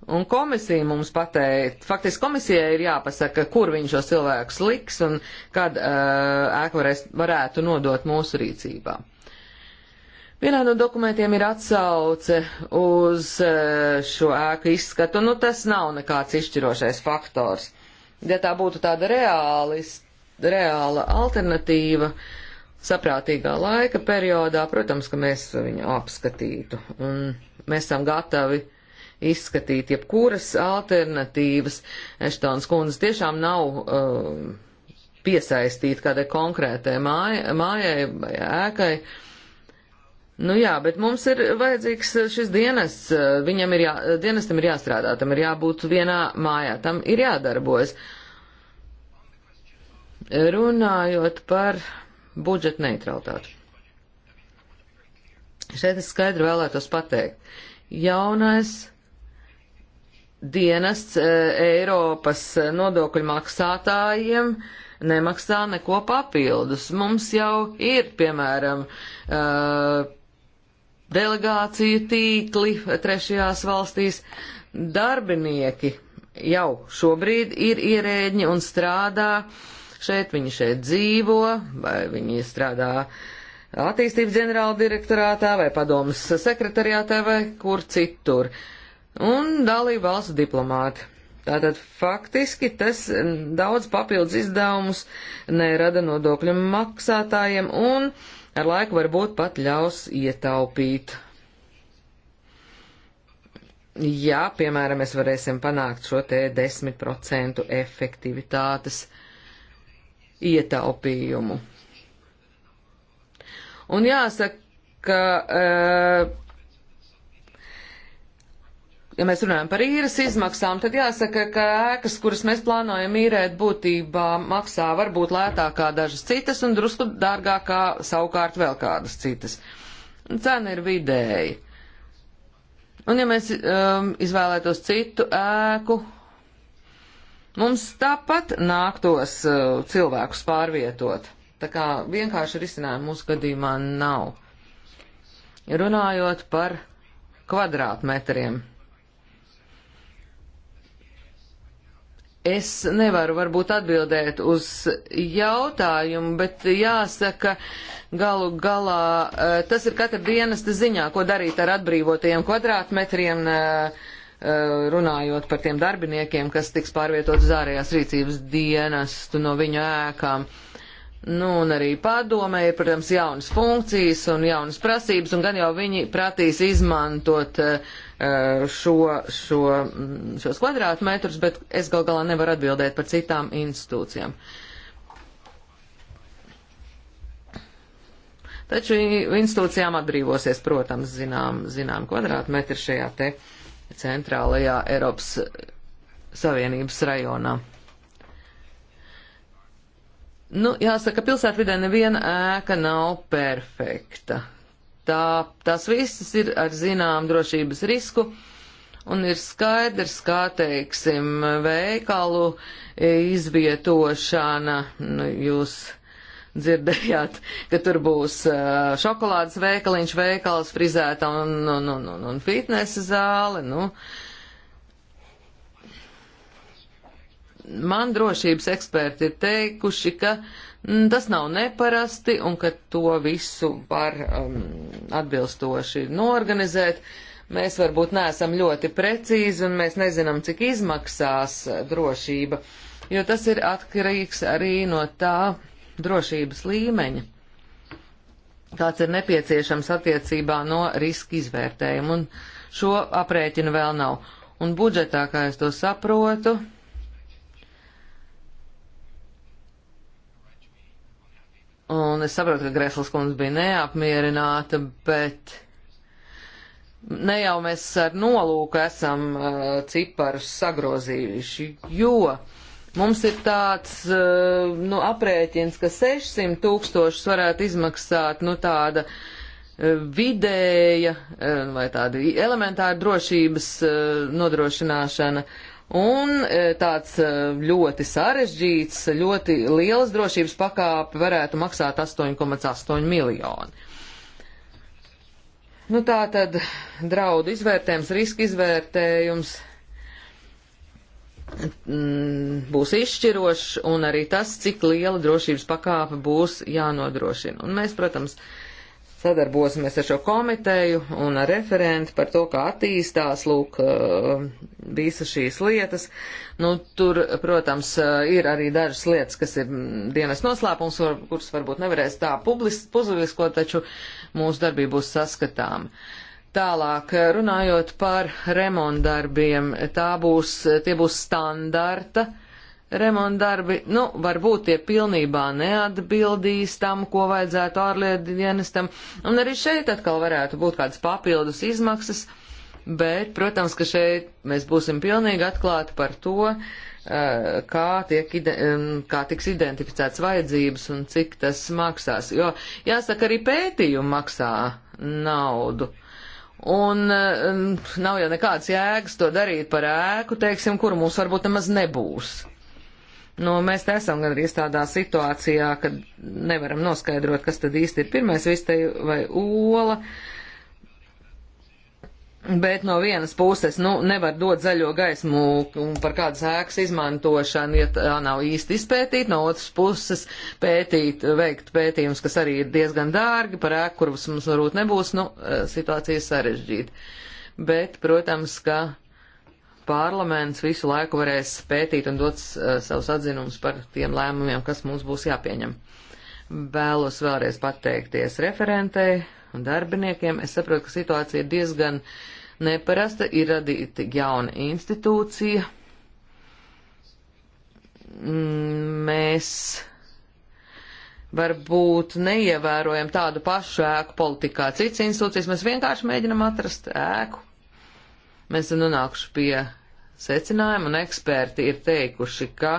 Un komisija mums pateikt, faktiski komisijai ir jāpasaka, kur viņi šos cilvēkus liks un kad uh, ēku varēs, varētu nodot mūsu rīcībā. Vienā no dokumentiem ir atsauce uz uh, šo ēku izskatu, nu tas nav nekāds izšķirošais faktors. Ja tā būtu tāda realist, reāla alternatīva, saprātīgā laika periodā, protams, ka mēs viņu apskatītu un mēs esam gatavi uh, izskatīt jebkuras alternatīvas. Eštons kundze tiešām nav um, uh, piesaistīta kādai konkrētai māja, mājai vai ēkai. Nu jā, bet mums ir vajadzīgs šis dienests, uh, viņam ir jā, dienestam ir jāstrādā, tam ir jābūt vienā mājā, tam ir jādarbojas. Runājot par budžeta neutralitāti. Šeit es skaidri vēlētos pateikt. Jaunais dienests eh, Eiropas nodokļu maksātājiem nemaksā neko papildus. Mums jau ir, piemēram, eh, delegāciju tīkli trešajās valstīs, darbinieki jau šobrīd ir ierēģi un strādā šeit, viņi šeit dzīvo, vai viņi strādā attīstības ģenerāla direktorātā, vai padomas sekretariātā, vai kur citur. Uh, un dalību valstu diplomāti. Tātad faktiski tas mm, daudz papildus izdevumus nerada nodokļu maksātājiem un ar laiku varbūt pat ļaus ietaupīt. Ja, piemēram, mēs varēsim panākt šo te 10% efektivitātes ietaupījumu. Un jāsaka, ka. Uh, ja mēs runājam par īres izmaksām, tad jāsaka, ka ēkas, kuras mēs plānojam īrēt, būtībā maksā varbūt lētākā dažas citas un drusku dārgākā savukārt vēl kādas citas. Cena ir vidēji. Un ja mēs um, izvēlētos citu ēku, mums tāpat nāktos uh, cilvēkus pārvietot. Tā kā vienkārši risinājumu mūsu gadījumā nav. Runājot par kvadrātmetriem. Es nevaru varbūt atbildēt uz jautājumu, bet jāsaka, galu galā eh, tas ir katra dienesta ziņā, ko darīt ar atbrīvotajiem kvadrātmetriem, eh, runājot par tiem darbiniekiem, kas tiks pārvietot uz ārējās rīcības dienestu no viņu ēkām. Uh, Nu, un arī padomē ir, protams, jaunas funkcijas un jaunas prasības, un gan jau viņi prātīs izmantot eh, eh, šo, šo, mm, šos kvadrātmetrus, bet es gal galā nevaru atbildēt par citām institūcijām. Taču institūcijām atbrīvosies, protams, zinām, zinām kvadrātmetri šajā te centrālajā Eiropas Savienības rajonā. Nu, jāsaka, pilsētvidē neviena ēka nav perfekta. Tā, tās visas ir ar zinām drošības risku, un ir skaidrs, kā, teiksim, veikalu izvietošana, nu, jūs dzirdējāt, ka tur būs šokolādes veikaliņš, veikals, frizēta un, un, un, un, un fitnesa zāle, nu, uh, man drošības eksperti ir teikuši, ka m, mm, tas nav neparasti un ka to visu var um, atbilstoši norganizēt. Mēs varbūt neesam ļoti precīzi un mēs nezinām, cik izmaksās uh, drošība, jo tas ir atkarīgs arī no tā drošības līmeņa, kāds ir nepieciešams attiecībā no riska izvērtējuma, un šo aprēķinu vēl nav. Un budžetā, kā es to saprotu, Un es saprotu, ka Gresls kundze bija neapmierināta, bet ne jau mēs ar nolūku esam uh, ciparus sagrozījuši, jo mums ir tāds uh, nu, aprēķins, ka 600 tūkstošus varētu izmaksāt nu, tāda uh, vidēja uh, vai tāda elementāra drošības uh, nodrošināšana. Uh, Un e, tāds e, ļoti sarežģīts, ļoti liels drošības pakāpe varētu maksāt 8,8 miljoni. Nu tā tad draudu izvērtējums, riska izvērtējums mm, būs izšķirošs un arī tas, cik liela drošības pakāpe būs jānodrošina. Un mēs, protams, uh, sadarbosimies ar šo komiteju un ar referentu par to, kā attīstās, lūk, uh, visas šīs lietas. Nu, tur, protams, uh, ir arī dažas lietas, kas ir mm, dienas noslēpums, var, kuras varbūt nevarēs tā publisko, taču mūsu darbība būs saskatām. Tālāk, uh, runājot par remontdarbiem, tā būs, tie būs standarta remonta darbi, nu, varbūt tie pilnībā neatbildīs tam, ko vajadzētu ārlietu dienestam, un arī šeit atkal varētu būt kādas papildus izmaksas, bet, protams, ka šeit mēs būsim pilnīgi atklāti par to, eh, kā, tiek, kā tiks identificēts vajadzības un cik tas maksās, jo, jāsaka, arī pētījumi maksā naudu. Un um, nav jau nekāds jēgas to darīt par ēku, teiksim, kuru mums varbūt nemaz nebūs. Nu, mēs te esam gandrīz tādā situācijā, kad nevaram noskaidrot, kas tad īsti ir pirmais visteja vai ola. Bet no vienas puses, nu, nevar dot zaļo gaismu par kādas ēkas izmantošanu, ja tā nav īsti izpētīta, no otras puses pētīt, veikt pētījumus, kas arī ir diezgan dārgi, par ēku, kuras mums varbūt nebūs, nu, eh, situācija sarežģīta. Bet, protams, ka parlaments visu laiku varēs pētīt un dot uh, savus atzinumus par tiem lēmumiem, kas mums būs jāpieņem. Vēlos vēlreiz pateikties referentei un darbiniekiem. Es saprotu, ka situācija ir diezgan neparasta. Ir radīta jauna institūcija. Mm, mēs varbūt neievērojam tādu pašu ēku politikā. Cits institūcijas mēs vienkārši mēģinam atrast ēku, Mēs esam nonākuši pie secinājuma, un eksperti ir teikuši, ka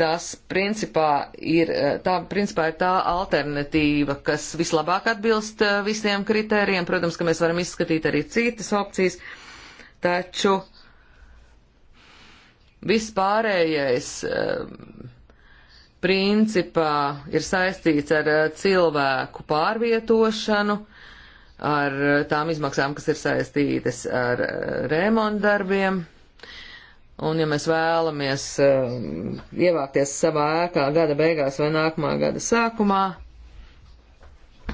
tas principā ir tā, principā ir tā alternatīva, kas vislabāk atbilst eh, visiem kritērijiem. Protams, ka mēs varam izskatīt arī citas opcijas, taču vispārējais eh, principā ir saistīts ar eh, cilvēku pārvietošanu ar eh, tām izmaksām, kas ir saistītas ar eh, remontdarbiem. Un ja mēs vēlamies eh, ievākties savā ēkā gada beigās vai nākamā gada sākumā,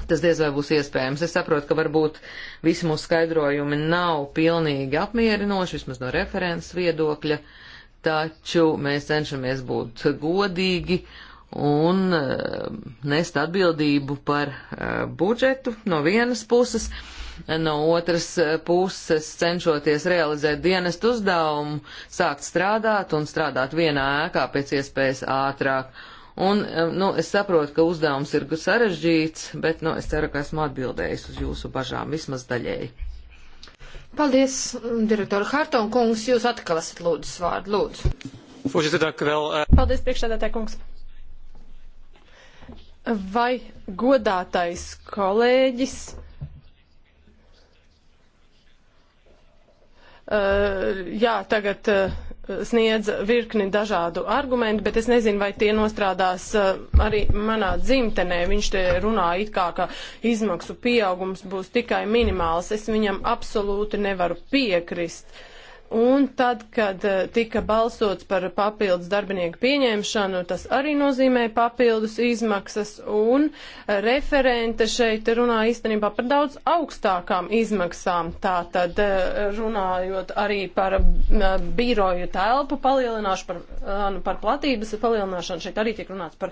tas diez vai būs iespējams. Es saprotu, ka varbūt visi mūsu skaidrojumi nav pilnīgi apmierinoši, vismaz no referents viedokļa, taču mēs cenšamies būt godīgi un eh, nest atbildību par eh, budžetu no vienas puses, no otras eh, puses cenšoties realizēt dienestu uzdevumu, sākt strādāt un strādāt vienā ēkā pēc iespējas ātrāk. Un, nu, es saprotu, ka uzdevums ir sarežģīts, bet, nu, es ceru, ka esmu atbildējis uz jūsu bažām vismaz daļēji. Paldies, mm, direktori Harton kungs, jūs atkal esat lūdzu vārdu, lūdzu. Paldies, priekšsēdētāj kungs. Vai godātais kolēģis uh, jā, tagad uh, sniedz virkni dažādu argumentu, bet es nezinu, vai tie nostrādās uh, arī manā dzimtenē. Viņš te runā it kā, ka izmaksu pieaugums būs tikai minimāls. Es viņam absolūti nevaru piekrist. Uh, Un tad, kad eh, tika balsots par papildus darbinieku pieņemšanu, tas arī nozīmē papildus izmaksas, un eh, referente šeit runā īstenībā par daudz augstākām izmaksām. Tātad eh, runājot arī par biroju telpu palielināšanu, par, nu, par platības palielināšanu, šeit arī tiek runāts par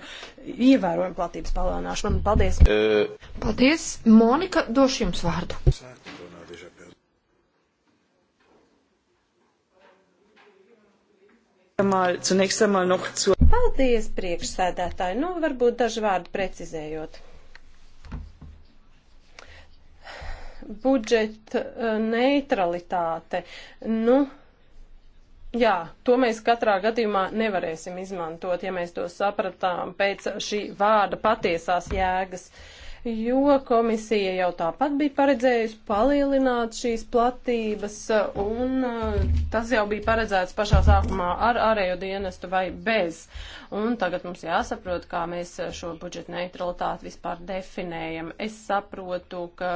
ievērojumu platības palielināšanu. Paldies! Paldies! Monika, došu jums vārdu. Sākumā. Paldies, priekšsēdētāji. Nu, varbūt daži vārdi precizējot. Budžeta eh, neutralitāte. Nu, Jā, to mēs katrā gadījumā nevarēsim izmantot, ja mēs to sapratām pēc šī vārda patiesās jēgas. Uh, jo komisija jau tāpat bija paredzējusi palielināt šīs platības, un uh, tas jau bija paredzēts pašā sākumā ar ārējo dienestu vai bez. Un tagad mums jāsaprot, kā mēs šo budžeta neutralitāti vispār definējam. Es saprotu, ka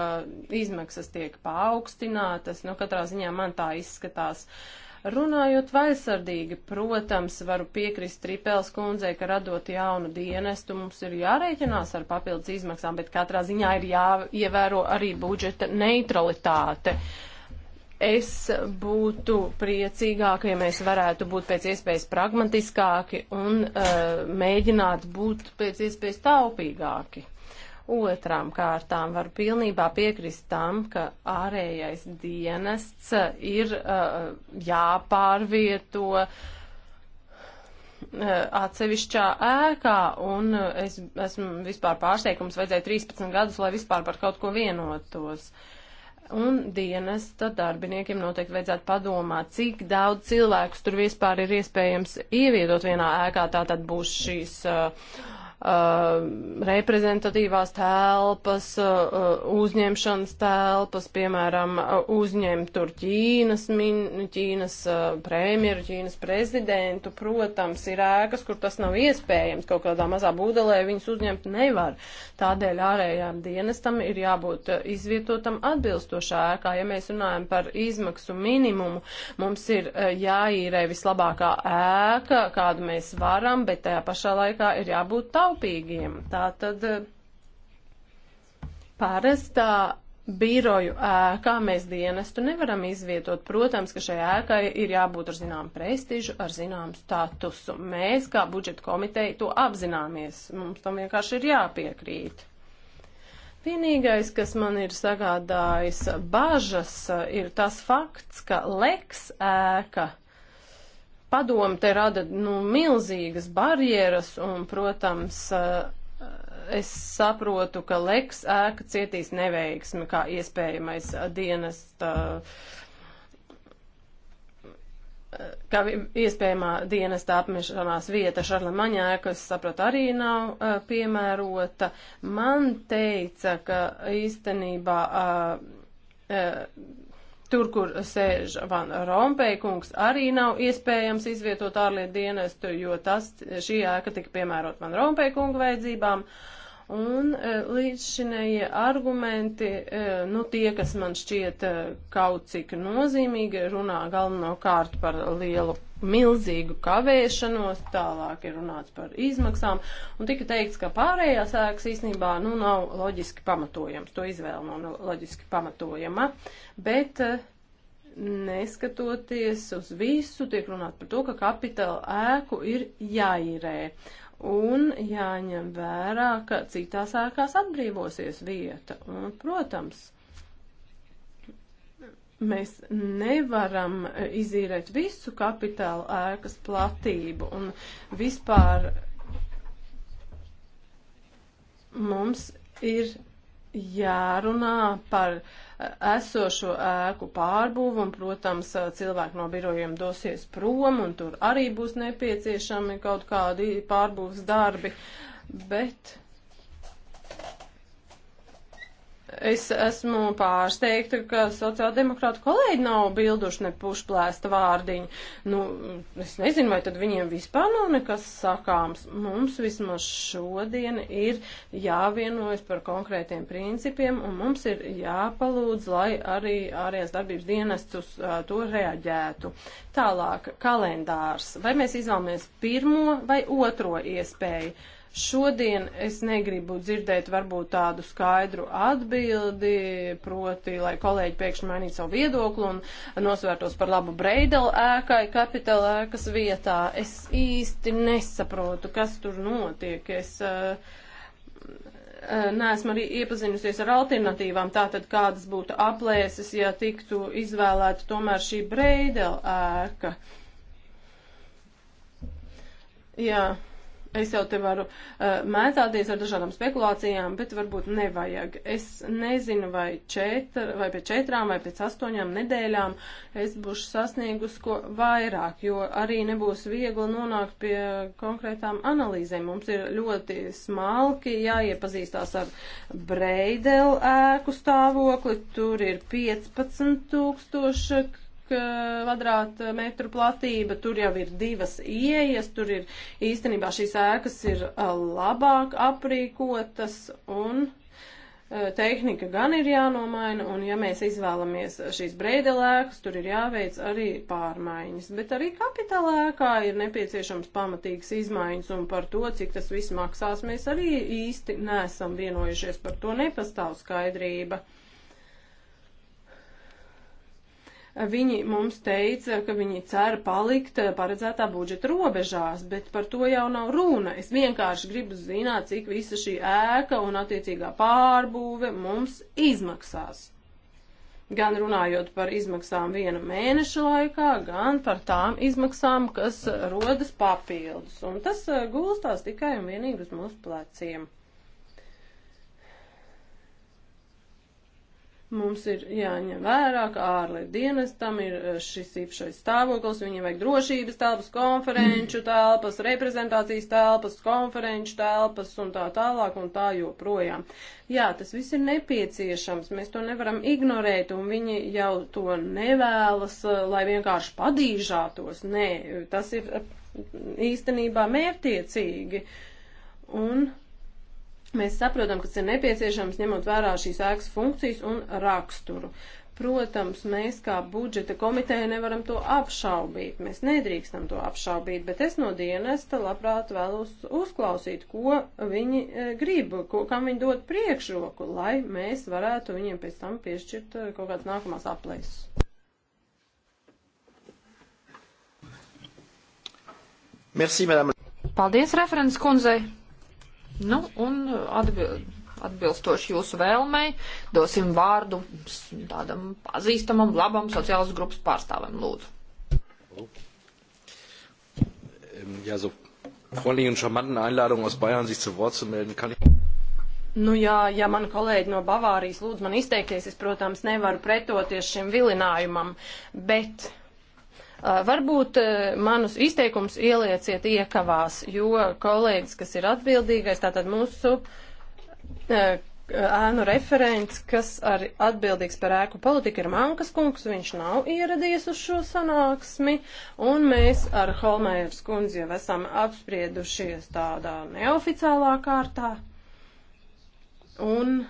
izmaksas tiek paaugstinātas, nu katrā ziņā man tā izskatās. Uh, Runājot vaisardīgi, protams, varu piekrist Tripels kundzei, ka radot jaunu dienestu mums ir jārēķinās ar papildus izmaksām, bet katrā ziņā ir jāievēro arī budžeta neutralitāte. Es būtu priecīgāka, ja mēs varētu būt pēc iespējas pragmatiskāki un uh, mēģināt būt pēc iespējas taupīgāki. Otrām kārtām var pilnībā piekrist tam, ka ārējais dienests uh, ir uh, jāpārvieto uh, atsevišķā ēkā, un uh, es esmu vispār pārsteigums, vajadzēja 13 gadus, lai vispār par kaut ko vienotos. Un dienesta darbiniekiem noteikti vajadzētu padomāt, cik daudz cilvēkus tur vispār ir iespējams ievietot vienā ēkā, tā tad būs šīs uh, Uh, reprezentatīvās telpas, uh, uzņemšanas telpas, piemēram, uh, uzņemt tur Ķīnas, min, Ķīnas premjeru, Ķīnas prezidentu. Protams, ir ēkas, kur tas nav iespējams. Kaut kādā mazā būdelē viņus uzņemt nevar. Tādēļ ārējām dienestam ir jābūt izvietotam atbilstošā ēkā. Ja mēs runājam par izmaksu minimumu, mums ir jāīrē vislabākā ēka, kādu mēs varam, bet tajā pašā laikā ir jābūt tālāk taupīgiem. Tātad eh, parastā biroju ēkā mēs dienestu nevaram izvietot. Protams, ka šai ēkai ir jābūt ar zinām prestižu, ar zinām statusu. Mēs, kā budžeta komiteja, to apzināmies. Mums tam vienkārši ir jāpiekrīt. Vienīgais, kas man ir sagādājis bažas, eh, ir tas fakts, ka leks ēka padomu te rada nu, milzīgas barjeras un, protams, eh, es saprotu, ka leks ēka cietīs neveiksmi kā iespējamais eh, dienas. Tā, eh, kā iespējamā dienesta apmešanās vieta Šarlemaņā, kas, saprot, arī nav uh, piemērota. Man teica, ka īstenībā uh, uh, Tur, kur sēž Van Rompējkungs, arī nav iespējams izvietot ārlietu dienestu, jo tas, šī ēka tika piemērot Van Rompējkunga vajadzībām. Uh, Un e, līdzšinēji argumenti, e, nu tie, kas man šķiet e, kaut cik nozīmīgi, runā galvenokārt par lielu milzīgu kavēšanos, tālāk ir runāts par izmaksām, un tika teikts, ka pārējās ēkas īstenībā, nu, nav loģiski pamatojams, to izvēle nav loģiski pamatojama, bet neskatoties uz visu, tiek runāt par to, ka kapitāla ēku ir jāīrē. Un jāņem vērā, ka citās ēkās atbrīvosies vieta. Un, protams, mēs nevaram izīrēt visu kapitālu ēkas platību un vispār mums ir jārunā par uh, esošo ēku pārbūvu, un, protams, cilvēki no birojiem dosies prom, un tur arī būs nepieciešami kaut kādi pārbūvas darbi, bet Es esmu pārsteigta, ka sociāldemokrātu kolēģi nav bilduši ne pušplēsta vārdiņu. Nu, es nezinu, vai tad viņiem vispār nav nekas sakāms. Mums vismaz šodien ir jāvienojas par konkrētiem principiem, un mums ir jāpalūdz, lai arī ārējās darbības dienests uz uh, to reaģētu. Tālāk, kalendārs. Vai mēs izvēlamies pirmo vai otro iespēju? Šodien es negribu dzirdēt varbūt tādu skaidru atbildi, proti, lai kolēģi pēkšņi mainītu savu viedokli un nosvērtos par labu Breidela ēkai kapitāla ēkas vietā. Es īsti nesaprotu, kas tur notiek. Es uh, neesmu arī iepazinusies ar alternatīvām, tātad kādas būtu aplēses, ja tiktu izvēlēta tomēr šī Breidela ēka. Jā. Yeah. Es jau te varu uh, mētāties ar dažādām spekulācijām, bet varbūt nevajag. Es nezinu, vai, četr, vai pēc četrām vai pēc astoņām nedēļām es būšu sasniegus ko vairāk, jo arī nebūs viegli nonākt pie konkrētām analīzēm. Mums ir ļoti smalki jāiepazīstās ar Breidel ēku stāvokli. Tur ir 15 tūkstoši kvadrātmetru platība, tur jau ir divas ieejas, tur ir īstenībā šīs ēkas ir labāk aprīkotas un tehnika gan ir jānomaina, un ja mēs izvēlamies šīs brēdelēkas, tur ir jāveic arī pārmaiņas, bet arī kapitalēkā ir nepieciešams pamatīgs izmaiņas, un par to, cik tas viss maksās, mēs arī īsti nesam vienojušies, par to nepastāv skaidrība. Viņi mums teica, ka viņi cer palikt paredzētā budžeta robežās, bet par to jau nav runa. Es vienkārši gribu zināt, cik visa šī ēka un attiecīgā pārbūve mums izmaksās. Gan runājot par izmaksām viena mēneša laikā, gan par tām izmaksām, kas rodas papildus. Un tas eh, gulstās tikai un vienīgi uz mūsu pleciem. Mums ir jāņem vērā, ka ārlietu dienestam ir eh, šis īpašais stāvoklis, viņiem vajag drošības telpas, konferenču telpas, reprezentācijas telpas, konferenču telpas un tā tālāk un tā joprojām. Jā, tas viss ir nepieciešams, mēs to nevaram ignorēt un viņi jau to nevēlas, eh, lai vienkārši padīžātos. Nē, tas ir eh, īstenībā mērtiecīgi. Un Mēs saprotam, kas ir nepieciešams, ņemot vērā šīs ēkas funkcijas un raksturu. Protams, mēs kā budžeta komiteja nevaram to apšaubīt. Mēs nedrīkstam to apšaubīt, bet es no dienesta labprāt vēlos uzklausīt, ko viņi e, grib, ko, kam viņi dod priekšroku, lai mēs varētu viņiem pēc tam piešķirt e, kaut kāds nākamās aplēses. Merci, madame. Paldies, referents kundzei. Nu, un atbild atbilstoši jūsu vēlmei, dosim vārdu tādam pazīstamam, labam sociālas grupas pārstāvim, lūdzu. Ähm, ja, so freundlichen, charmanten Einladung aus Bayern, sich zu Wort zu melden, kann ich. Nu jā, ja mani kolēģi no Bavārijas lūdz man izteikties, es, protams, nevaru pretoties šim vilinājumam, bet Varbūt manus izteikumus ielieciet iekavās, jo kolēģis, kas ir atbildīgais, tātad mūsu ēnu referents, kas arī atbildīgs par ēku politiku, ir Mankas kungs, viņš nav ieradies uz šo sanāksmi, un mēs ar Holmēras kundzi jau esam apspriedušies tādā neoficiālā kārtā. Un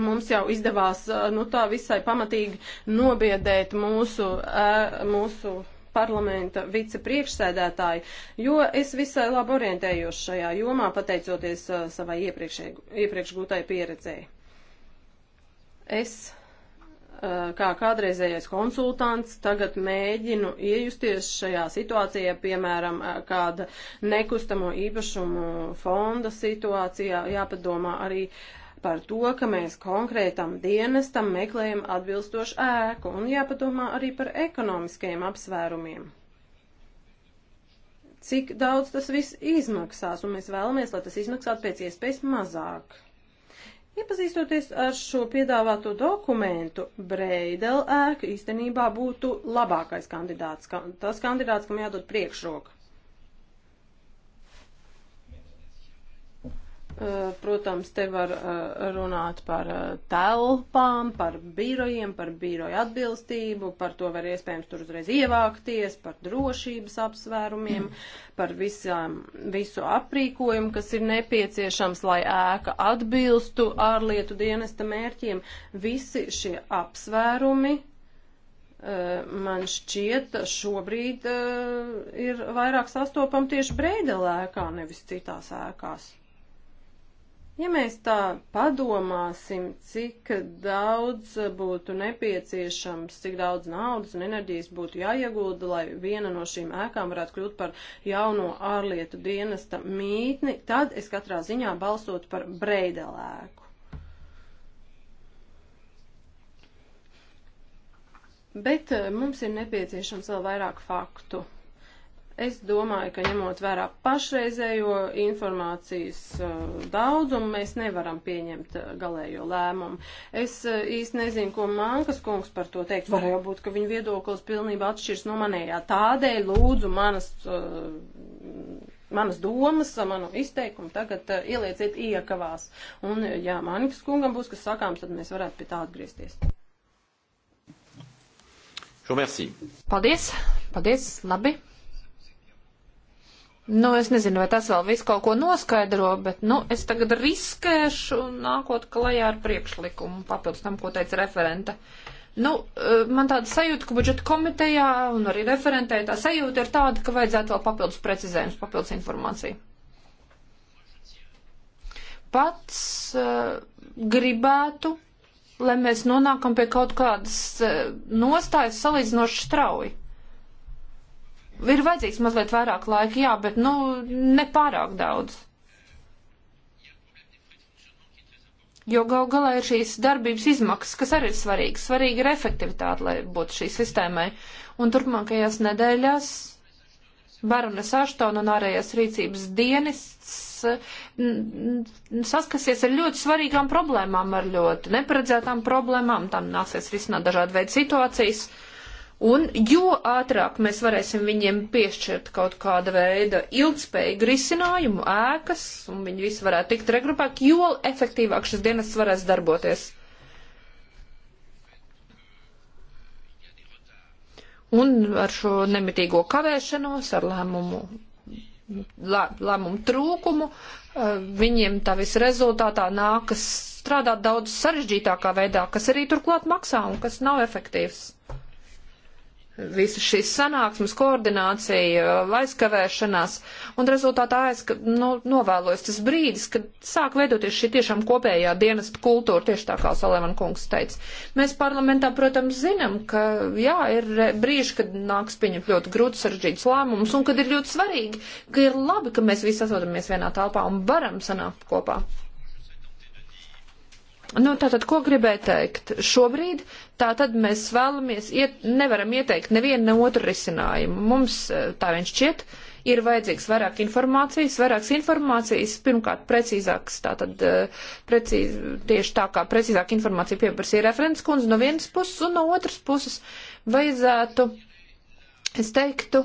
mums jau izdevās eh, nu, tā visai pamatīgi nobiedēt mūsu, eh, mūsu parlamenta vicepriekšsēdētāju, jo es visai labi orientējos šajā jomā, pateicoties eh, savai iepriekš gūtai pieredzēji. Es kā kādreizējais konsultants, tagad mēģinu iejusties šajā situācijā, piemēram, kāda nekustamo īpašumu fonda situācijā, jāpadomā arī uh, par to, ka mēs konkrētam dienestam meklējam atbilstošu ēku un jāpadomā arī par ekonomiskajiem apsvērumiem. Cik daudz tas viss izmaksās, un mēs vēlamies, lai tas izmaksātu pēc iespējas mazāk. Iepazīstoties ar šo piedāvāto dokumentu, Breidel ēka īstenībā būtu labākais kandidāts, tas kandidāts, kam jādod priekšroka. Eh, protams, te var eh, runāt par eh, telpām, par birojiem, par biroju atbilstību, par to var iespējams tur uzreiz ievākties, par drošības apsvērumiem, par visām, visu aprīkojumu, kas ir nepieciešams, lai ēka atbilstu ārlietu dienesta mērķiem. Visi šie apsvērumi man šķiet, šobrīd uh, ir vairāk sastopam tieši breidelēkā, nevis citās ēkās. Ja mēs tā padomāsim, cik daudz būtu nepieciešams, cik daudz naudas un enerģijas būtu jāiegulda, lai viena no šīm ēkām varētu kļūt par jauno ārlietu dienesta mītni, tad es katrā ziņā balsotu par breidelēku. Bet eh, mums ir nepieciešams vēl vairāk faktu. Es domāju, ka ņemot vērā pašreizējo informācijas uh, daudzumu, mēs nevaram pieņemt uh, galējo lēmumu. Es uh, īsti nezinu, ko Mankas kungs par to teikt. Var jau būt, ka viņa viedoklis pilnībā atšķirs no manējā. Tādēļ lūdzu manas, manas domas, manu izteikumu tagad ielieciet iekavās. Un, ja Mankas kungam būs kas sakāms, tad mēs varētu pie tā atgriezties. Paldies! Paldies! Labi! Nu, es nezinu, vai tas vēl viss kaut ko noskaidro, bet, nu, es tagad riskēšu nākot klajā ar priekšlikumu papildus tam, ko teica referenta. Nu, e, man tāda sajūta, ka budžeta komitejā un arī referentē tā sajūta ir tāda, ka vajadzētu vēl papildus precizējums, papildus informāciju. Pats uh, gribētu, lai mēs nonākam pie kaut kādas uh, nostājas salīdzinoši strauji Ir vajadzīgs mazliet vairāk laika, jā, bet, nu, nepārāk daudz. Jo gal galā ir šīs darbības izmaksas, kas arī ir svarīgas. Svarīga ir efektivitāte, lai būtu šī sistēmai. Un turpmākajās nedēļās Baronas Aštona un ārējās rīcības dienests saskasies ar ļoti svarīgām problēmām, ar ļoti neparedzētām problēmām. Tam nāksies risināt dažādi veidi situācijas. Uh, Un jo ātrāk mēs varēsim viņiem piešķirt kaut kāda veida ilgspējīgu risinājumu, ēkas, un viņi visi varētu tikt regrupēti, jo efektīvāk šis dienas varēs darboties. Un ar šo nemitīgo kavēšanos, ar lēmumu, lē, lēmumu trūkumu, eh, viņiem tā visa rezultātā nākas strādāt daudz sarežģītākā veidā, kas arī turklāt maksā un kas nav efektīvs visu šīs sanāksmes koordinācija, aizkavēšanās, un rezultātā aizka, nu, novēlojas tas brīdis, kad sāk veidoties šī tiešām kopējā dienesta kultūra, tieši tā kā Salēman kungs teica. Mēs parlamentā, protams, zinām, ka, jā, ir brīži, kad nāks pieņemt ļoti grūti sarežģītus lēmumus, un kad ir ļoti svarīgi, ka ir labi, ka mēs visi atrodamies vienā telpā un varam sanākt kopā. Nu, tātad, ko gribēju teikt? Šobrīd tātad mēs vēlamies, iet, nevaram ieteikt nevienu ne otru risinājumu. Mums eh, tā viņš šķiet, ir vajadzīgs vairāk informācijas, vairākas informācijas, pirmkārt precīzāks, tātad eh, precīz, tieši tā kā precīzāk informācija pieprasīja referents kundze no vienas puses un no otras puses vajadzētu, es teiktu,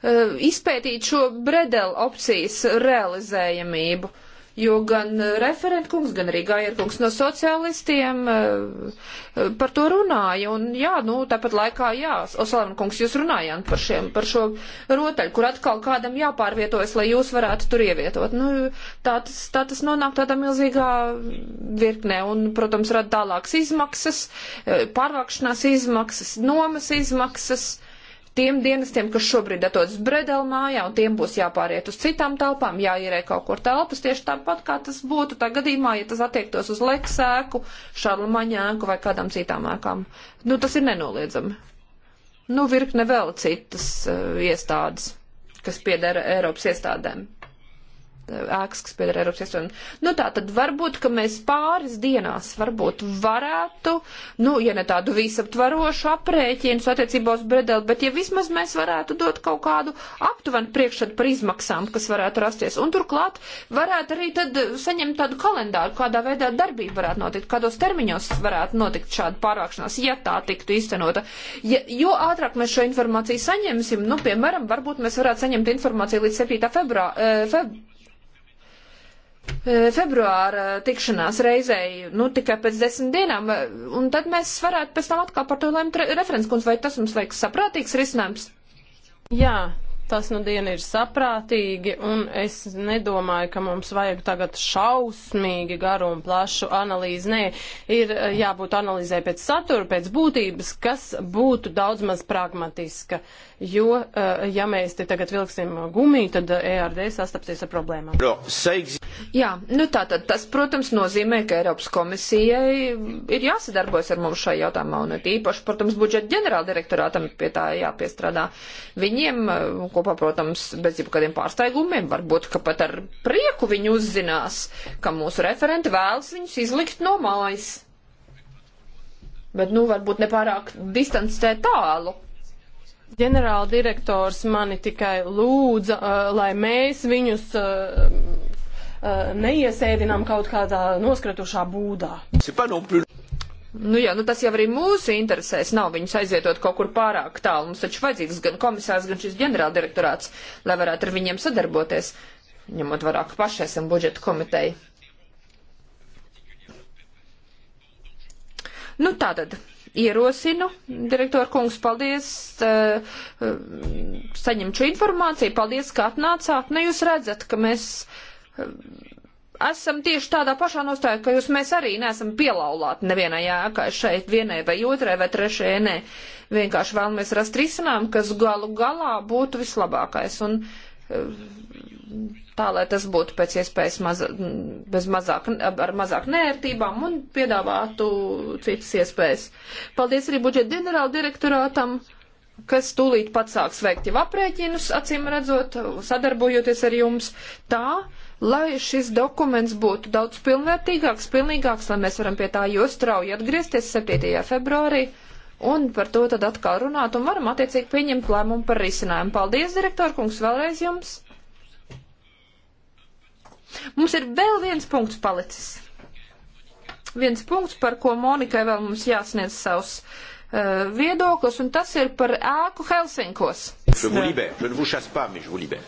eh, izpētīt šo bredel opcijas realizējamību. Uh, jo gan eh, referentkungs, gan arī Gairkungs no sociālistiem eh, eh, par to runāja. Un jā, nu, tāpat laikā, jā, Osalvenkungs, jūs runājāt par, šiem, par šo rotaļu, kur atkal kādam jāpārvietojas, lai jūs varētu tur ievietot. Nu, tā, tas, tā tas nonāk tādā milzīgā virknē un, protams, rada tālākas izmaksas, pārvākšanās izmaksas, nomas izmaksas tiem dienestiem, kas šobrīd atrodas Bredel mājā, un tiem būs jāpāriet uz citām telpām, jāierē kaut kur telpas, tieši tāpat kā tas būtu tā gadījumā, ja tas attiektos uz Leksēku, Šarlamaņa ēku vai kādām citām ēkām. Nu, tas ir nenoliedzami. Nu, virkne vēl citas uh, iestādes, kas piedara Eiropas iestādēm ēkas, kas pieder Eiropas iestādēm. Nu tā tad varbūt, ka mēs pāris dienās varbūt varētu, nu, ja ne tādu visaptvarošu aprēķinu attiecībā uz Bredeli, bet ja vismaz mēs varētu dot kaut kādu aptuvenu priekšstatu par izmaksām, kas varētu rasties. Un turklāt varētu arī tad saņemt tādu kalendāru, kādā veidā darbība varētu notikt, kādos termiņos varētu notikt šāda pārvākšanās, ja tā tiktu iztenota. Ja, jo ātrāk mēs šo informāciju saņemsim, nu, piemēram, varbūt mēs varētu saņemt informāciju līdz 7. Februā, eh, feb, E, februāra tikšanās reizē, nu tikai pēc desmit dienām, e, un tad mēs varētu pēc tam atkal par to lēmt referents, vai tas mums liekas saprātīgs risinājums. Jā, tas nu diena ir saprātīgi, un es nedomāju, ka mums vajag tagad šausmīgi garu un plašu analīzi. Nē, ir eh, jābūt analīzē pēc satura, pēc būtības, kas būtu daudz maz pragmatiska, jo, eh, ja mēs te tagad vilksim gumiju, tad ERD eh, e sastapsies ar problēmām. Jā, nu tātad tas, protams, nozīmē, ka Eiropas komisijai ir jāsadarbojas ar mums šajā jautājumā, un it īpaši, protams, budžeta ģenerāldirektorātam pie tā jāpiestrādā. Viņiem, kopā, protams, bez jebkādiem pārsteigumiem, varbūt, ka pat ar prieku viņi uzzinās, ka mūsu referenti vēlas viņus izlikt no mājas. Bet, nu, varbūt nepārāk distancē tālu. Ģenerāla direktors mani tikai lūdza, uh, lai mēs viņus uh, uh, neiesēdinām kaut kādā noskretušā būdā. Nu jā, nu tas jau arī mūsu interesēs nav viņus aizvietot kaut kur pārāk tālu. Mums taču vajadzīgs gan komisārs, gan šis ģenerāldirektorāts, lai varētu ar viņiem sadarboties, ņemot vairāk paši esam budžeta komiteja. Nu tātad, ierosinu, direktor kungs, paldies, uh, saņemšu informāciju, paldies, ka atnācāt. Nu jūs redzat, ka mēs. Uh, esam tieši tādā pašā nostājā, ka jūs mēs arī neesam pielaulāti nevienai ēkai šeit, vienai vai otrai vai trešajai, nē. Vienkārši vēlamies rast risinājumu, kas galu galā būtu vislabākais. Un, eh, tā, lai tas būtu pēc iespējas maz, bez mazāk, ar mazāk nērtībām un piedāvātu citas iespējas. Paldies arī budžeta ģenerāla direktorātam, kas tūlīt pats sāks veikt jau aprēķinus, acīm redzot, sadarbojoties ar jums tā, lai šis dokuments būtu daudz pilnvērtīgāks, pilnīgāks, lai mēs varam pie tā jo strauji atgriezties 7. februārī un par to tad atkal runāt un varam attiecīgi pieņemt lēmumu par risinājumu. Paldies, direktorkungs, vēlreiz jums! Mums ir vēl viens punkts palicis. Viens punkts, par ko Monikai vēl mums jāsniedz savs uh, viedoklis, un tas ir par ēku Helsinkos. Je vous libère, je ne vous chasse pas, mais je vous libère.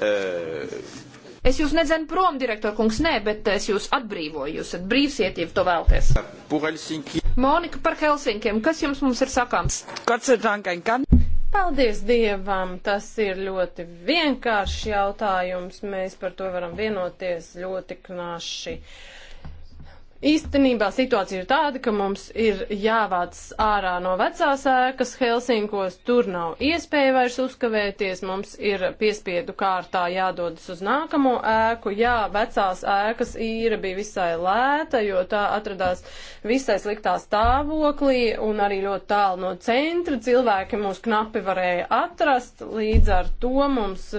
Euh, Es jūs nedzenu prom, direktor kungs, nē, bet es jūs atbrīvoju, jūs esat brīvsiet, ja to vēlties. Monika par Helsinkiem, kas jums mums ir sakāms? Paldies Dievam, tas ir ļoti vienkāršs jautājums, mēs par to varam vienoties ļoti knaši. Uh, Īstenībā situācija ir tāda, ka mums ir jāvāc ārā no vecās ēkas Helsinkos, tur nav iespēja vairs uzkavēties, mums ir piespiedu kārtā jādodas uz nākamo ēku. Jā, vecās ēkas īra bija visai lēta, jo tā atradās visai sliktā stāvoklī un arī ļoti tālu no centra. Cilvēki mūs knapi varēja atrast, līdz ar to mums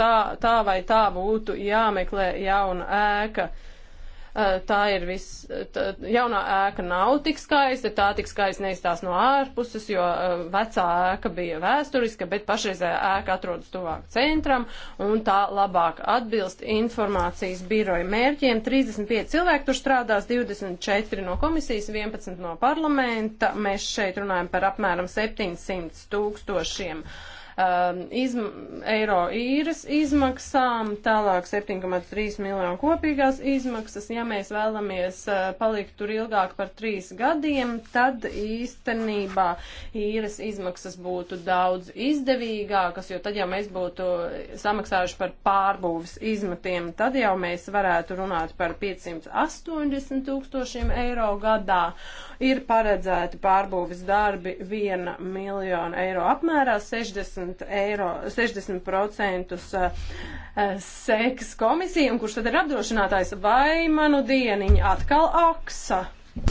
tā, tā vai tā būtu jāmeklē jauna ēka tā ir viss, jaunā ēka nav tik skaista, tā tik skaista neizstās no ārpuses, jo vecā ēka bija vēsturiska, bet pašreizējā ēka atrodas tuvāk centram un tā labāk atbilst informācijas biroja mērķiem. 35 cilvēki tur strādās, 24 no komisijas, 11 no parlamenta. Mēs šeit runājam par apmēram 700 tūkstošiem. Uh, um, izm eiro īres izmaksām, tālāk 7,3 miljonu kopīgās izmaksas. Ja mēs vēlamies uh, palikt tur ilgāk par trīs gadiem, tad īstenībā īres izmaksas būtu daudz izdevīgākas, jo tad jau mēs būtu samaksājuši par pārbūves izmatiem, tad jau mēs varētu runāt par 580 tūkstošiem eiro gadā. Ir paredzēti pārbūves darbi 1 miljonu eiro apmērā 60 60%, eiro, 60 eh, eh, seks komisija, un kurš tad ir apdrošinātājs? Vai manu dieniņu atkal aksa?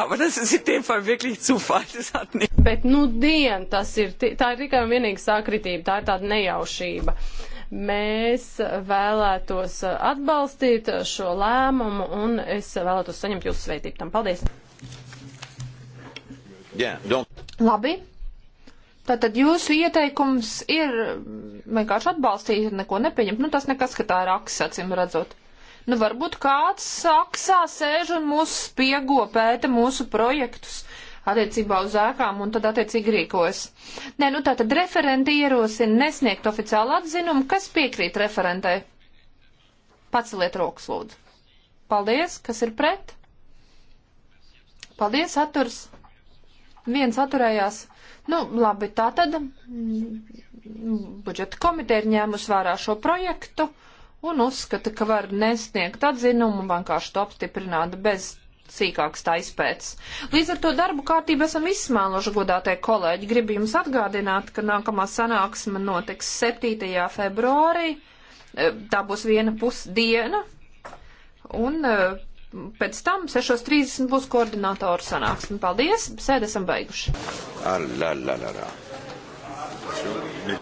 Aber das ist in dem Fall wirklich Zufall. Das hat nicht. Bet nu dien, tas ir, tā ir tikai un vienīgi sākritība, tā ir tāda nejaušība. Mēs vēlētos atbalstīt šo lēmumu un es vēlētos saņemt jūsu sveitību tam. Paldies! Bien, donc... Labi, Tātad jūsu ieteikums ir mm, vienkārši atbalstīt, neko nepieņemt. Nu, tas nekas, ka tā ir aksa, acīm redzot. Nu, varbūt kāds aksā sēž un mūs spiego pēta mūsu projektus attiecībā uz ēkām un tad attiecīgi rīkojas. Nē, nu tātad referenti ierosina nesniegt oficiālu atzinumu, kas piekrīt referentai. Paceliet rokas, lūdzu. Paldies, kas ir pret? Paldies, atturs. Viens atturējās. Nu, labi, tā tad mm, budžeta komiteja ir ņēmusi vērā šo projektu un uzskata, ka var nesniegt atzinumu un vienkārši to apstiprināt bez sīkāks tā izpētes. Līdz ar to darbu kārtību esam izsmēluši, godātie kolēģi. Gribu jums atgādināt, ka nākamā sanāksme notiks 7. februārī. Tā būs viena pusdiena. Un eh, pēc tam 6.30 būs koordinātoru sanāksme. Paldies, sēdesam beiguši. Ar, ah, la, la, la, la.